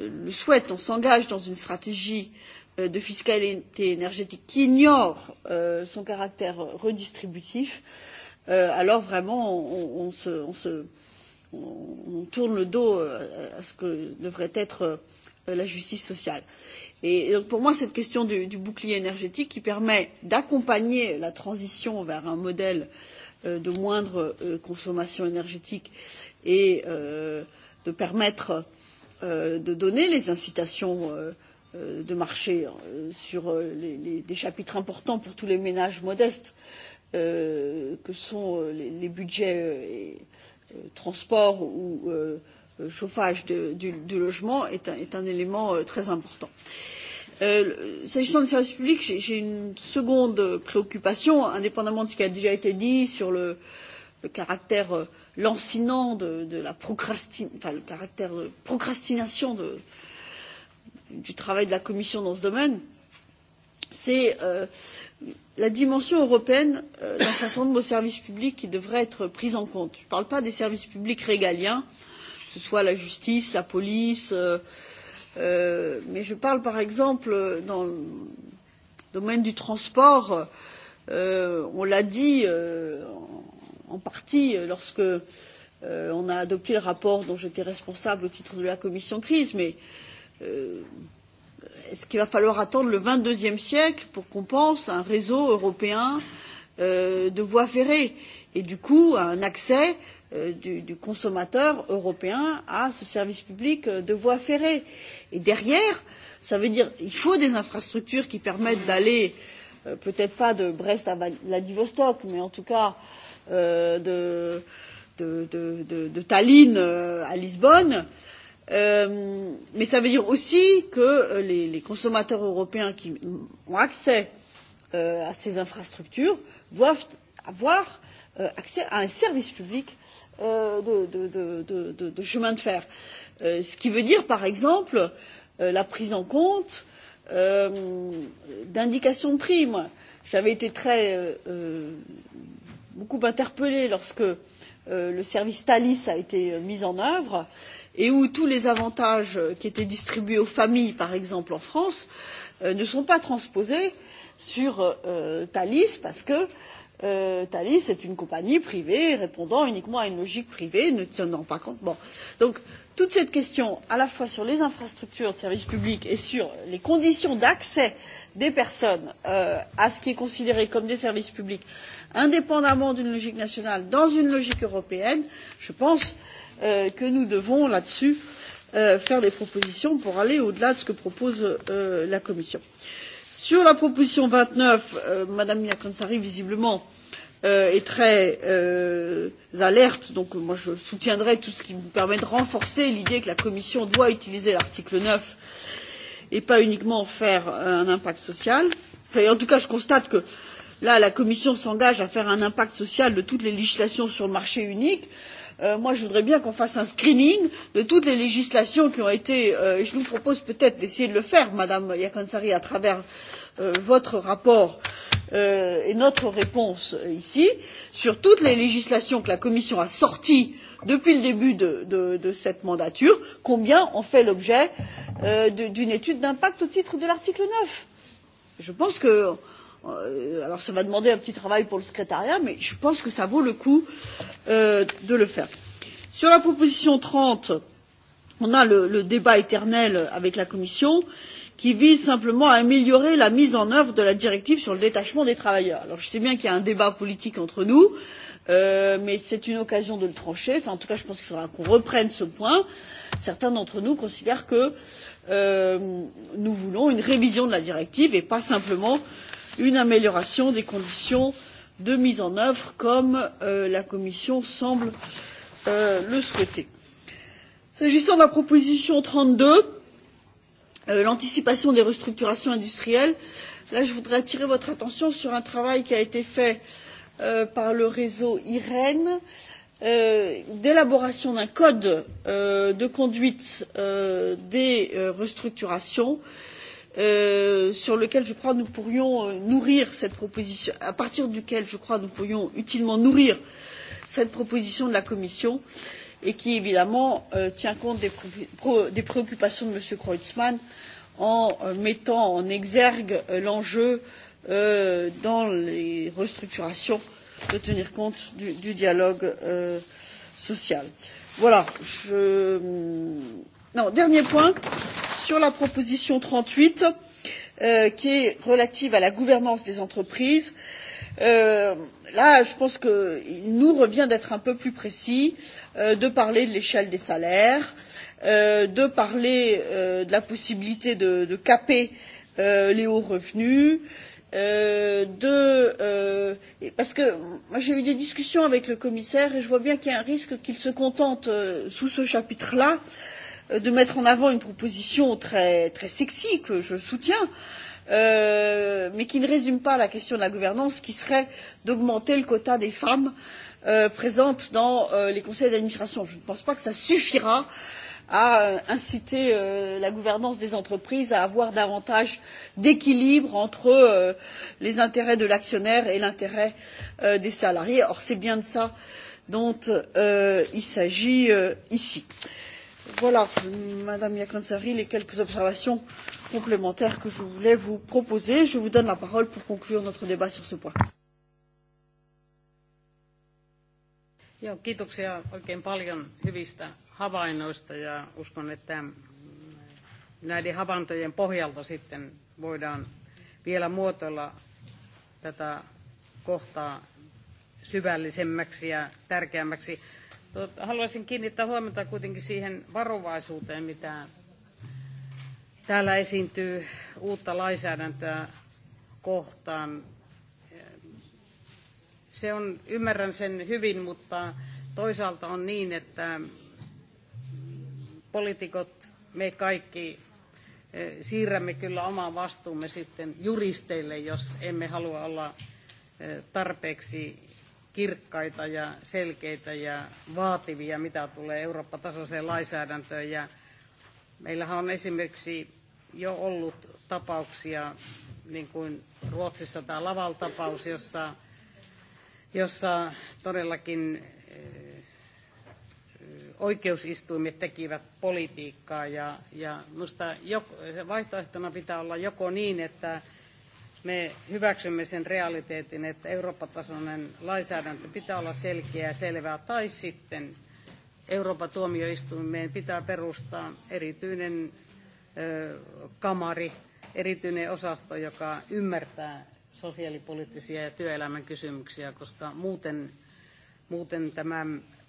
euh, le souhaite on s'engage dans une stratégie de fiscalité énergétique qui ignore euh, son caractère redistributif euh, alors vraiment on, on, se, on, se, on, on tourne le dos à ce que devrait être euh, Euh, la justice sociale. Et donc pour moi, cette question du, du bouclier énergétique qui permet d'accompagner la transition vers un modèle euh, de moindre euh, consommation énergétique et euh, de permettre euh, de donner les incitations euh, euh, de marché euh, sur euh, les, les, des chapitres importants pour tous les ménages modestes euh, que sont euh, les, les budgets euh, et, euh, transport ou euh, Euh, chauffage de, du, du logement est un, est un élément euh, très important. Euh, S'agissant des services publics, j'ai une seconde préoccupation, indépendamment de ce qui a déjà été dit sur le, le caractère euh, lancinant de, de la procrastination, enfin le caractère de procrastination de, du travail de la Commission dans ce domaine, c'est euh, la dimension européenne euh, d'un certain nombre de services publics qui devraient être pris en compte. Je ne parle pas des services publics régaliens, euh, ce soit la justice, la police. Euh, euh, mais je parle par exemple dans le domaine du transport. Euh, on l'a dit euh, en partie lorsque euh, on a adopté le rapport dont j'étais responsable au titre de la commission crise, mais euh, est-ce qu'il va falloir attendre le 22e siècle pour qu'on pense à un réseau européen euh, de voies ferrées et du coup à un accès euh, Euh, du, du consommateur européen à ce service public euh, de voies ferrées. Et derrière, ça veut dire qu'il faut des infrastructures qui permettent d'aller euh, peut-être pas de Brest à Vladivostok, mais en tout cas euh, de, de, de, de, de Tallinn euh, à Lisbonne. Euh, mais ça veut dire aussi que les, les consommateurs européens qui ont accès euh, à ces infrastructures doivent avoir euh, accès à un service public euh, de, de, de, de, de, de chemin de fer. Euh, ce qui veut dire, par exemple, euh, la prise en compte euh, d'indications de prix. Moi, j'avais été très euh, euh, beaucoup interpellée lorsque euh, le service Thalys a été mis en œuvre et où tous les avantages qui étaient distribués aux familles, par exemple en France, euh, ne sont pas transposés sur euh, Thalys parce que euh, euh, Thalys est une compagnie privée répondant uniquement à une logique privée, ne tenant pas compte. Bon. Donc, toute cette question, à la fois sur les infrastructures de services publics et sur les conditions d'accès des personnes euh, à ce qui est considéré comme des services publics, indépendamment d'une logique nationale, dans une logique européenne, je pense euh, que nous devons là-dessus euh, faire des propositions pour aller au-delà de ce que propose euh, la Commission. Euh, Sur la proposition vingt neuf euh, mme Yakonsari, visiblement, euh, est très euh, alerte, donc moi je soutiendrai tout ce qui nous permet de renforcer l'idée que la Commission doit utiliser l'article neuf et pas uniquement faire un impact social. Enfin, en tout cas, je constate que là, la Commission s'engage à faire un impact social de toutes les législations sur le marché unique. Euh, moi je voudrais bien qu'on fasse un screening de toutes les législations qui ont été euh, et je vous propose peut être d'essayer de le faire madame jaakonsaari à travers euh, votre rapport et notre réponse ici sur toutes les législations que la commission a sorties depuis le début de, de, de cette mandature combien ont fait l'objet d'une étude d'impact au titre de l'article? neuf je pense que Euh, alors ça va demander un petit travail pour le secrétariat mais je pense que ça vaut le coup euh, de le faire. sur la proposition 30, on a le, le débat éternel avec la commission qui vise simplement à améliorer la mise en œuvre de la directive sur le détachement des travailleurs. alors je sais bien qu'il y a un débat politique entre nous euh, mais c'est une occasion de le trancher enfin en tout cas je pense qu'il faudra qu'on reprenne ce point. certains d'entre nous considèrent que Euh, nous voulons une révision de la directive et pas simplement une amélioration des conditions de mise en œuvre comme euh, la commission semble euh, le souhaiter. s'agissant de la proposition trente deux euh, l'anticipation des restructurations industrielles là je voudrais attirer votre attention sur un travail qui a été fait euh, par le réseau irene qui Euh, d'élaboration d'un code euh, de conduite euh, des euh, restructurations euh, sur lequel je crois nous pourrions euh, nourrir cette proposition à partir duquel je crois nous pourrions utilement nourrir cette proposition de la commission et qui évidemment tient compte des, pré des préoccupations de m. creutzmann en mettant en exergue l'enjeu dans les restructurations de tenir compte du, du dialogue euh, social. Voilà. Je... Euh, non, dernier point sur la proposition 38 euh, qui est relative à la gouvernance des entreprises. Euh, là, je pense qu'il nous revient d'être un peu plus précis, euh, de parler de l'échelle des salaires, euh, de parler euh, de la possibilité de, de caper euh, les hauts revenus, euh, euh, de euh, parce que moi j'ai eu des discussions avec le commissaire et je vois bien qu'il y a un risque qu'il se contente euh, sous ce chapitre là euh, de mettre en avant une proposition très très sexy que je soutiens euh, mais qui ne résume pas la question de la gouvernance qui serait d'augmenter le quota des femmes euh, présentes dans euh, les conseils d'administration. Je ne pense pas que ça suffira à euh, inciter euh, la gouvernance des entreprises à avoir davantage euh, d'équilibre entre euh, les intérêts de l'actionnaire et l'intérêt euh, des salariés. or c'est bien de ça dont euh, il s'agit euh, ici. voilà madame Yakansari, les quelques observations complémentaires que je voulais vous proposer. je vous donne la parole pour conclure notre débat sur ce point. Joo, kiitoksia oikein paljon hyvistä havainnoista ja uskon, että mm, näiden havaintojen pohjalta sitten voidaan vielä muotoilla tätä kohtaa syvällisemmäksi ja tärkeämmäksi. Haluaisin kiinnittää huomiota kuitenkin siihen varovaisuuteen, mitä täällä esiintyy uutta lainsäädäntöä kohtaan. Se on, ymmärrän sen hyvin, mutta toisaalta on niin, että poliitikot, me kaikki Eh, siirrämme kyllä oman vastuumme sitten juristeille, jos emme halua olla eh, tarpeeksi kirkkaita ja selkeitä ja vaativia, mitä tulee Eurooppa-tasoiseen lainsäädäntöön. Ja meillähän on esimerkiksi jo ollut tapauksia, niin kuin Ruotsissa tämä Laval-tapaus, jossa, jossa todellakin oikeusistuimet tekivät politiikkaa ja, ja minusta vaihtoehtona pitää olla joko niin, että me hyväksymme sen realiteetin, että Eurooppa-tasoinen lainsäädäntö pitää olla selkeä, ja selvää, tai sitten Euroopan tuomioistuimeen pitää perustaa erityinen ö, kamari, erityinen osasto, joka ymmärtää sosiaalipoliittisia ja työelämän kysymyksiä, koska muuten, muuten tämä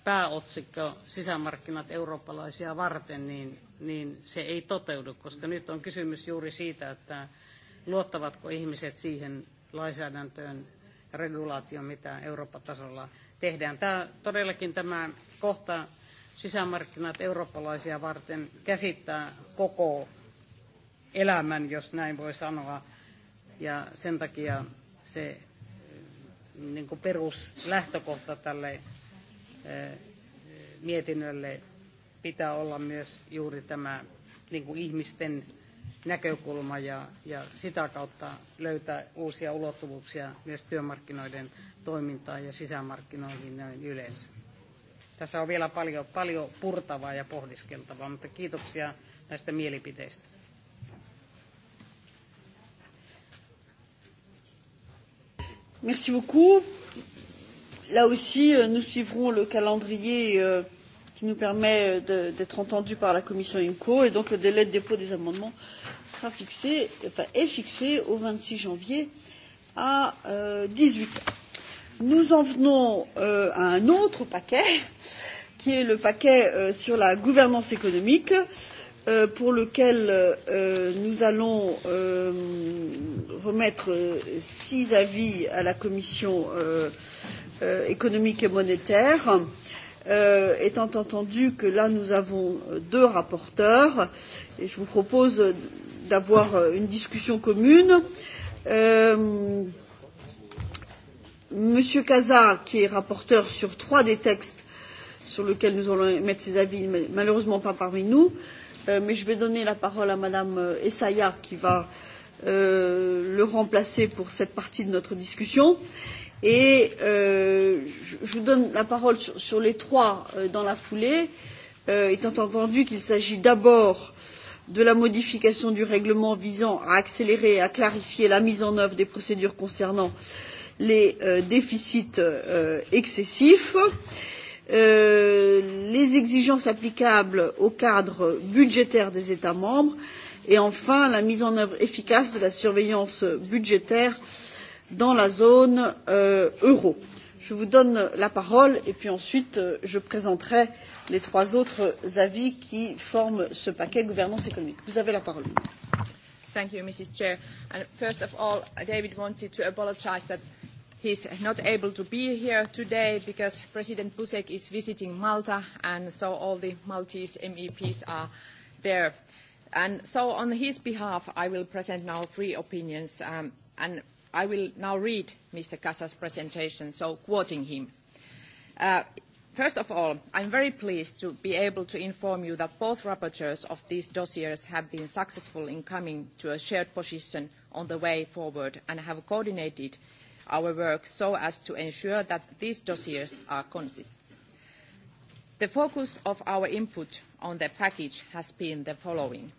pääotsikko sisämarkkinat eurooppalaisia varten, niin, niin se ei toteudu, koska nyt on kysymys juuri siitä, että luottavatko ihmiset siihen lainsäädäntöön ja regulaatioon, mitä Euroopan tasolla tehdään. Tämä, todellakin tämä kohta sisämarkkinat eurooppalaisia varten käsittää koko elämän, jos näin voi sanoa. Ja sen takia se niin kuin peruslähtökohta tälle Eh, mietinnölle pitää olla myös juuri tämä niin kuin ihmisten näkökulma ja, ja sitä kautta löytää uusia ulottuvuuksia myös työmarkkinoiden toimintaan ja sisämarkkinoihin noin yleensä. Tässä on vielä paljon, paljon purtavaa ja pohdiskeltavaa, mutta kiitoksia näistä mielipiteistä. Merci beaucoup. Là aussi, euh, nous suivrons le calendrier euh, qui nous permet euh, d'être entendus par la commission IMCO et donc le délai de dépôt des amendements sera fixé, enfin, est fixé au 26 janvier à euh, 18 heures. Nous en venons à un autre paquet qui est le paquet sur la gouvernance économique. Euh, Euh, pour lequel euh, nous allons euh, remettre six avis à la commission économique et monétaire étant entendu que là nous avons deux rapporteurs et je vous propose d'avoir une discussion commune. Euh, Monsieur Casa, qui est rapporteur sur trois des textes sur lesquels nous allons émettre ses avis, malheureusement pas parmi nous. Euh, Euh, mais je vais donner la parole à Madame euh, Essaya qui va euh, le remplacer pour cette partie de notre discussion. Et je, vous donne la parole sur, les trois dans la foulée, étant entendu qu'il s'agit d'abord de la modification du règlement visant à accélérer et à clarifier la mise en œuvre des procédures concernant les euh, déficits euh, excessifs. Euh, Euh, les exigences applicables au cadre budgétaire des états membres et enfin la mise en œuvre efficace de la surveillance budgétaire dans la zone euh, euro. je vous donne la parole et puis ensuite euh, je présenterai les trois autres avis qui forment ce paquet gouvernance économique. vous avez la parole. Thank you, Mrs. Chair. And first of all, David wanted to apologize that He's not able to be here today because President Buzek is visiting Malta, and so all the Maltese MEPs are there. And so on his behalf, I will present now three opinions, um, and I will now read Mr. Casa's presentation, so quoting him. Uh, First of all, I'm very pleased to be able to inform you that both rapporteurs of these dossiers have been successful in coming to a shared position on the way forward and have coordinated our work so as to ensure that these dossiers are consistent. The focus of our input on the package has been the following.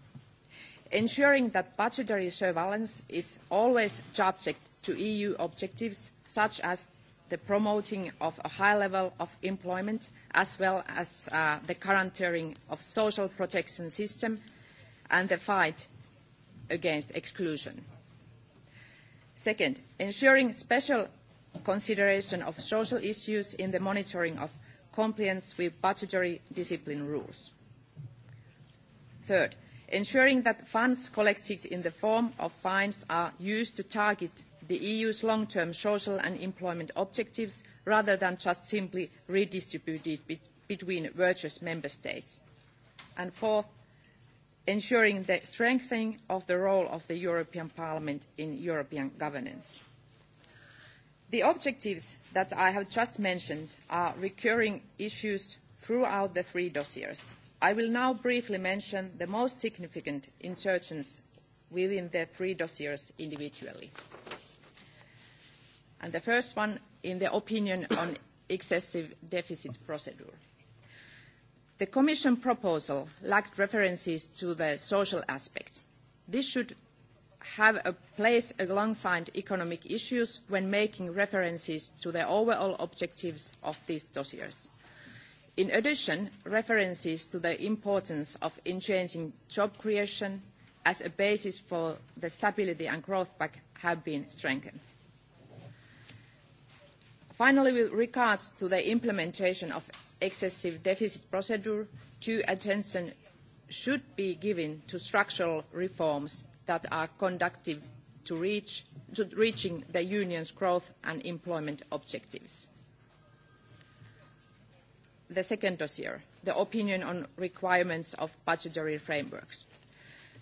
Ensuring that budgetary surveillance is always subject to EU objectives such as the promoting of a high level of employment as well as uh, the guaranteeing of social protection system and the fight against exclusion. Second, ensuring special consideration of social issues in the monitoring of compliance with budgetary discipline rules. Third, ensuring that funds collected in the form of fines are used to target the EU's long-term social and employment objectives rather than just simply redistributed be between virtuous member states. And fourth, ensuring the strengthening of the role of the European Parliament in European governance. The objectives that I have just mentioned are recurring issues throughout the three dossiers. I will now briefly mention the most significant insertions within the three dossiers individually. And the first one in the opinion on excessive deficit procedure. The Commission proposal lacked references to the social aspect. This should have a place alongside economic issues when making references to the overall objectives of these dossiers. In addition, references to the importance of enhancing job creation as a basis for the stability and growth pact have been strengthened. Finally, with regards to the implementation of excessive deficit procedure, due attention should be given to structural reforms that are conductive to, reach, to reaching the union's growth and employment objectives. The second dossier, the opinion on requirements of budgetary frameworks.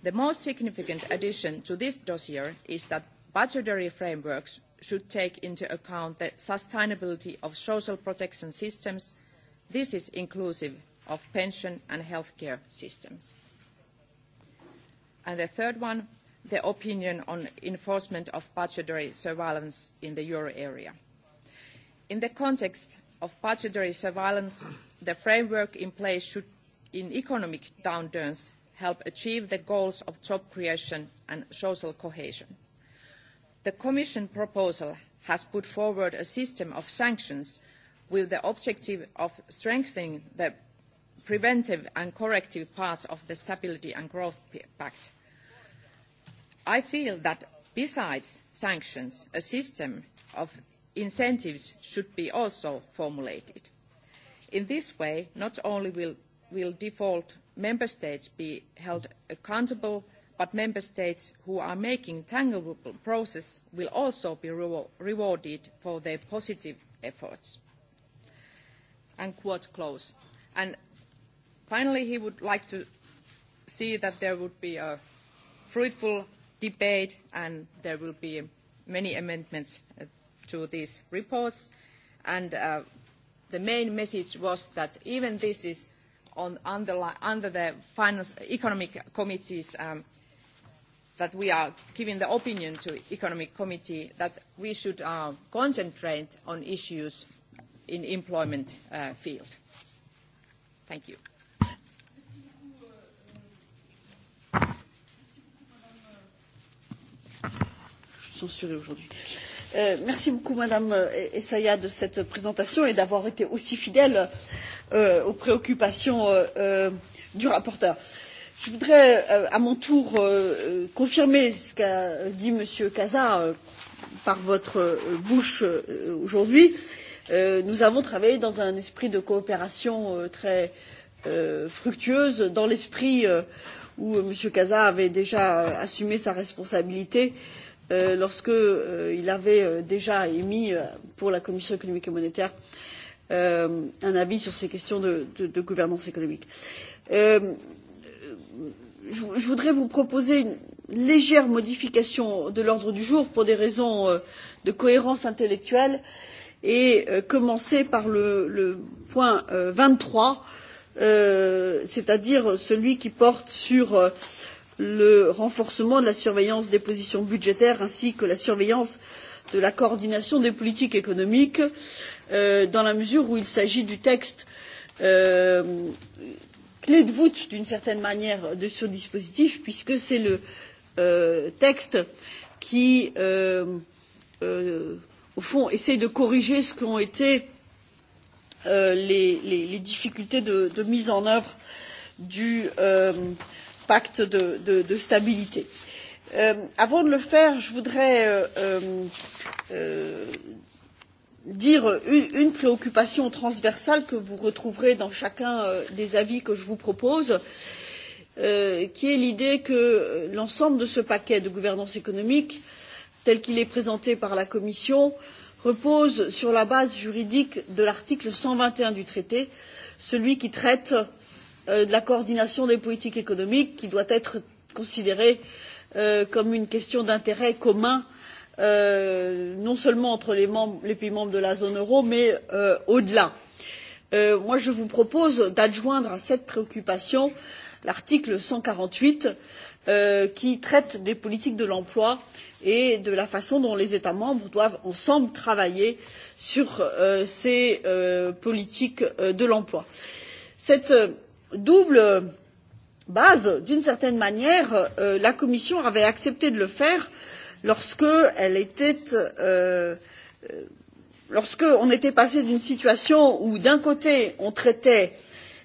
The most significant addition to this dossier is that budgetary frameworks should take into account the sustainability of social protection systems This is inclusive of pension and healthcare systems. And the third one, the opinion on enforcement of budgetary surveillance in the euro area. In the context of budgetary surveillance, the framework in place should, in economic downturns, help achieve the goals of job creation and social cohesion. The Commission proposal has put forward a system of sanctions with the objective of strengthening the preventive and corrective parts of the Stability and Growth Pact. I feel that besides sanctions, a system of incentives should be also formulated. In this way, not only will, will default member states be held accountable, but member states who are making tangible process will also be rewarded for their positive efforts quote close. And finally, he would like to see that there would be a fruitful debate and there will be many amendments uh, to these reports. And uh, the main message was that even this is on under, under the finance, economic committees um, that we are giving the opinion to economic committee that we should uh, concentrate on issues in employment uh, field. Thank you. censurée aujourd'hui. Euh, merci beaucoup, Madame Essaya, de cette présentation et d'avoir été aussi fidèle euh, aux préoccupations euh, euh, du rapporteur. Je voudrais, euh, à mon tour, euh, confirmer ce qu'a dit Monsieur Casa euh, par votre euh, bouche euh, aujourd'hui. Euh, Euh, nous avons travaillé dans un esprit de coopération euh, très euh, fructueuse dans l'esprit où m. casa avait déjà assumé sa responsabilité lorsqu'il avait déjà émis pour la commission économique et monétaire un avis sur ces questions de, de, de gouvernance économique. je, je voudrais vous proposer une légère modification de l'ordre du jour pour des raisons de cohérence intellectuelle et et euh, commencer par le, le point euh, vingt trois euh, c'est à dire celui qui porte sur le renforcement de la surveillance des positions budgétaires ainsi que la surveillance de la coordination des politiques économiques dans la mesure où il s'agit du texte clé de voûte d'une certaine manière de ce dispositif puisque c'est le texte qui euh, euh, au fond, essaie de corriger ce qu'ont été euh, les, les, les difficultés de, de mise en œuvre du euh, pacte de, de, de stabilité. Euh, avant de le faire, je voudrais euh, euh, euh dire une, une préoccupation transversale que vous retrouverez dans chacun euh, des avis que je vous propose euh, qui est l'idée que l'ensemble de ce paquet de gouvernance économique tel qu'il est présenté par la commission repose sur la base juridique de l'article cent vingt et un du traité celui qui traite euh, de la coordination des politiques économiques qui doit être considérée euh, comme une question d'intérêt commun euh, non seulement entre les, pays membres de la zone euro mais au delà. je vous propose d'adjoindre à cette préoccupation l'article cent quarante huit qui traite des politiques de l'emploi et et de la façon dont les états membres doivent ensemble travailler sur euh, ces euh, politiques euh, de l'emploi. cette double base d'une certaine manière la commission avait accepté de le faire lorsqu'elle était lorsqu'on était passé d'une situation où d'un côté on traitait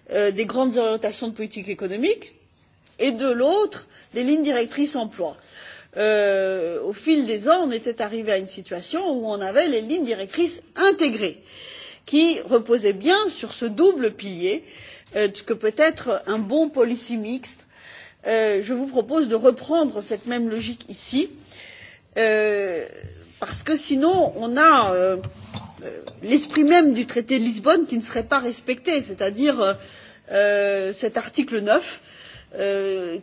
des grandes orientations de politique économique et de l'autre des lignes directrices emploi. Euh, euh, au fil des ans on était arrivé à une situation où on avait les lignes directrices intégrées qui reposaient bien sur ce double pilier euh, ce que peut être un bon policy mix. Euh, je vous propose de reprendre cette même logique ici euh, parce que sinon on a euh, euh, l'esprit même du traité de lisbonne qui ne serait pas respecté c'est à dire cet article neuf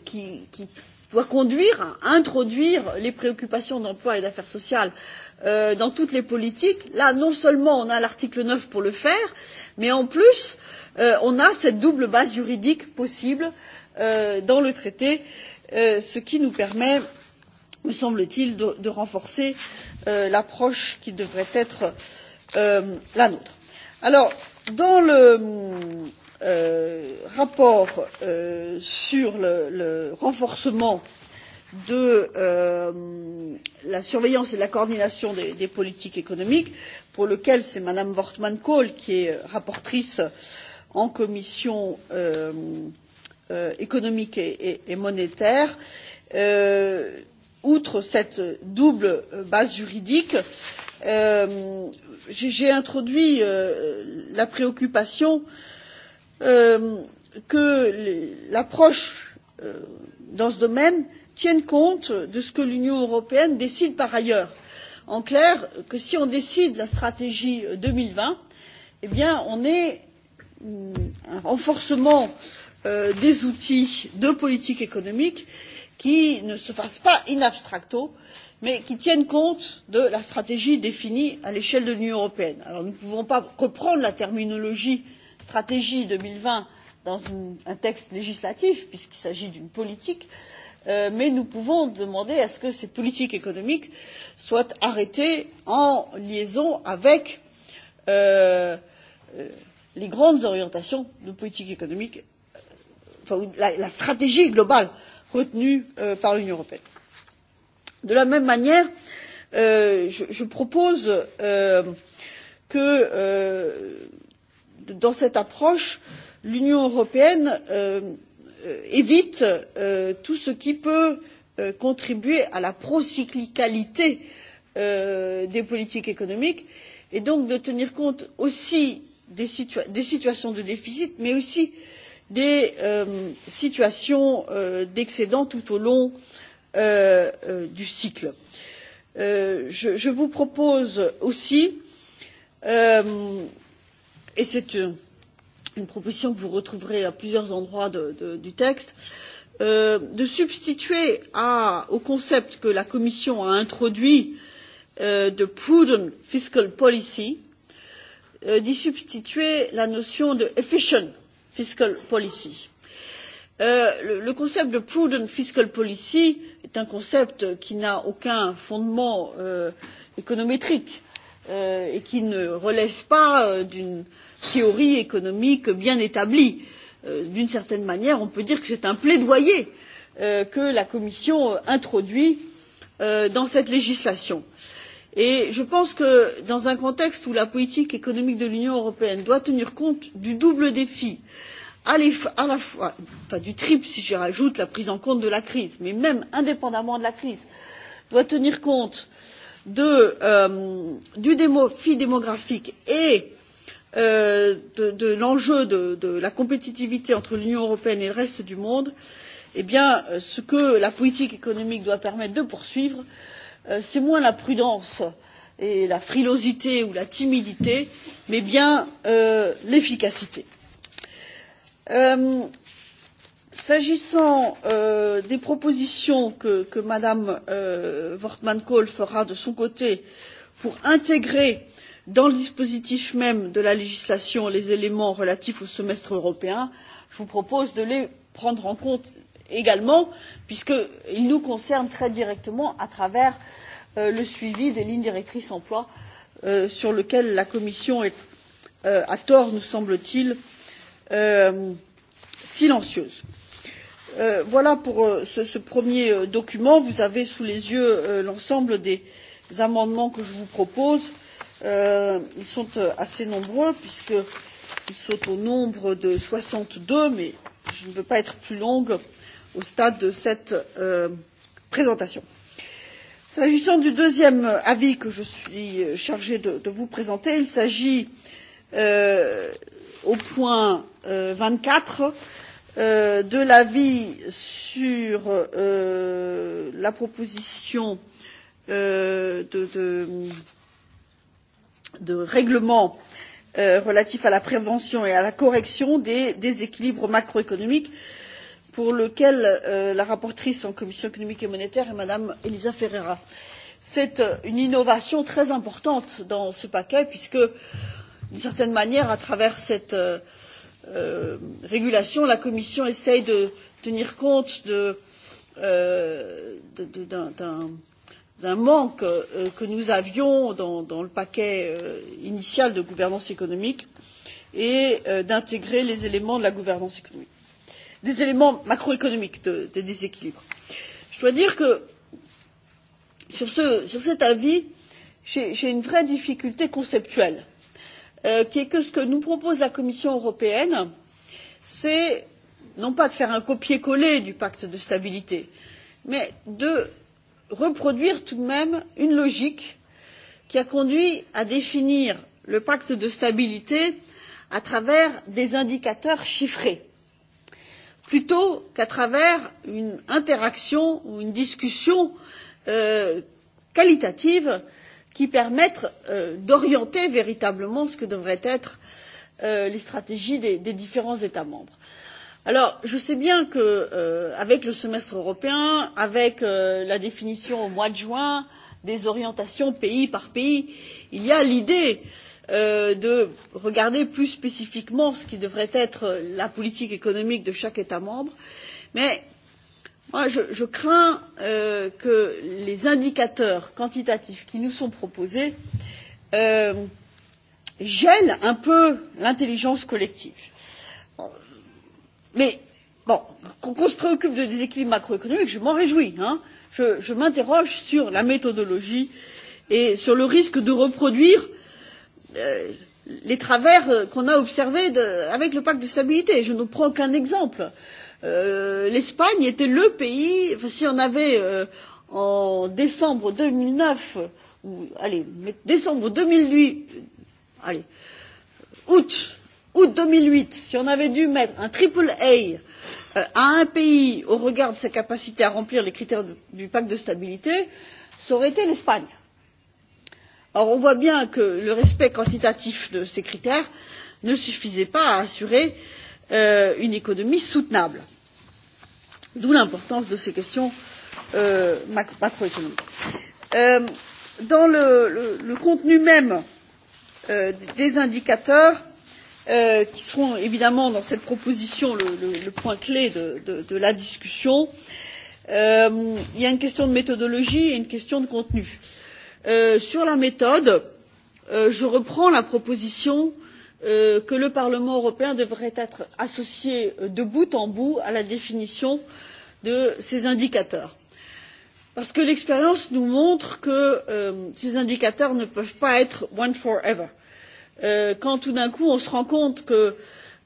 qui, qui doit conduire à introduire les préoccupations d'emploi et d'affaires sociales euh, dans toutes les politiques. Là, non seulement on a l'article 9 pour le faire, mais en plus, euh, on a cette double base juridique possible euh, dans le traité, euh, ce qui nous permet, me semble-t-il, de, de renforcer euh, l'approche qui devrait être euh, la nôtre. Alors, dans le Euh, rapport euh, sur le, renforcement de euh, la surveillance et de la coordination des, politiques économiques pour lequel c'est mme wortmann kool qui est rapporteure en commission euh, euh, économique et, et, monétaire. outre cette double base juridique j'ai introduit la préoccupation que Euh, que l'approche euh, dans ce domaine tienne compte de ce que l'union européenne décide par ailleurs. en clair que si on décide la stratégie deux mille vingt eh bien on est mm, un renforcement euh, des outils de politique économique qui ne se fasse pas in abstracto mais qui tienne compte de la stratégie définie à l'échelle de l'union européenne. Alors, nous ne pouvons pas reprendre la terminologie euh, stratégie deux mille vingt dans un texte législatif puisqu'il s'agit d'une politique euh, mais nous pouvons demander à ce que ces politiques économiques soient arrêtées en liaison avec euh, euh, les grandes orientations de politique économique enfin la, stratégie globale retenue par l'union européenne. de la même manière je, je propose que dans cette approche l'union européenne euh, euh, évite euh, tout ce qui peut euh, contribuer à la procyclicalité euh, des politiques économiques et donc de tenir compte aussi des, situa des situations de déficit mais aussi des euh, situations d'excédent tout au long du cycle. Je, je vous propose aussi et c'est une, euh, une proposition que vous retrouverez à plusieurs endroits de, de, du texte euh, de substituer à, au concept que la commission a introduit euh, de prudent fiscal policy euh, d'y substituer la notion de efficient fiscal policy. Euh, le, le concept de prudent fiscal policy est un concept qui n'a aucun fondement euh, économétrique euh, et qui ne relève pas euh, d'une euh, théorie économique bien établie. Euh, d'une certaine manière on peut dire que c'est un plaidoyer euh, que la commission introduit euh, dans cette législation. Et je pense que dans un contexte où la politique économique de l'union européenne doit tenir compte du double défi à la fois enfin du triple si j'y rajoute la prise en compte de la crise mais même indépendamment de la crise doit tenir compte de, euh, du défi démographique et Euh, de, de l'enjeu de, de la compétitivité entre l'union européenne et le reste du monde eh bien euh, ce que la politique économique doit permettre de poursuivre euh, c'est moins la prudence et la frilosité ou la timidité mais bien euh, l'efficacité. s'agissant des propositions que, que mme wortmann kool fera de son côté pour intégrer dans le dispositif même de la législation les éléments relatifs au semestre européen je vous propose de les prendre en compte également puisqu'ils nous concernent très directement à travers euh, le suivi des lignes directrices emploi euh, sur lequel la commission est euh, à tort nous semble t il silencieuse. voilà pour ce premier document vous avez sous les yeux l'ensemble des amendements que je vous propose euh, ils sont euh, assez nombreux puisqu'ils sont au nombre de soixante deux mais je ne veux pas être plus longue au stade de cette euh, présentation. S'agissant du deuxième avis que je suis chargée de, de vous présenter, il s'agit euh, au point vingt euh, quatre euh, de l'avis sur euh, la proposition euh, de, de de règlement euh, relatif à la prévention et à la correction des déséquilibres macroéconomiques pour lequel euh, la rapporteure en commission économique et monétaire est mme elisa ferreira. c'est euh, une innovation très importante dans ce paquet puisque d'une certaine manière à travers cette régulation la commission essaie de tenir compte de, d'un d'un manque euh, que nous avions dans, dans le paquet euh, initial de gouvernance économique et euh, d'intégrer les éléments de la gouvernance économique, des éléments macroéconomiques de, des déséquilibres. Je dois dire que sur, ce, sur cet avis, j'ai une vraie difficulté conceptuelle, euh, qui est que ce que nous propose la Commission européenne, c'est non pas de faire un copier-coller du pacte de stabilité, mais de reproduire tout de même une logique qui a conduit à définir le pacte de stabilité à travers des indicateurs chiffrés plutôt qu'à travers une interaction ou une discussion euh, qualitative qui permette euh, d'orienter véritablement ce que devraient être euh, les stratégies des, des différents États membres. Alors, je sais bien que euh, avec le semestre européen, avec euh, la définition au mois de juin des orientations pays par pays, il y a l'idée euh, de regarder plus spécifiquement ce qui devrait être la politique économique de chaque État membre, mais moi, je, je crains euh, que les indicateurs quantitatifs qui nous sont proposés euh, gèlent un peu l'intelligence collective Bon, mais bon, qu'on qu se préoccupe de déséquilibre macroéconomique, je m'en réjouis. Hein. Je, je m'interroge sur la méthodologie et sur le risque de reproduire euh, les travers euh, qu'on a observés de, avec le pacte de stabilité. Je ne prends qu'un exemple. Euh, L'Espagne était le pays, enfin, si on avait euh, en décembre 2009, ou allez, décembre 2008, allez, août août deux mille huit si on avait dû mettre un triple a euh, à un pays au regard de sa capacité à remplir les critères du pacte de stabilité ça aurait été l'espagne. or on voit bien que le respect quantitatif de ces critères ne suffisait pas à assurer euh, une économie soutenable d'où l'importance de ces questions euh, macroéconomiques. dans le contenu même des indicateurs Euh, qui seront évidemment dans cette proposition le, le, le point clé de, de, de la discussion. Euh, il y a une question de méthodologie et une question de contenu. Euh, sur la méthode, euh, je reprends la proposition euh, que le Parlement européen devrait être associé euh, de bout en bout à la définition de ces indicateurs parce que l'expérience nous montre que euh, ces indicateurs ne peuvent pas être one forever. Euh, quand tout d'un coup on se rend compte que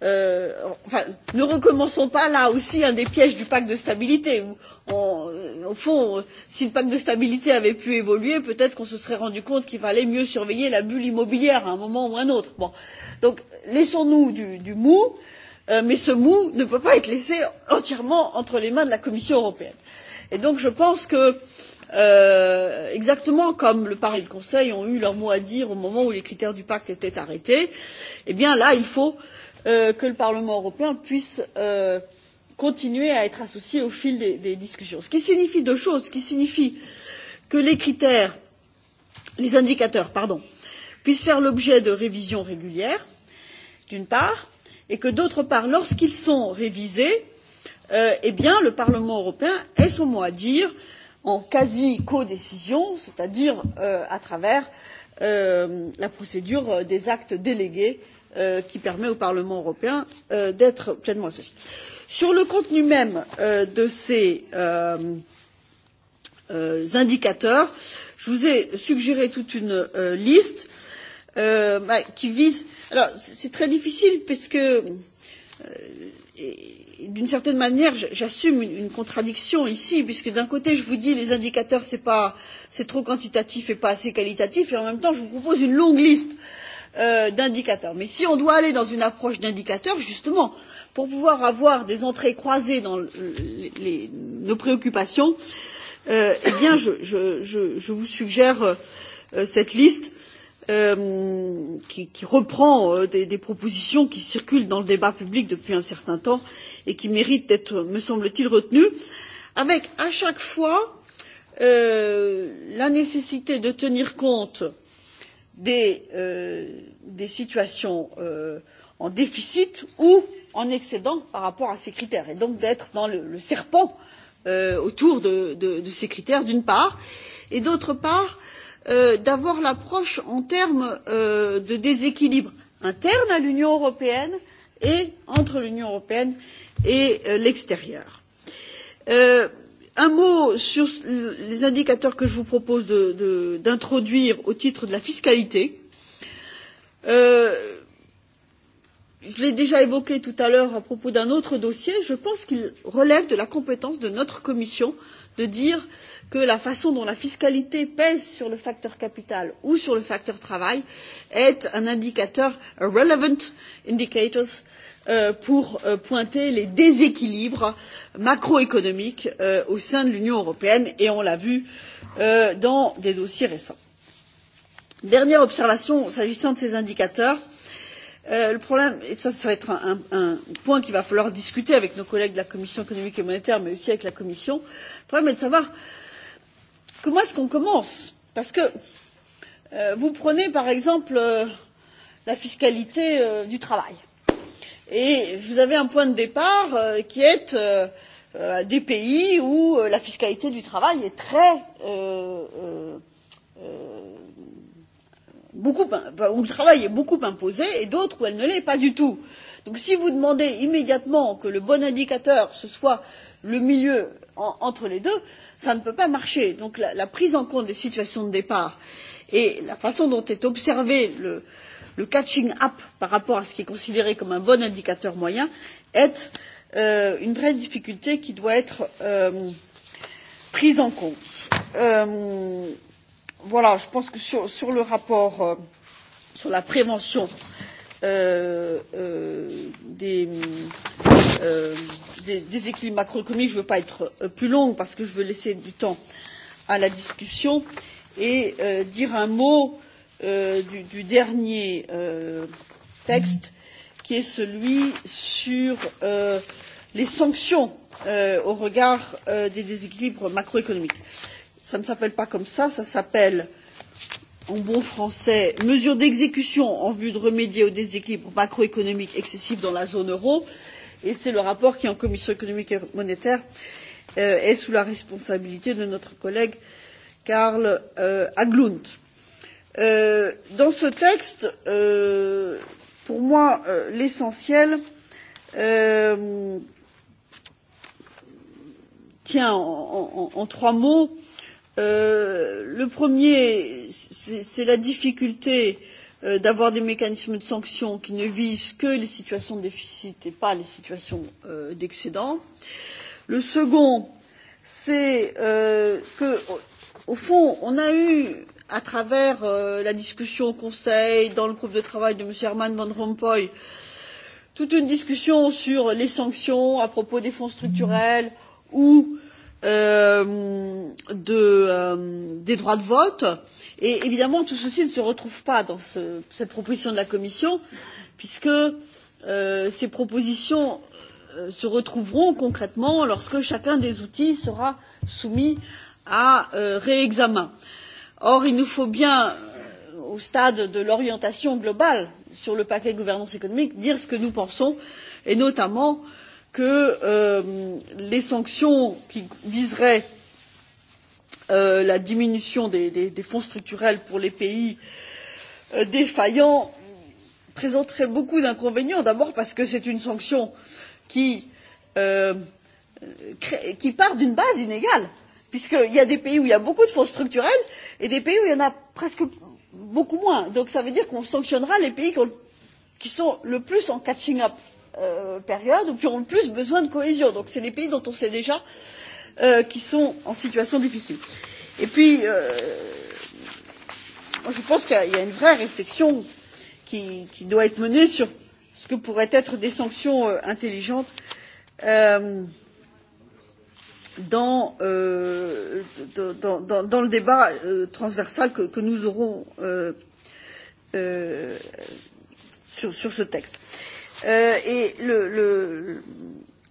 euh, enfin, ne recommençons pas là aussi un des pièges du pacte de stabilité. On, euh, au fond, si le pacte de stabilité avait pu évoluer, peut-être qu'on se serait rendu compte qu'il fallait mieux surveiller la bulle immobilière à un moment ou à un autre. Bon. Donc, laissons-nous du, du mou, euh, mais ce mou ne peut pas être laissé entièrement entre les mains de la Commission européenne. Et donc, je pense que euh, exactement comme le Parlement et le Conseil ont eu leur mot à dire au moment où les critères du pacte étaient arrêtés, eh bien là, il faut euh, que le Parlement européen puisse euh, continuer à être associé au fil des, des discussions. Ce qui signifie deux choses. Ce qui signifie que les critères, les indicateurs, pardon, puissent faire l'objet de révisions régulières, d'une part, et que d'autre part, lorsqu'ils sont révisés, euh, eh bien, le Parlement européen ait son mot à dire euh, en quasi codécision c'est à dire euh, à travers euh, la procédure des actes délégués euh, qui permet au parlement européen d'être pleinement associé. sur le contenu même de ces indicateurs je vous ai suggéré toute une liste qui vise alors c'est très difficile puisque et, d'une certaine manière, j'assume une contradiction ici, puisque d'un côté, je vous dis les indicateurs, c'est pas, c'est trop quantitatif et pas assez qualitatif, et en même temps, je vous propose une longue liste euh, d'indicateurs. Mais si on doit aller dans une approche d'indicateurs, justement, pour pouvoir avoir des entrées croisées dans le, les, nos préoccupations, euh, eh bien, je, je, je, je vous suggère euh, cette liste Euh, qui, qui reprend euh, des, des propositions qui circulent dans le débat public depuis un certain temps et qui méritent d'être, me semble t il, retenues, avec à chaque fois euh, la nécessité de tenir compte des, euh, des situations euh, en déficit ou en excédent par rapport à ces critères et donc d'être dans le, le serpent euh, autour de, de, de ces critères d'une part et d'autre part euh, Euh, d'avoir l'approche en termes euh, de déséquilibre interne à l'union européenne et entre l'union européenne et euh, l'extérieur. un mot sur les indicateurs que je vous propose d'introduire au titre de la fiscalité. je l'ai déjà évoqué tout à l'heure à propos d'un autre dossier je pense qu'il relève de la compétence de notre commission de dire que la façon dont la fiscalité pèse sur le facteur capital ou sur le facteur travail est un indicateur relevant indicators euh, pour euh, pointer les déséquilibres macroéconomiques euh, au sein de l'union européenne et on l'a vu dans des dossiers récents. dernière observation s'agissant de ces indicateurs le problème et ça, ça va être un, un point qu'il va falloir discuter avec nos collègues de la commission économique et monétaire mais aussi avec la commission le problème est de savoir euh, comment est-ce qu'on commence Parce que euh, vous prenez par exemple euh, la fiscalité euh, du travail. Et vous avez un point de départ euh, qui est euh, euh, des pays où euh, la fiscalité du travail est très. Euh, euh, euh, beaucoup, où le travail est beaucoup imposé et d'autres où elle ne l'est pas du tout. Donc si vous demandez immédiatement que le bon indicateur ce soit le milieu en, entre les deux ça ne peut pas marcher. donc la, la prise en compte des situations de départ et la façon dont est observé le, le catching up par rapport à ce qui est considéré comme un bon indicateur moyen est euh, une vraie difficulté qui doit être euh, prise en compte. Euh, voilà je pense que sur, sur le rapport euh, sur la prévention euh, euh, des, euh, des déséquilibres macroéconomiques. Je ne veux pas être euh, plus longue parce que je veux laisser du temps à la discussion et euh, dire un mot euh, du, du dernier euh, texte qui est celui sur euh, les sanctions euh, au regard euh, des déséquilibres macroéconomiques. Ça ne s'appelle pas comme ça, ça s'appelle en bon français mesures d'exécution en vue de remédier aux déséquilibres macroéconomiques excessifs dans la zone euro et c'est le rapport qui en commission économique et monétaire euh, est sous la responsabilité de notre collègue karl euh, haglund. Euh, dans ce texte pour moi l'essentiel tient en trois mots Euh, le premier c'est la difficulté euh, d'avoir des mécanismes de sanction qui ne visent que les situations de déficit et pas les situations euh, d'excédent. le second c'est que, au fond on a eu à travers la discussion au conseil dans le groupe de travail de m. herman van rompuy toute une discussion sur les sanctions à propos des fonds structurels ou euh, de, euh, des droits de vote et évidemment tout ceci ne se retrouve pas dans ce, cette proposition de la commission puisque euh, ces propositions euh, se retrouveront concrètement lorsque chacun des outils sera soumis à euh, réexamen. Or, il nous faut bien, euh, au stade de l'orientation globale sur le paquet gouvernance économique, dire ce que nous pensons et notamment euh, que euh, les sanctions qui viseraient euh, la diminution des, des, des fonds structurels pour les pays euh, défaillants présenteraient beaucoup d'inconvénients d'abord parce que c'est une sanction qui, euh, qui part d'une base inégale puisqu'il y a des pays où il y a beaucoup de fonds structurels et des pays où il y en a presque beaucoup moins. donc ça veut dire qu'on sanctionnera les pays qui, qui sont le plus en catching up. Euh, euh, période ou qui auront le plus besoin de cohésion. donc ce sont les pays dont on sait déjà euh, qu'ils sont en situation difficile. et puis euh, moi, je pense qu'il y a une vraie réflexion qui, qui doit être menée sur ce que pourraient être des sanctions euh, intelligentes euh, dans, euh, dans, dans, dans le débat euh, transversal que, que nous aurons euh, euh, sur, sur ce texte. Euh, Euh, et le,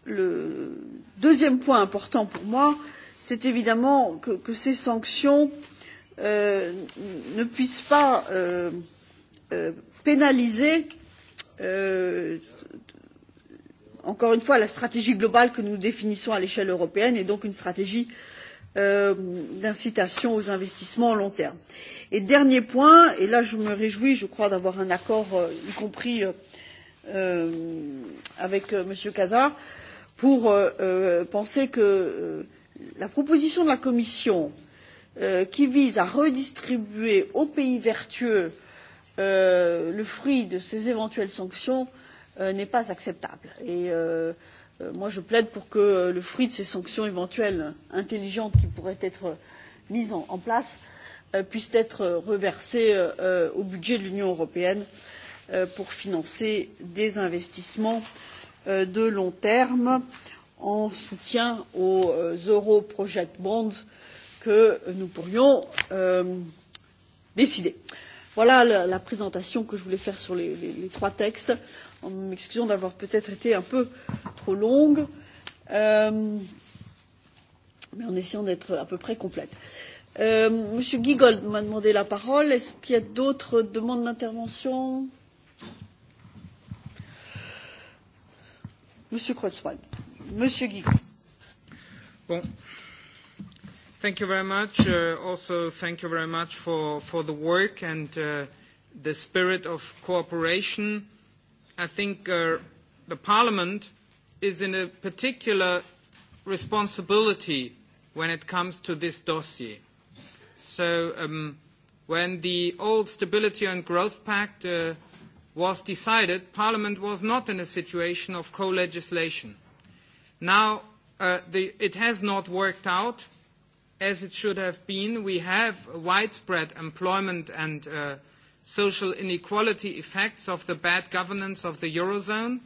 le deuxième point important pour moi, c'est évidemment que, que ces sanctions euh, ne puissent pas euh, euh, pénaliser euh, encore une fois la stratégie globale que nous définissons à l'échelle européenne et donc une stratégie euh, d'incitation aux investissements à long terme. Et dernier point, et là je me réjouis, je crois, d'avoir un accord, euh, y compris euh, euh, avec euh, M. Casa pour euh, euh, penser que euh, la proposition de la Commission euh, qui vise à redistribuer aux pays vertueux euh, le fruit de ces éventuelles sanctions euh, n'est pas acceptable. Et euh, euh, moi, je plaide pour que euh, le fruit de ces sanctions éventuelles intelligentes qui pourraient être mises en, en place euh, puissent être reversées euh, au budget de l'Union européenne euh, Euh, pour financer des investissements euh, de long terme en soutien aux euh, euro project bonds que nous pourrions décider. voilà la, présentation que je voulais faire sur les, les, les trois textes en m'excusant d'avoir peut être été un peu trop longue euh, mais en essayant d'être à peu près complète. Euh, monsieur Giegold m'a demandé la parole. Est-ce qu'il y a d'autres demandes d'intervention Monsieur Creutzmann. Monsieur Guigou. Bon. Thank you very much. Uh, also, thank you very much for, for the work and uh, the spirit of cooperation. I think uh, the Parliament is in a particular responsibility when it comes to this dossier. So um, when the old Stability and Growth Pact uh, was decided, Parliament was not in a situation of co-legislation. Now, uh, the, it has not worked out as it should have been. We have widespread employment and uh, social inequality effects of the bad governance of the Eurozone,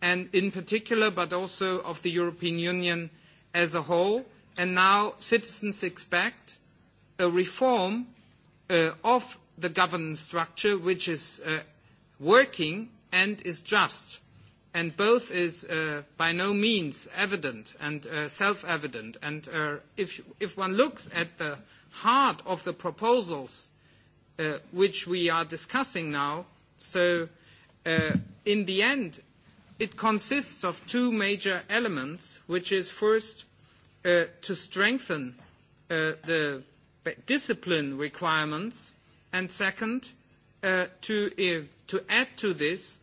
and in particular, but also of the European Union as a whole. And now citizens expect a reform uh, of the governance structure, which is uh, working and is just. And both is uh, by no means evident and uh, self-evident. And uh, if, if one looks at the heart of the proposals uh, which we are discussing now, so uh, in the end, it consists of two major elements, which is first uh, to strengthen uh, the discipline requirements, and second, uh, Uh, to, add to this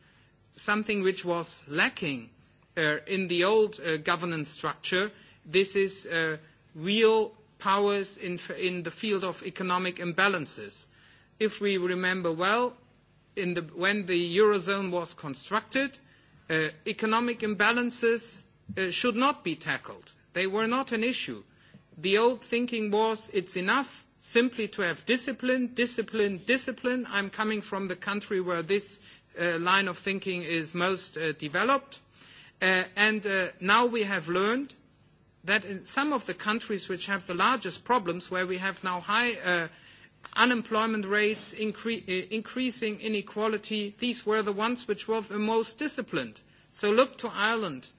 something which was lacking uh, in the old uh, governance structure. This is real powers in, the field of economic imbalances. If we remember well, when the Eurozone was constructed, economic imbalances should not be tackled. They were not an issue. The old thinking was it's enough simply to have discipline, discipline, discipline. I'm coming from the country where this uh, line of thinking is most uh, developed. Uh, and uh, now we have learned that in some of the countries which have the largest problems, where we have now high uh, unemployment rates, incre- uh, increasing inequality, these were the ones which were the most disciplined. So look to Ireland,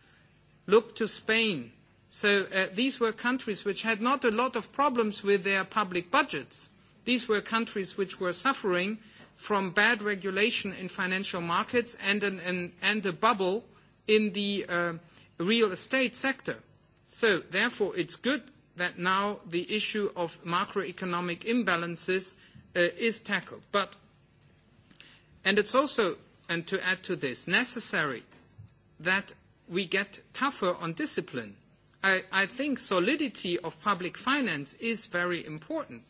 look to Spain, So uh, these were countries which had not a lot of problems with their public budgets. These were countries which were suffering from bad regulation in financial markets and, an, an, and a bubble in the uh, real estate sector. So therefore, it's good that now the issue of macroeconomic imbalances uh, is tackled. But, and it's also, and to add to this, necessary that we get tougher on discipline I, think solidity of public finance is very important.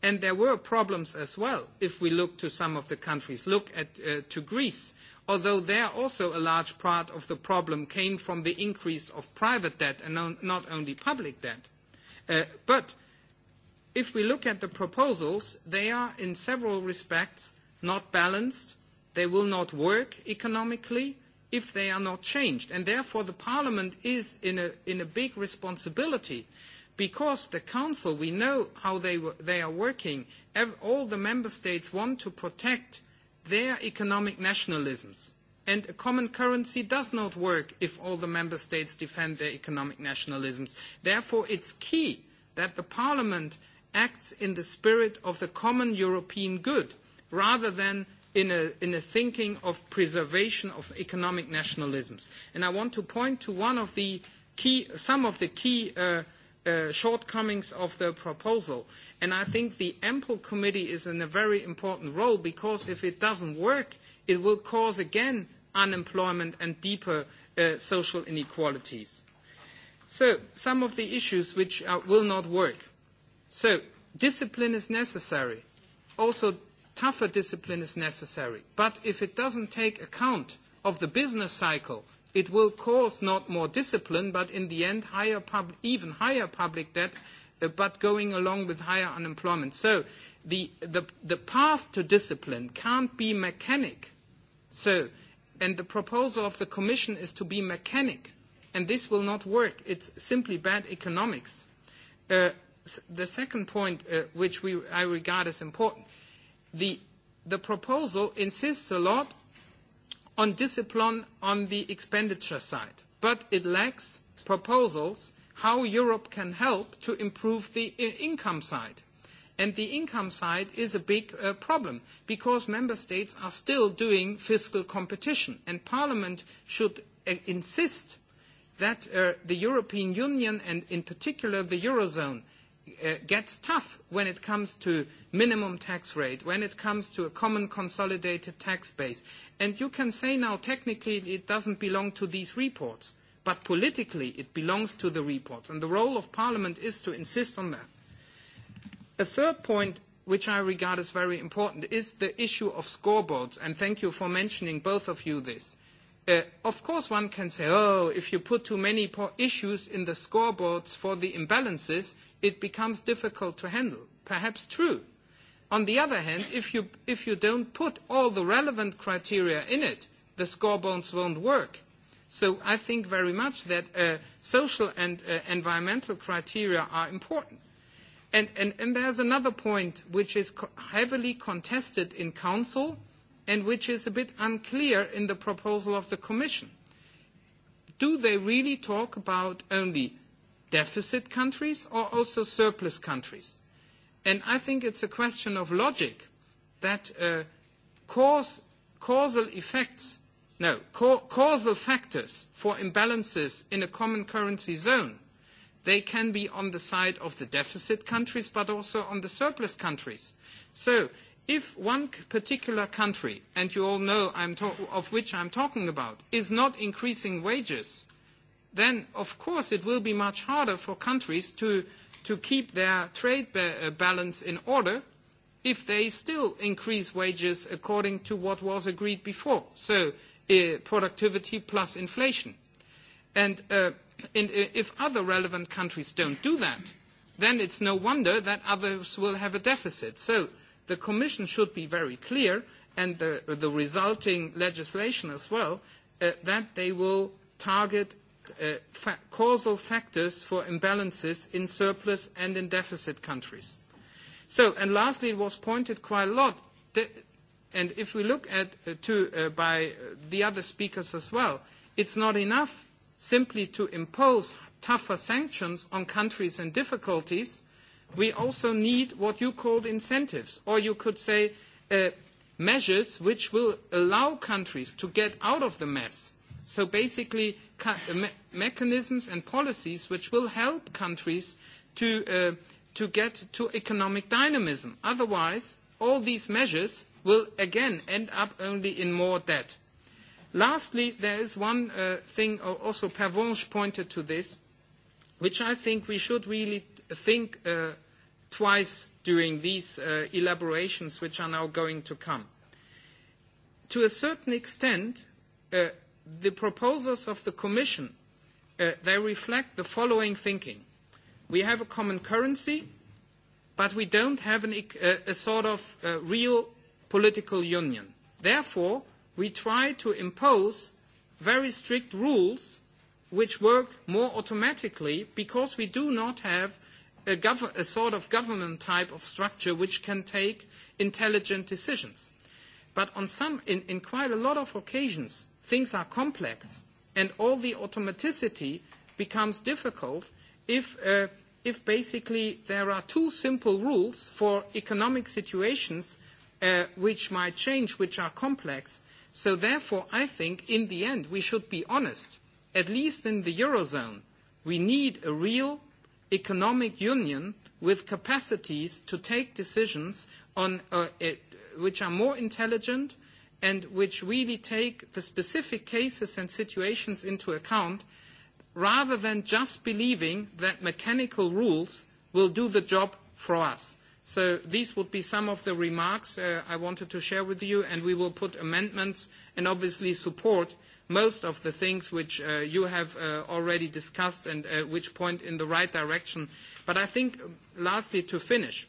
And there were problems as well if we look to some of the countries. Look at, uh, to Greece, although there also a large part of the problem came from the increase of private debt and not only public debt. Uh, but if we look at the proposals, they are in several respects not balanced. They will not work economically if they are not changed. And therefore, the Parliament is in a, in a big responsibility because the Council, we know how they, they are working. All the Member States want to protect their economic nationalisms. And a common currency does not work if all the Member States defend their economic nationalisms. Therefore, it's key that the Parliament acts in the spirit of the common European good rather than in a, in a thinking of preservation of economic nationalisms. And I want to point to one of the key, some of the key uh, uh, shortcomings of the proposal. And I think the ample committee is in a very important role because if it doesn't work, it will cause again unemployment and deeper uh, social inequalities. So some of the issues which uh, will not work. So discipline is necessary. Also tougher discipline is necessary. But if it doesn't take account of the business cycle, it will cause not more discipline, but in the end, higher pub- even higher public debt, uh, but going along with higher unemployment. So the, the, the path to discipline can't be mechanic. So, and the proposal of the Commission is to be mechanic, and this will not work. It's simply bad economics. Uh, the second point, uh, which we, I regard as important, the, the proposal insists a lot on discipline on the expenditure side, but it lacks proposals how Europe can help to improve the income side. And the income side is a big uh, problem because member states are still doing fiscal competition and parliament should uh, insist that uh, the European Union and in particular the Eurozone uh, gets tough when it comes to minimum tax rate, when it comes to a common consolidated tax base. And you can say now technically it doesn't belong to these reports, but politically it belongs to the reports. And the role of Parliament is to insist on that. A third point which I regard as very important is the issue of scoreboards. And thank you for mentioning both of you this. Uh, of course, one can say, oh, if you put too many issues in the scoreboards for the imbalances, it becomes difficult to handle. Perhaps true. On the other hand, if you, if you don't put all the relevant criteria in it, the scorebones won't work. So I think very much that uh, social and uh, environmental criteria are important. And, and, and there's another point which is co- heavily contested in Council and which is a bit unclear in the proposal of the Commission. Do they really talk about only deficit countries or also surplus countries? And I think it's a question of logic that uh, cause, causal effects, no, ca causal factors for imbalances in a common currency zone, they can be on the side of the deficit countries but also on the surplus countries. So if one particular country, and you all know I'm of which I'm talking about, is not increasing wages, then of course it will be much harder for countries to, to keep their trade ba uh, balance in order if they still increase wages according to what was agreed before. So uh, productivity plus inflation. And, uh, and uh, if other relevant countries don't do that, then it's no wonder that others will have a deficit. So the Commission should be very clear, and the, the resulting legislation as well, uh, that they will target uh, fa causal factors for imbalances in surplus and in deficit countries. So, and lastly, it was pointed quite a lot, and if we look at uh, to, uh, by uh, the other speakers as well, it's not enough simply to impose tougher sanctions on countries in difficulties. We also need what you called incentives, or you could say uh, measures which will allow countries to get out of the mess So basically, uh, me mechanisms and policies which will help countries to, uh, to get to economic dynamism. Otherwise, all these measures will again end up only in more debt. Lastly, there is one uh, thing, also Pervenche pointed to this, which I think we should really think uh, twice during these uh, elaborations which are now going to come. To a certain extent, uh, the proposals of the Commission, uh, they reflect the following thinking. We have a common currency, but we don't have an, uh, a sort of uh, real political union. Therefore, we try to impose very strict rules which work more automatically because we do not have a, a sort of government type of structure which can take intelligent decisions. But on some, in, in quite a lot of occasions, Things are complex, and all the automaticity becomes difficult if, uh, if basically there are two simple rules for economic situations uh, which might change, which are complex. So therefore, I think in the end we should be honest. At least in the Eurozone, we need a real economic union with capacities to take decisions on, uh, which are more intelligent, and which really take the specific cases and situations into account rather than just believing that mechanical rules will do the job for us. So these would be some of the remarks uh, I wanted to share with you, and we will put amendments and obviously support most of the things which uh, you have uh, already discussed and uh, which point in the right direction. But I think, um, lastly, to finish,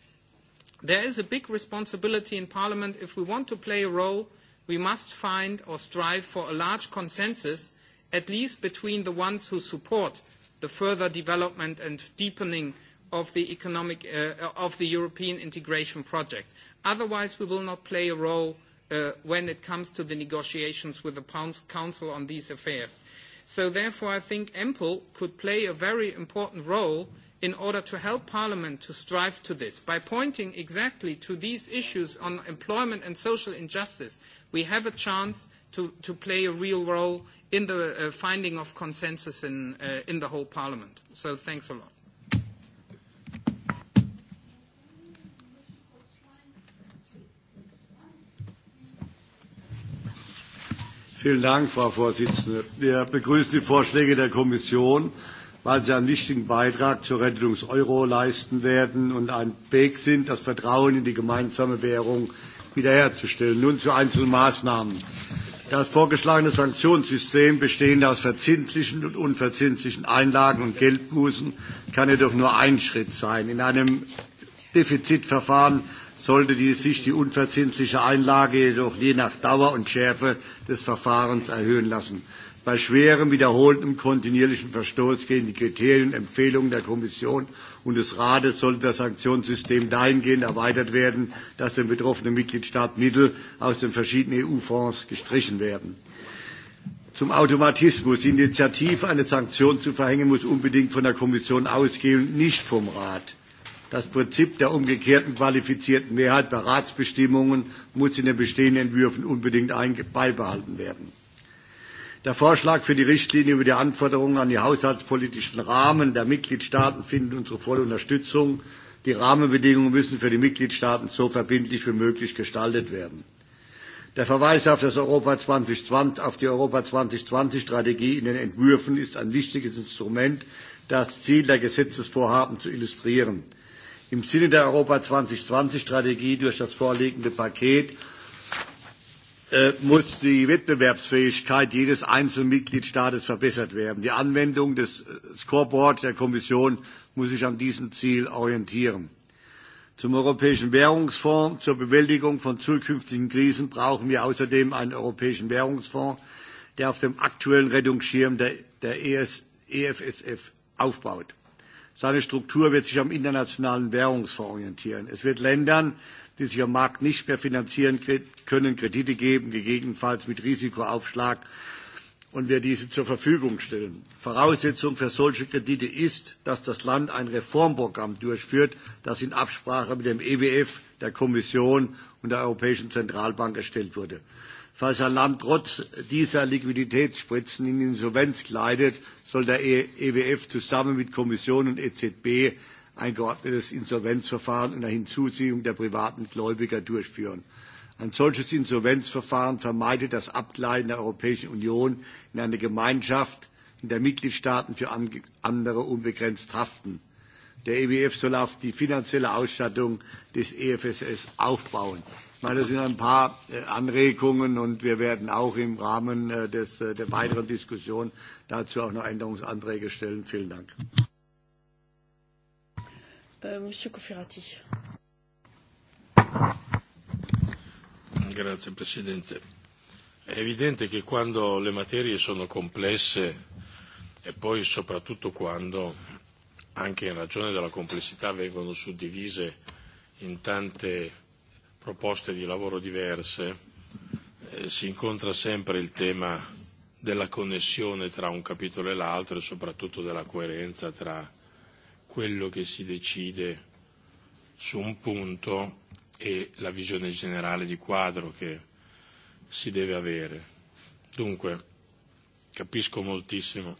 there is a big responsibility in Parliament if we want to play a role – we must find or strive for a large consensus, at least between the ones who support the further development and deepening of the, economic, uh, of the European integration project. Otherwise, we will not play a role uh, when it comes to the negotiations with the Council on these affairs. So therefore, I think EMPL could play a very important role in order to help Parliament to strive to this by pointing exactly to these issues on employment and social injustice we have a chance to, to play a real role in the uh, finding of consensus in, uh, in the whole Parliament. So thanks a lot. Vielen Dank, Frau Vorsitzende. Wir begrüßen die Vorschläge der Kommission, weil sie einen wichtigen Beitrag zur Rettung des Euro leisten werden und ein Weg sind, das Vertrauen in die gemeinsame Währung zu wiederherzustellen. Nun zu einzelnen Maßnahmen. Das vorgeschlagene Sanktionssystem, bestehend aus verzinslichen und unverzinslichen Einlagen und Geldbußen, kann jedoch nur ein Schritt sein. In einem Defizitverfahren sollte die, sich die unverzinsliche Einlage jedoch je nach Dauer und Schärfe des Verfahrens erhöhen lassen. Bei schwerem, wiederholtem, kontinuierlichen Verstoß gegen die Kriterien und Empfehlungen der Kommission und des Rates sollte das Sanktionssystem dahingehend erweitert werden, dass den betroffenen Mitgliedstaaten Mittel aus den verschiedenen EU-Fonds gestrichen werden. Zum Automatismus. Die Initiative, eine Sanktion zu verhängen, muss unbedingt von der Kommission ausgehen und nicht vom Rat. Das Prinzip der umgekehrten qualifizierten Mehrheit bei Ratsbestimmungen muss in den bestehenden Entwürfen unbedingt beibehalten werden. Der Vorschlag für die Richtlinie über die Anforderungen an die haushaltspolitischen Rahmen der Mitgliedstaaten findet unsere volle Unterstützung. Die Rahmenbedingungen müssen für die Mitgliedstaaten so verbindlich wie möglich gestaltet werden. Der Verweis auf, das Europa 2020, auf die Europa 2020 Strategie in den Entwürfen ist ein wichtiges Instrument, das Ziel der Gesetzesvorhaben zu illustrieren. Im Sinne der Europa 2020 Strategie durch das vorliegende Paket Äh, muss die Wettbewerbsfähigkeit jedes einzelnen Mitgliedstaates verbessert werden. Die Anwendung des Scoreboards der Kommission muss sich an diesem Ziel orientieren. Zum Europäischen Währungsfonds zur Bewältigung von zukünftigen Krisen brauchen wir außerdem einen Europäischen Währungsfonds, der auf dem aktuellen Rettungsschirm der, der ES, EFSF aufbaut. Seine Struktur wird sich am Internationalen Währungsfonds orientieren. Es wird Ländern die sich am Markt nicht mehr finanzieren können, Kredite geben, gegebenenfalls mit Risikoaufschlag, und wir diese zur Verfügung stellen. Voraussetzung für solche Kredite ist, dass das Land ein Reformprogramm durchführt, das in Absprache mit dem EWF, der Kommission und der Europäischen Zentralbank erstellt wurde. Falls ein Land trotz dieser Liquiditätsspritzen in Insolvenz gleitet, soll der EWF e zusammen mit Kommission und EZB ein geordnetes Insolvenzverfahren unter Hinzuziehung der privaten Gläubiger durchführen. Ein solches Insolvenzverfahren vermeidet das Abgleiten der Europäischen Union in eine Gemeinschaft, in der Mitgliedstaaten für andere unbegrenzt haften. Der EWF soll auf die finanzielle Ausstattung des EFSS aufbauen. Ich meine, das sind ein paar äh, Anregungen und wir werden auch im Rahmen äh, des, äh, der weiteren Diskussion dazu auch noch Änderungsanträge stellen. Vielen Dank. Euh, Monsieur Cofferati. Grazie Presidente. È evidente che quando le materie sono complesse e poi soprattutto quando, anche in ragione della complessità, vengono suddivise in tante proposte di lavoro diverse, eh, si incontra sempre il tema della connessione tra un capitolo e l'altro e soprattutto della coerenza tra quello che si decide su un punto e la visione generale di quadro che si deve avere. Dunque, capisco moltissimo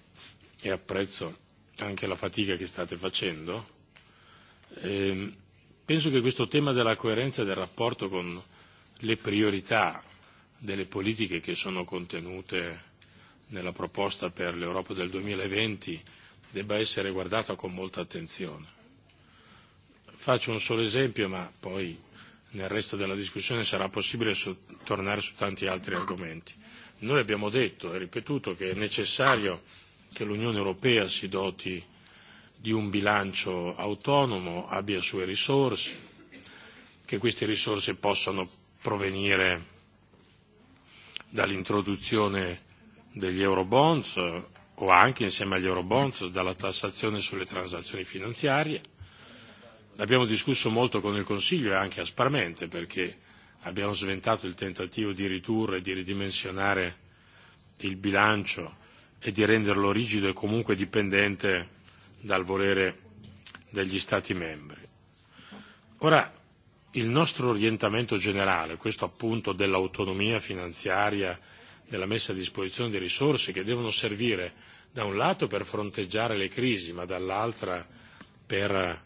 e apprezzo anche la fatica che state facendo. E penso che questo tema della coerenza e del rapporto con le priorità delle politiche che sono contenute nella proposta per l'Europa del 2020 debba essere guardata con molta attenzione. Faccio un solo esempio, ma poi nel resto della discussione sarà possibile su, tornare su tanti altri argomenti. Noi abbiamo detto e ripetuto che è necessario che l'Unione Europea si doti di un bilancio autonomo, abbia sue risorse, che queste risorse possano provenire dall'introduzione degli eurobonds o anche insieme agli Eurobonds dalla tassazione sulle transazioni finanziarie. Abbiamo discusso molto con il Consiglio e anche asparmente perché abbiamo sventato il tentativo di ridurre, e di ridimensionare il bilancio e di renderlo rigido e comunque dipendente dal volere degli Stati membri. Ora, il nostro orientamento generale, questo appunto dell'autonomia finanziaria della messa a disposizione di risorse che devono servire da un lato per fronteggiare le crisi ma dall'altra per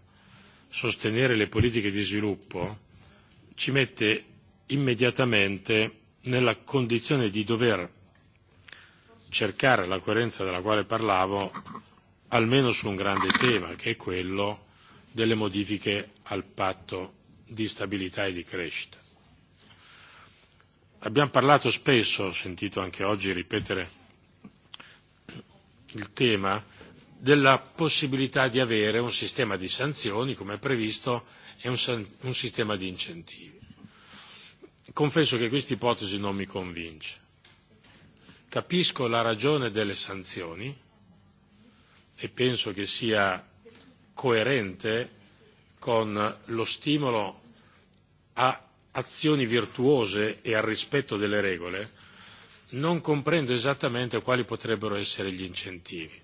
sostenere le politiche di sviluppo ci mette immediatamente nella condizione di dover cercare la coerenza della quale parlavo almeno su un grande tema che è quello delle modifiche al patto di stabilità e di crescita. Abbiamo parlato spesso, ho sentito anche oggi ripetere il tema della possibilità di avere un sistema di sanzioni, come è previsto, e un, un sistema di incentivi. Confesso che questa ipotesi non mi convince. Capisco la ragione delle sanzioni e penso che sia coerente con lo stimolo a azioni virtuose e al rispetto delle regole, non comprendo esattamente quali potrebbero essere gli incentivi.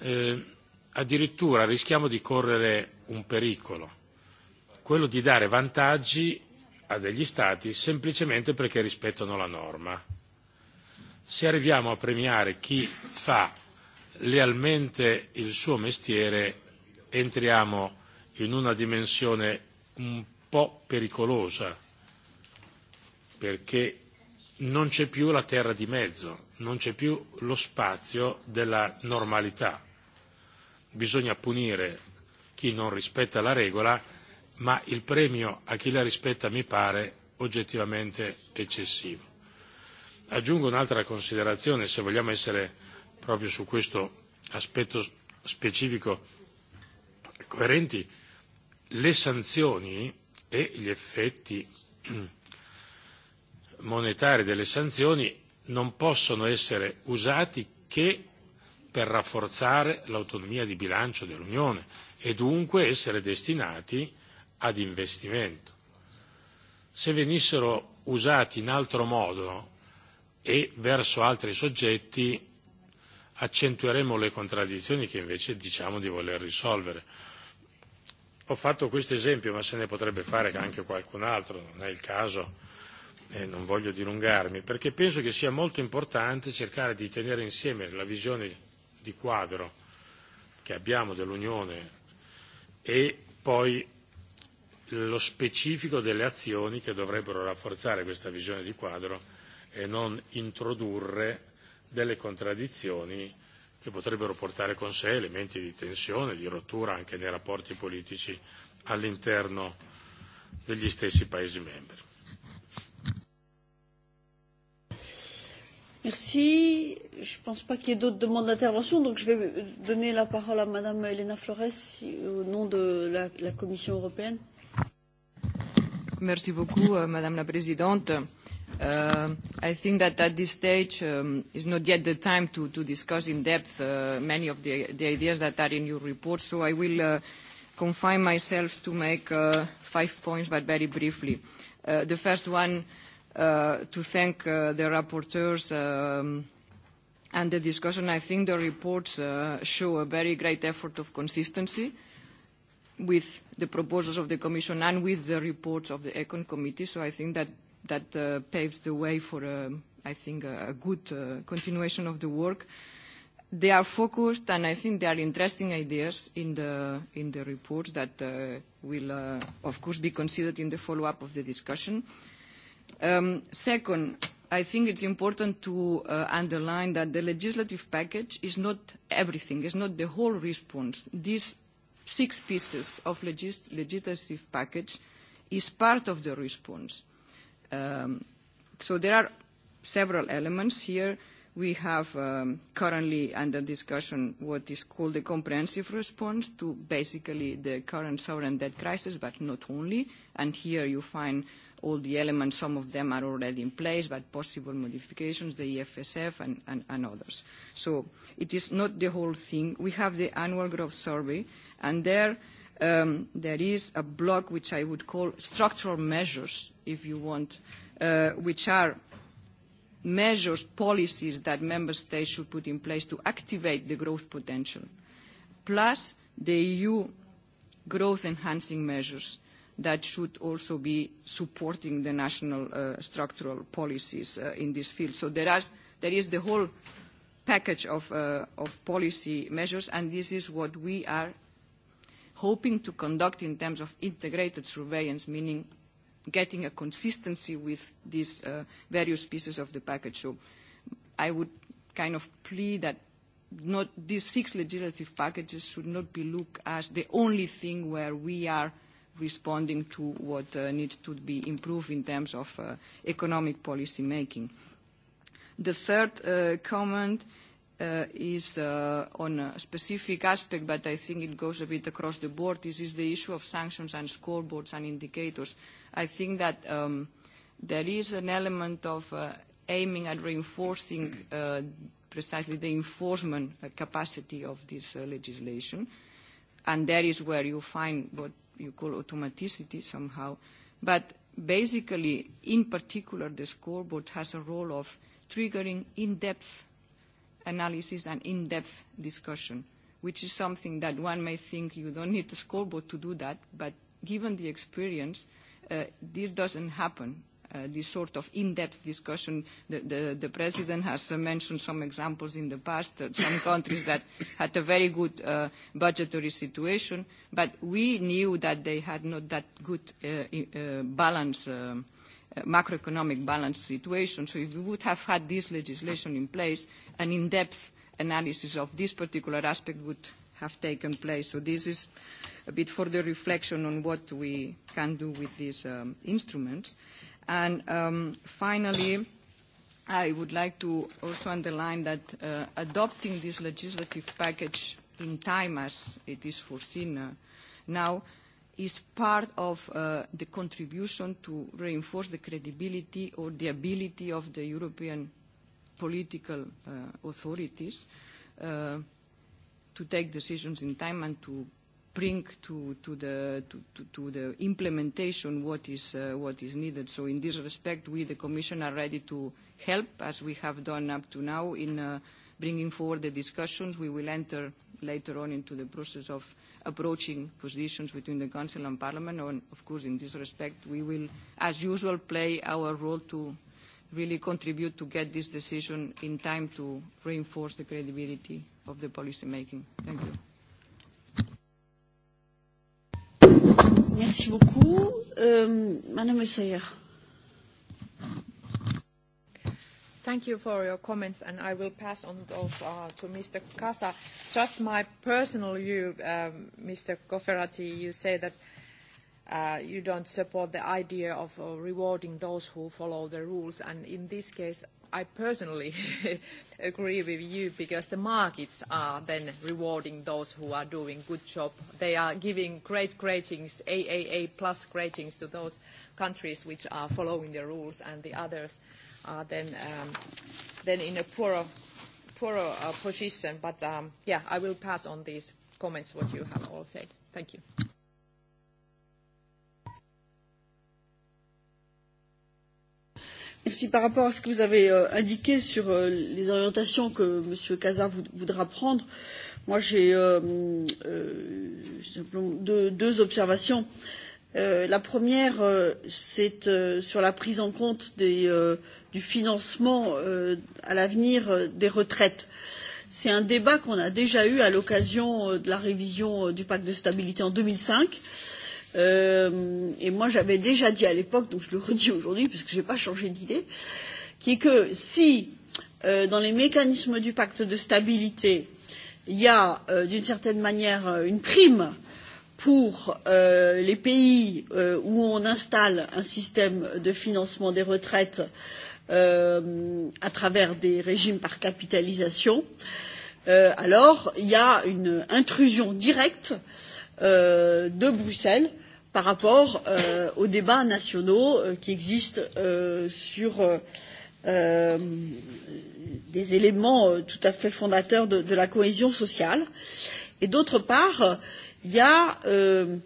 Eh, addirittura rischiamo di correre un pericolo, quello di dare vantaggi a degli Stati semplicemente perché rispettano la norma. Se arriviamo a premiare chi fa lealmente il suo mestiere, entriamo in una dimensione un po' pericolosa, perché non c'è più la terra di mezzo, non c'è più lo spazio della normalità. Bisogna punire chi non rispetta la regola, ma il premio a chi la rispetta mi pare oggettivamente eccessivo. Aggiungo un'altra considerazione, se vogliamo essere proprio su questo aspetto specifico coerenti, le sanzioni e gli effetti monetari delle sanzioni non possono essere usati che per rafforzare l'autonomia di bilancio dell'Unione e dunque essere destinati ad investimento. Se venissero usati in altro modo e verso altri soggetti accentueremo le contraddizioni che invece diciamo di voler risolvere ho fatto questo esempio, ma se ne potrebbe fare anche qualcun altro, non è il caso e non voglio dilungarmi, perché penso che sia molto importante cercare di tenere insieme la visione di quadro che abbiamo dell'Unione e poi lo specifico delle azioni che dovrebbero rafforzare questa visione di quadro e non introdurre delle contraddizioni che potrebbero portare con sé elementi di tensione, di rottura anche nei rapporti politici all'interno degli stessi Paesi membri. Merci. Je ne pense pas qu'il y ait d'autres demandes d'intervention, donc je vais donner la parole à Madame Elena Flores au nom de la, la Commission européenne. Merci beaucoup, euh, Madame la Présidente. Uh, I think that at this stage um, is not yet the time to, to discuss in depth uh, many of the, the, ideas that are in your report, so I will uh, confine myself to make uh, five points, but very briefly. Uh, the first one, uh, to thank the rapporteurs um, and the discussion. I think the reports show a very great effort of consistency with the proposals of the Commission and with the reports of the ECON Committee, so I think that that uh, paves the way for, uh, I think, a, good uh, continuation of the work. They are focused, and I think they are interesting ideas in the, reports that will, of course, be considered in the follow-up of the discussion. Um, second, I think it's important to underline that the legislative package is not everything, is not the whole response. These six pieces of legislative package is part of the response. Um, so there are several elements here. We have um, currently under discussion what is called a comprehensive response to basically the current sovereign debt crisis, but not only. And here you find all the elements. Some of them are already in place, but possible modifications, the EFSF and, and, and others. So it is not the whole thing. We have the annual growth survey, and there um, there is a block which I would call structural measures, if you want, uh, which are measures, policies that member states should put in place to activate the growth potential, plus the EU growth enhancing measures that should also be supporting the national uh, structural policies uh, in this field. So there, has, there is the whole package of, uh, of policy measures, and this is what we are hoping to conduct in terms of integrated surveillance, meaning getting a consistency with these uh, various pieces of the package. So I would kind of plead that not, these six legislative packages should not be looked as the only thing where we are responding to what uh, needs to be improved in terms of uh, economic policy making. The third uh, comment Uh, is uh, on a specific aspect, but I think it goes a bit across the board. This is the issue of sanctions and scoreboards and indicators. I think that um, there is an element of uh, aiming at reinforcing uh, precisely the enforcement uh, capacity of this uh, legislation. And that is where you find what you call automaticity somehow. But basically, in particular, the scoreboard has a role of triggering in-depth analysis and in-depth discussion, which is something that one may think you don't need a scoreboard to do that, but given the experience, uh, this doesn't happen. Uh, this sort of in-depth discussion. The, the, the President has uh, mentioned some examples in the past, that uh, some *coughs* countries that had a very good uh, budgetary situation, but we knew that they had not that good uh, uh, balance uh, macroeconomic balance situation. So if we would have had this legislation in place, an in-depth analysis of this particular aspect would have taken place. So this is a bit further reflection on what we can do with these um, instruments. And um, finally, I would like to also underline that uh, adopting this legislative package in time as it is foreseen uh, now is part of uh, the contribution to reinforce the credibility or the ability of the European political uh, authorities uh, to take decisions in time and to bring to, to, the, to, to, to the implementation what is, uh, what is needed. So in this respect, we, the Commission, are ready to help, as we have done up to now, in uh, bringing forward the discussions. We will enter later on into the process of approaching positions between the Council and Parliament. And of course, in this respect, we will, as usual, play our role to really contribute to get this decision in time to reinforce the credibility of the policy making. Thank you. Merci beaucoup. Euh, Madame thank you for your comments, and I will pass on those uh, to Mr. Casa. Just my personal view, um, Mr. Cofferati, you say that uh, you don't support the idea of uh, rewarding those who follow the rules, and in this case, I personally *laughs* agree with you because the markets are then rewarding those who are doing good job. They are giving great ratings, AAA plus ratings to those countries which are following the rules and the others are then, um, then in a poorer, poorer uh, position. But um, yeah, I will pass on these comments, what you have all said. Thank you. Merci. Par rapport à ce que vous avez euh, indiqué sur euh, les orientations que M. Casa voud, voudra prendre, moi j'ai euh, euh, deux, deux observations. Euh, la première, euh, c'est euh, sur la prise en compte des, euh, du financement euh, à l'avenir euh, des retraites. C'est un débat qu'on a déjà eu à l'occasion euh, de la révision euh, du pacte de stabilité en 2005. Euh, et moi, j'avais déjà dit à l'époque, donc je le redis aujourd'hui puisque je n'ai pas changé d'idée, qui est que si euh, dans les mécanismes du pacte de stabilité, il y a euh, d'une certaine manière une prime pour euh, les pays euh, où on installe un système de financement des retraites euh, euh, à travers des régimes par capitalisation, euh, alors il y a une intrusion directe euh, de Bruxelles par rapport euh, aux débats nationaux euh, qui existent euh, sur euh, des éléments euh, tout à fait fondateurs de, de la cohésion sociale. Et d'autre part, il y a euh,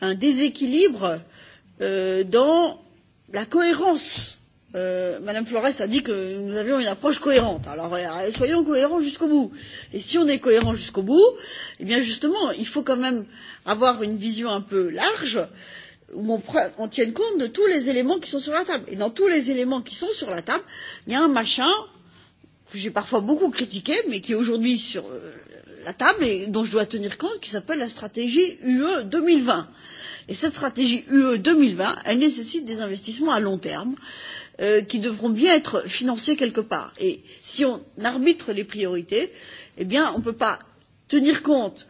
un déséquilibre euh, dans la cohérence euh, Euh, Madame Flores a dit que nous avions une approche cohérente. Alors euh, soyons cohérents jusqu'au bout. Et si on est cohérent jusqu'au bout, eh bien justement, il faut quand même avoir une vision un peu large où on, on tienne compte de tous les éléments qui sont sur la table. Et dans tous les éléments qui sont sur la table, il y a un machin que j'ai parfois beaucoup critiqué, mais qui est aujourd'hui sur euh, la table et dont je dois tenir compte, qui s'appelle la stratégie UE 2020. Et cette stratégie UE deux 2020, elle nécessite des investissements à long terme euh, qui devront bien être financés quelque part. Et si on arbitre les priorités, eh bien, on ne peut pas tenir compte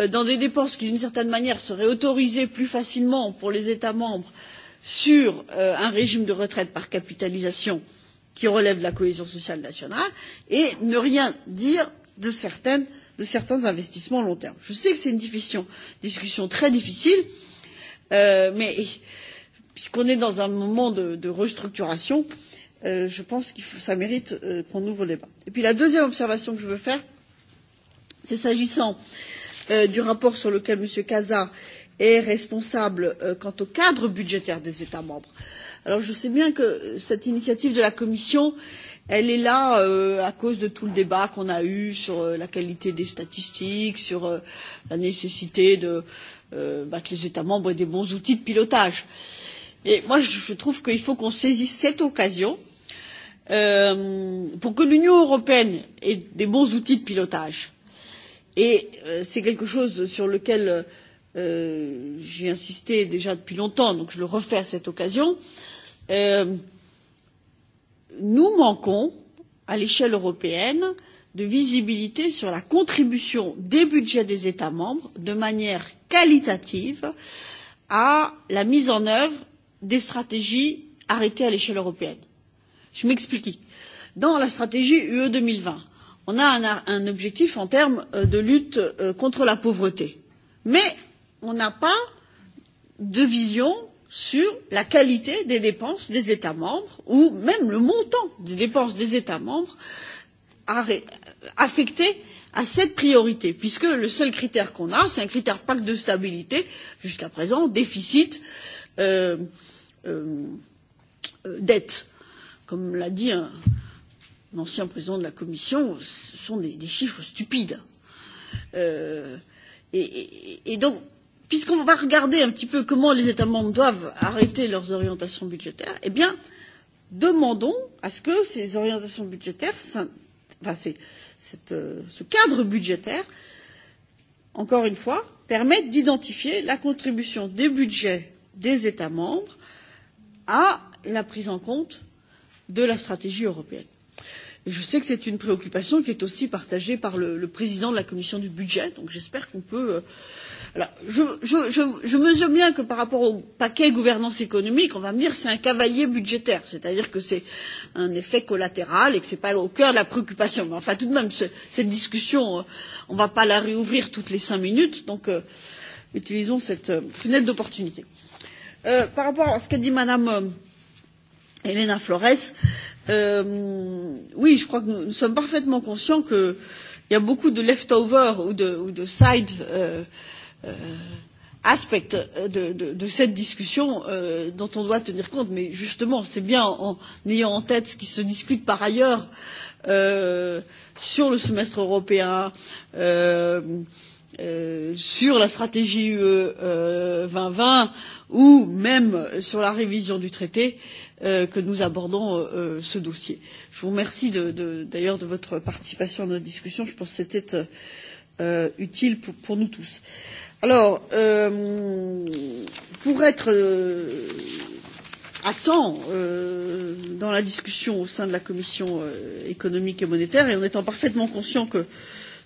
euh, dans des dépenses qui, d'une certaine manière, seraient autorisées plus facilement pour les États membres sur euh, un régime de retraite par capitalisation qui relève de la cohésion sociale nationale et ne rien dire de, certaines, de certains investissements à long terme. Je sais que c'est une discussion, très difficile. Euh, Euh, mais puisqu'on est dans un moment de, de restructuration, euh, je pense que ça mérite euh, qu'on ouvre le débat. Et puis la deuxième observation que je veux faire, c'est s'agissant euh, du rapport sur lequel M. Casa est responsable euh, quant au cadre budgétaire des États membres. Alors je sais bien que cette initiative de la Commission elle est là euh, à cause de tout le débat qu'on a eu sur euh, la qualité des statistiques, sur euh, la nécessité de euh, bah, que les États membres aient des bons outils de pilotage. Mais moi, je trouve qu'il faut qu'on saisisse cette occasion euh, pour que l'Union européenne ait des bons outils de pilotage. Et euh, c'est quelque chose sur lequel euh, j'ai insisté déjà depuis longtemps, donc je le refais à cette occasion. Euh, nous manquons, à l'échelle européenne, euh, de visibilité sur la contribution des budgets des États membres de manière qualitative à la mise en œuvre des stratégies arrêtées à l'échelle européenne. Je m'explique. Dans la stratégie UE 2020, on a un, un objectif en termes euh, de lutte euh, contre la pauvreté. Mais on n'a pas de vision sur la qualité des dépenses des États membres ou même le montant des dépenses des États membres affectée à cette priorité puisque le seul critère qu'on a c'est un critère pacte de stabilité jusqu'à présent déficit euh, euh, euh, dette. comme l'a dit un, un ancien président de la commission ce sont des, des chiffres stupides. Euh, et, et, et donc puisqu'on va regarder un petit peu comment les états membres doivent arrêter leurs orientations budgétaires eh bien demandons à ce que ces orientations budgétaires enfin, ces, cette, euh, ce cadre budgétaire, encore une fois, permettent d'identifier la contribution des budgets des États membres à la prise en compte de la stratégie européenne. Et je sais que c'est une préoccupation qui est aussi partagée par le, le président de la commission du budget, donc j'espère qu'on peut euh, Alors, je, je, je, je mesure bien que par rapport au paquet gouvernance économique, on va me dire que c'est un cavalier budgétaire, c'est-à-dire que c'est un effet collatéral et que ce n'est pas au cœur de la préoccupation. Mais enfin, tout de même, ce, cette discussion, euh, on ne va pas la réouvrir toutes les cinq minutes, donc euh, utilisons cette euh, fenêtre d'opportunité. Euh, par rapport à ce qu'a dit Madame euh, Elena Flores, euh, oui, je crois que nous, nous sommes parfaitement conscients qu'il y a beaucoup de leftover ou de, ou de side euh, Euh, aspect euh, de, de, de cette discussion euh, dont on doit tenir compte. Mais justement, c'est bien en, en ayant en tête ce qui se discute par ailleurs euh, sur le semestre européen, euh, euh, sur la stratégie UE euh, 2020 ou même sur la révision du traité euh, que nous abordons euh, ce dossier. Je vous remercie d'ailleurs de, de, de votre participation à notre discussion. Je pense que c'était euh, utile pour, pour nous tous. Euh, Alors, euh, pour être euh, à temps euh, dans la discussion au sein de la Commission euh, économique et monétaire, et en étant parfaitement conscient que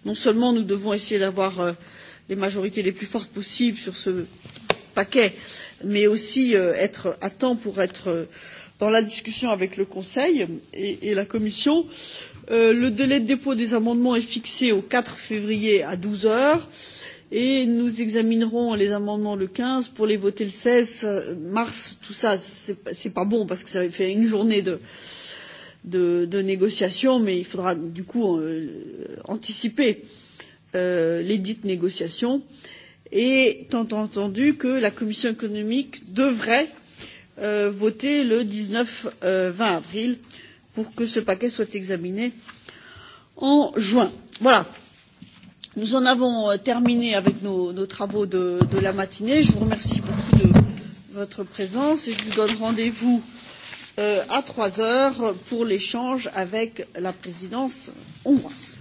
non seulement nous devons essayer d'avoir euh, les majorités les plus fortes possibles sur ce paquet, mais aussi euh, être à temps pour être euh, dans la discussion avec le Conseil et, et la Commission. Euh, le délai de dépôt des amendements est fixé au 4 février à 12 heures et nous examinerons les amendements le quinze pour les voter le seize euh, mars. tout cela ce n'est pas bon parce que cela fait une journée de, de, négociations mais il faudra du coup euh, anticiper euh, lesdites négociations étant entendu que la commission économique devrait voter le dix neuf vingt avril pour que ce paquet soit examiné en juin. voilà Nous en avons euh, terminé avec nos, nos travaux de, de la matinée. Je vous remercie beaucoup de votre présence et je vous donne rendez-vous euh, à 3 heures pour l'échange avec la présidence hongroise.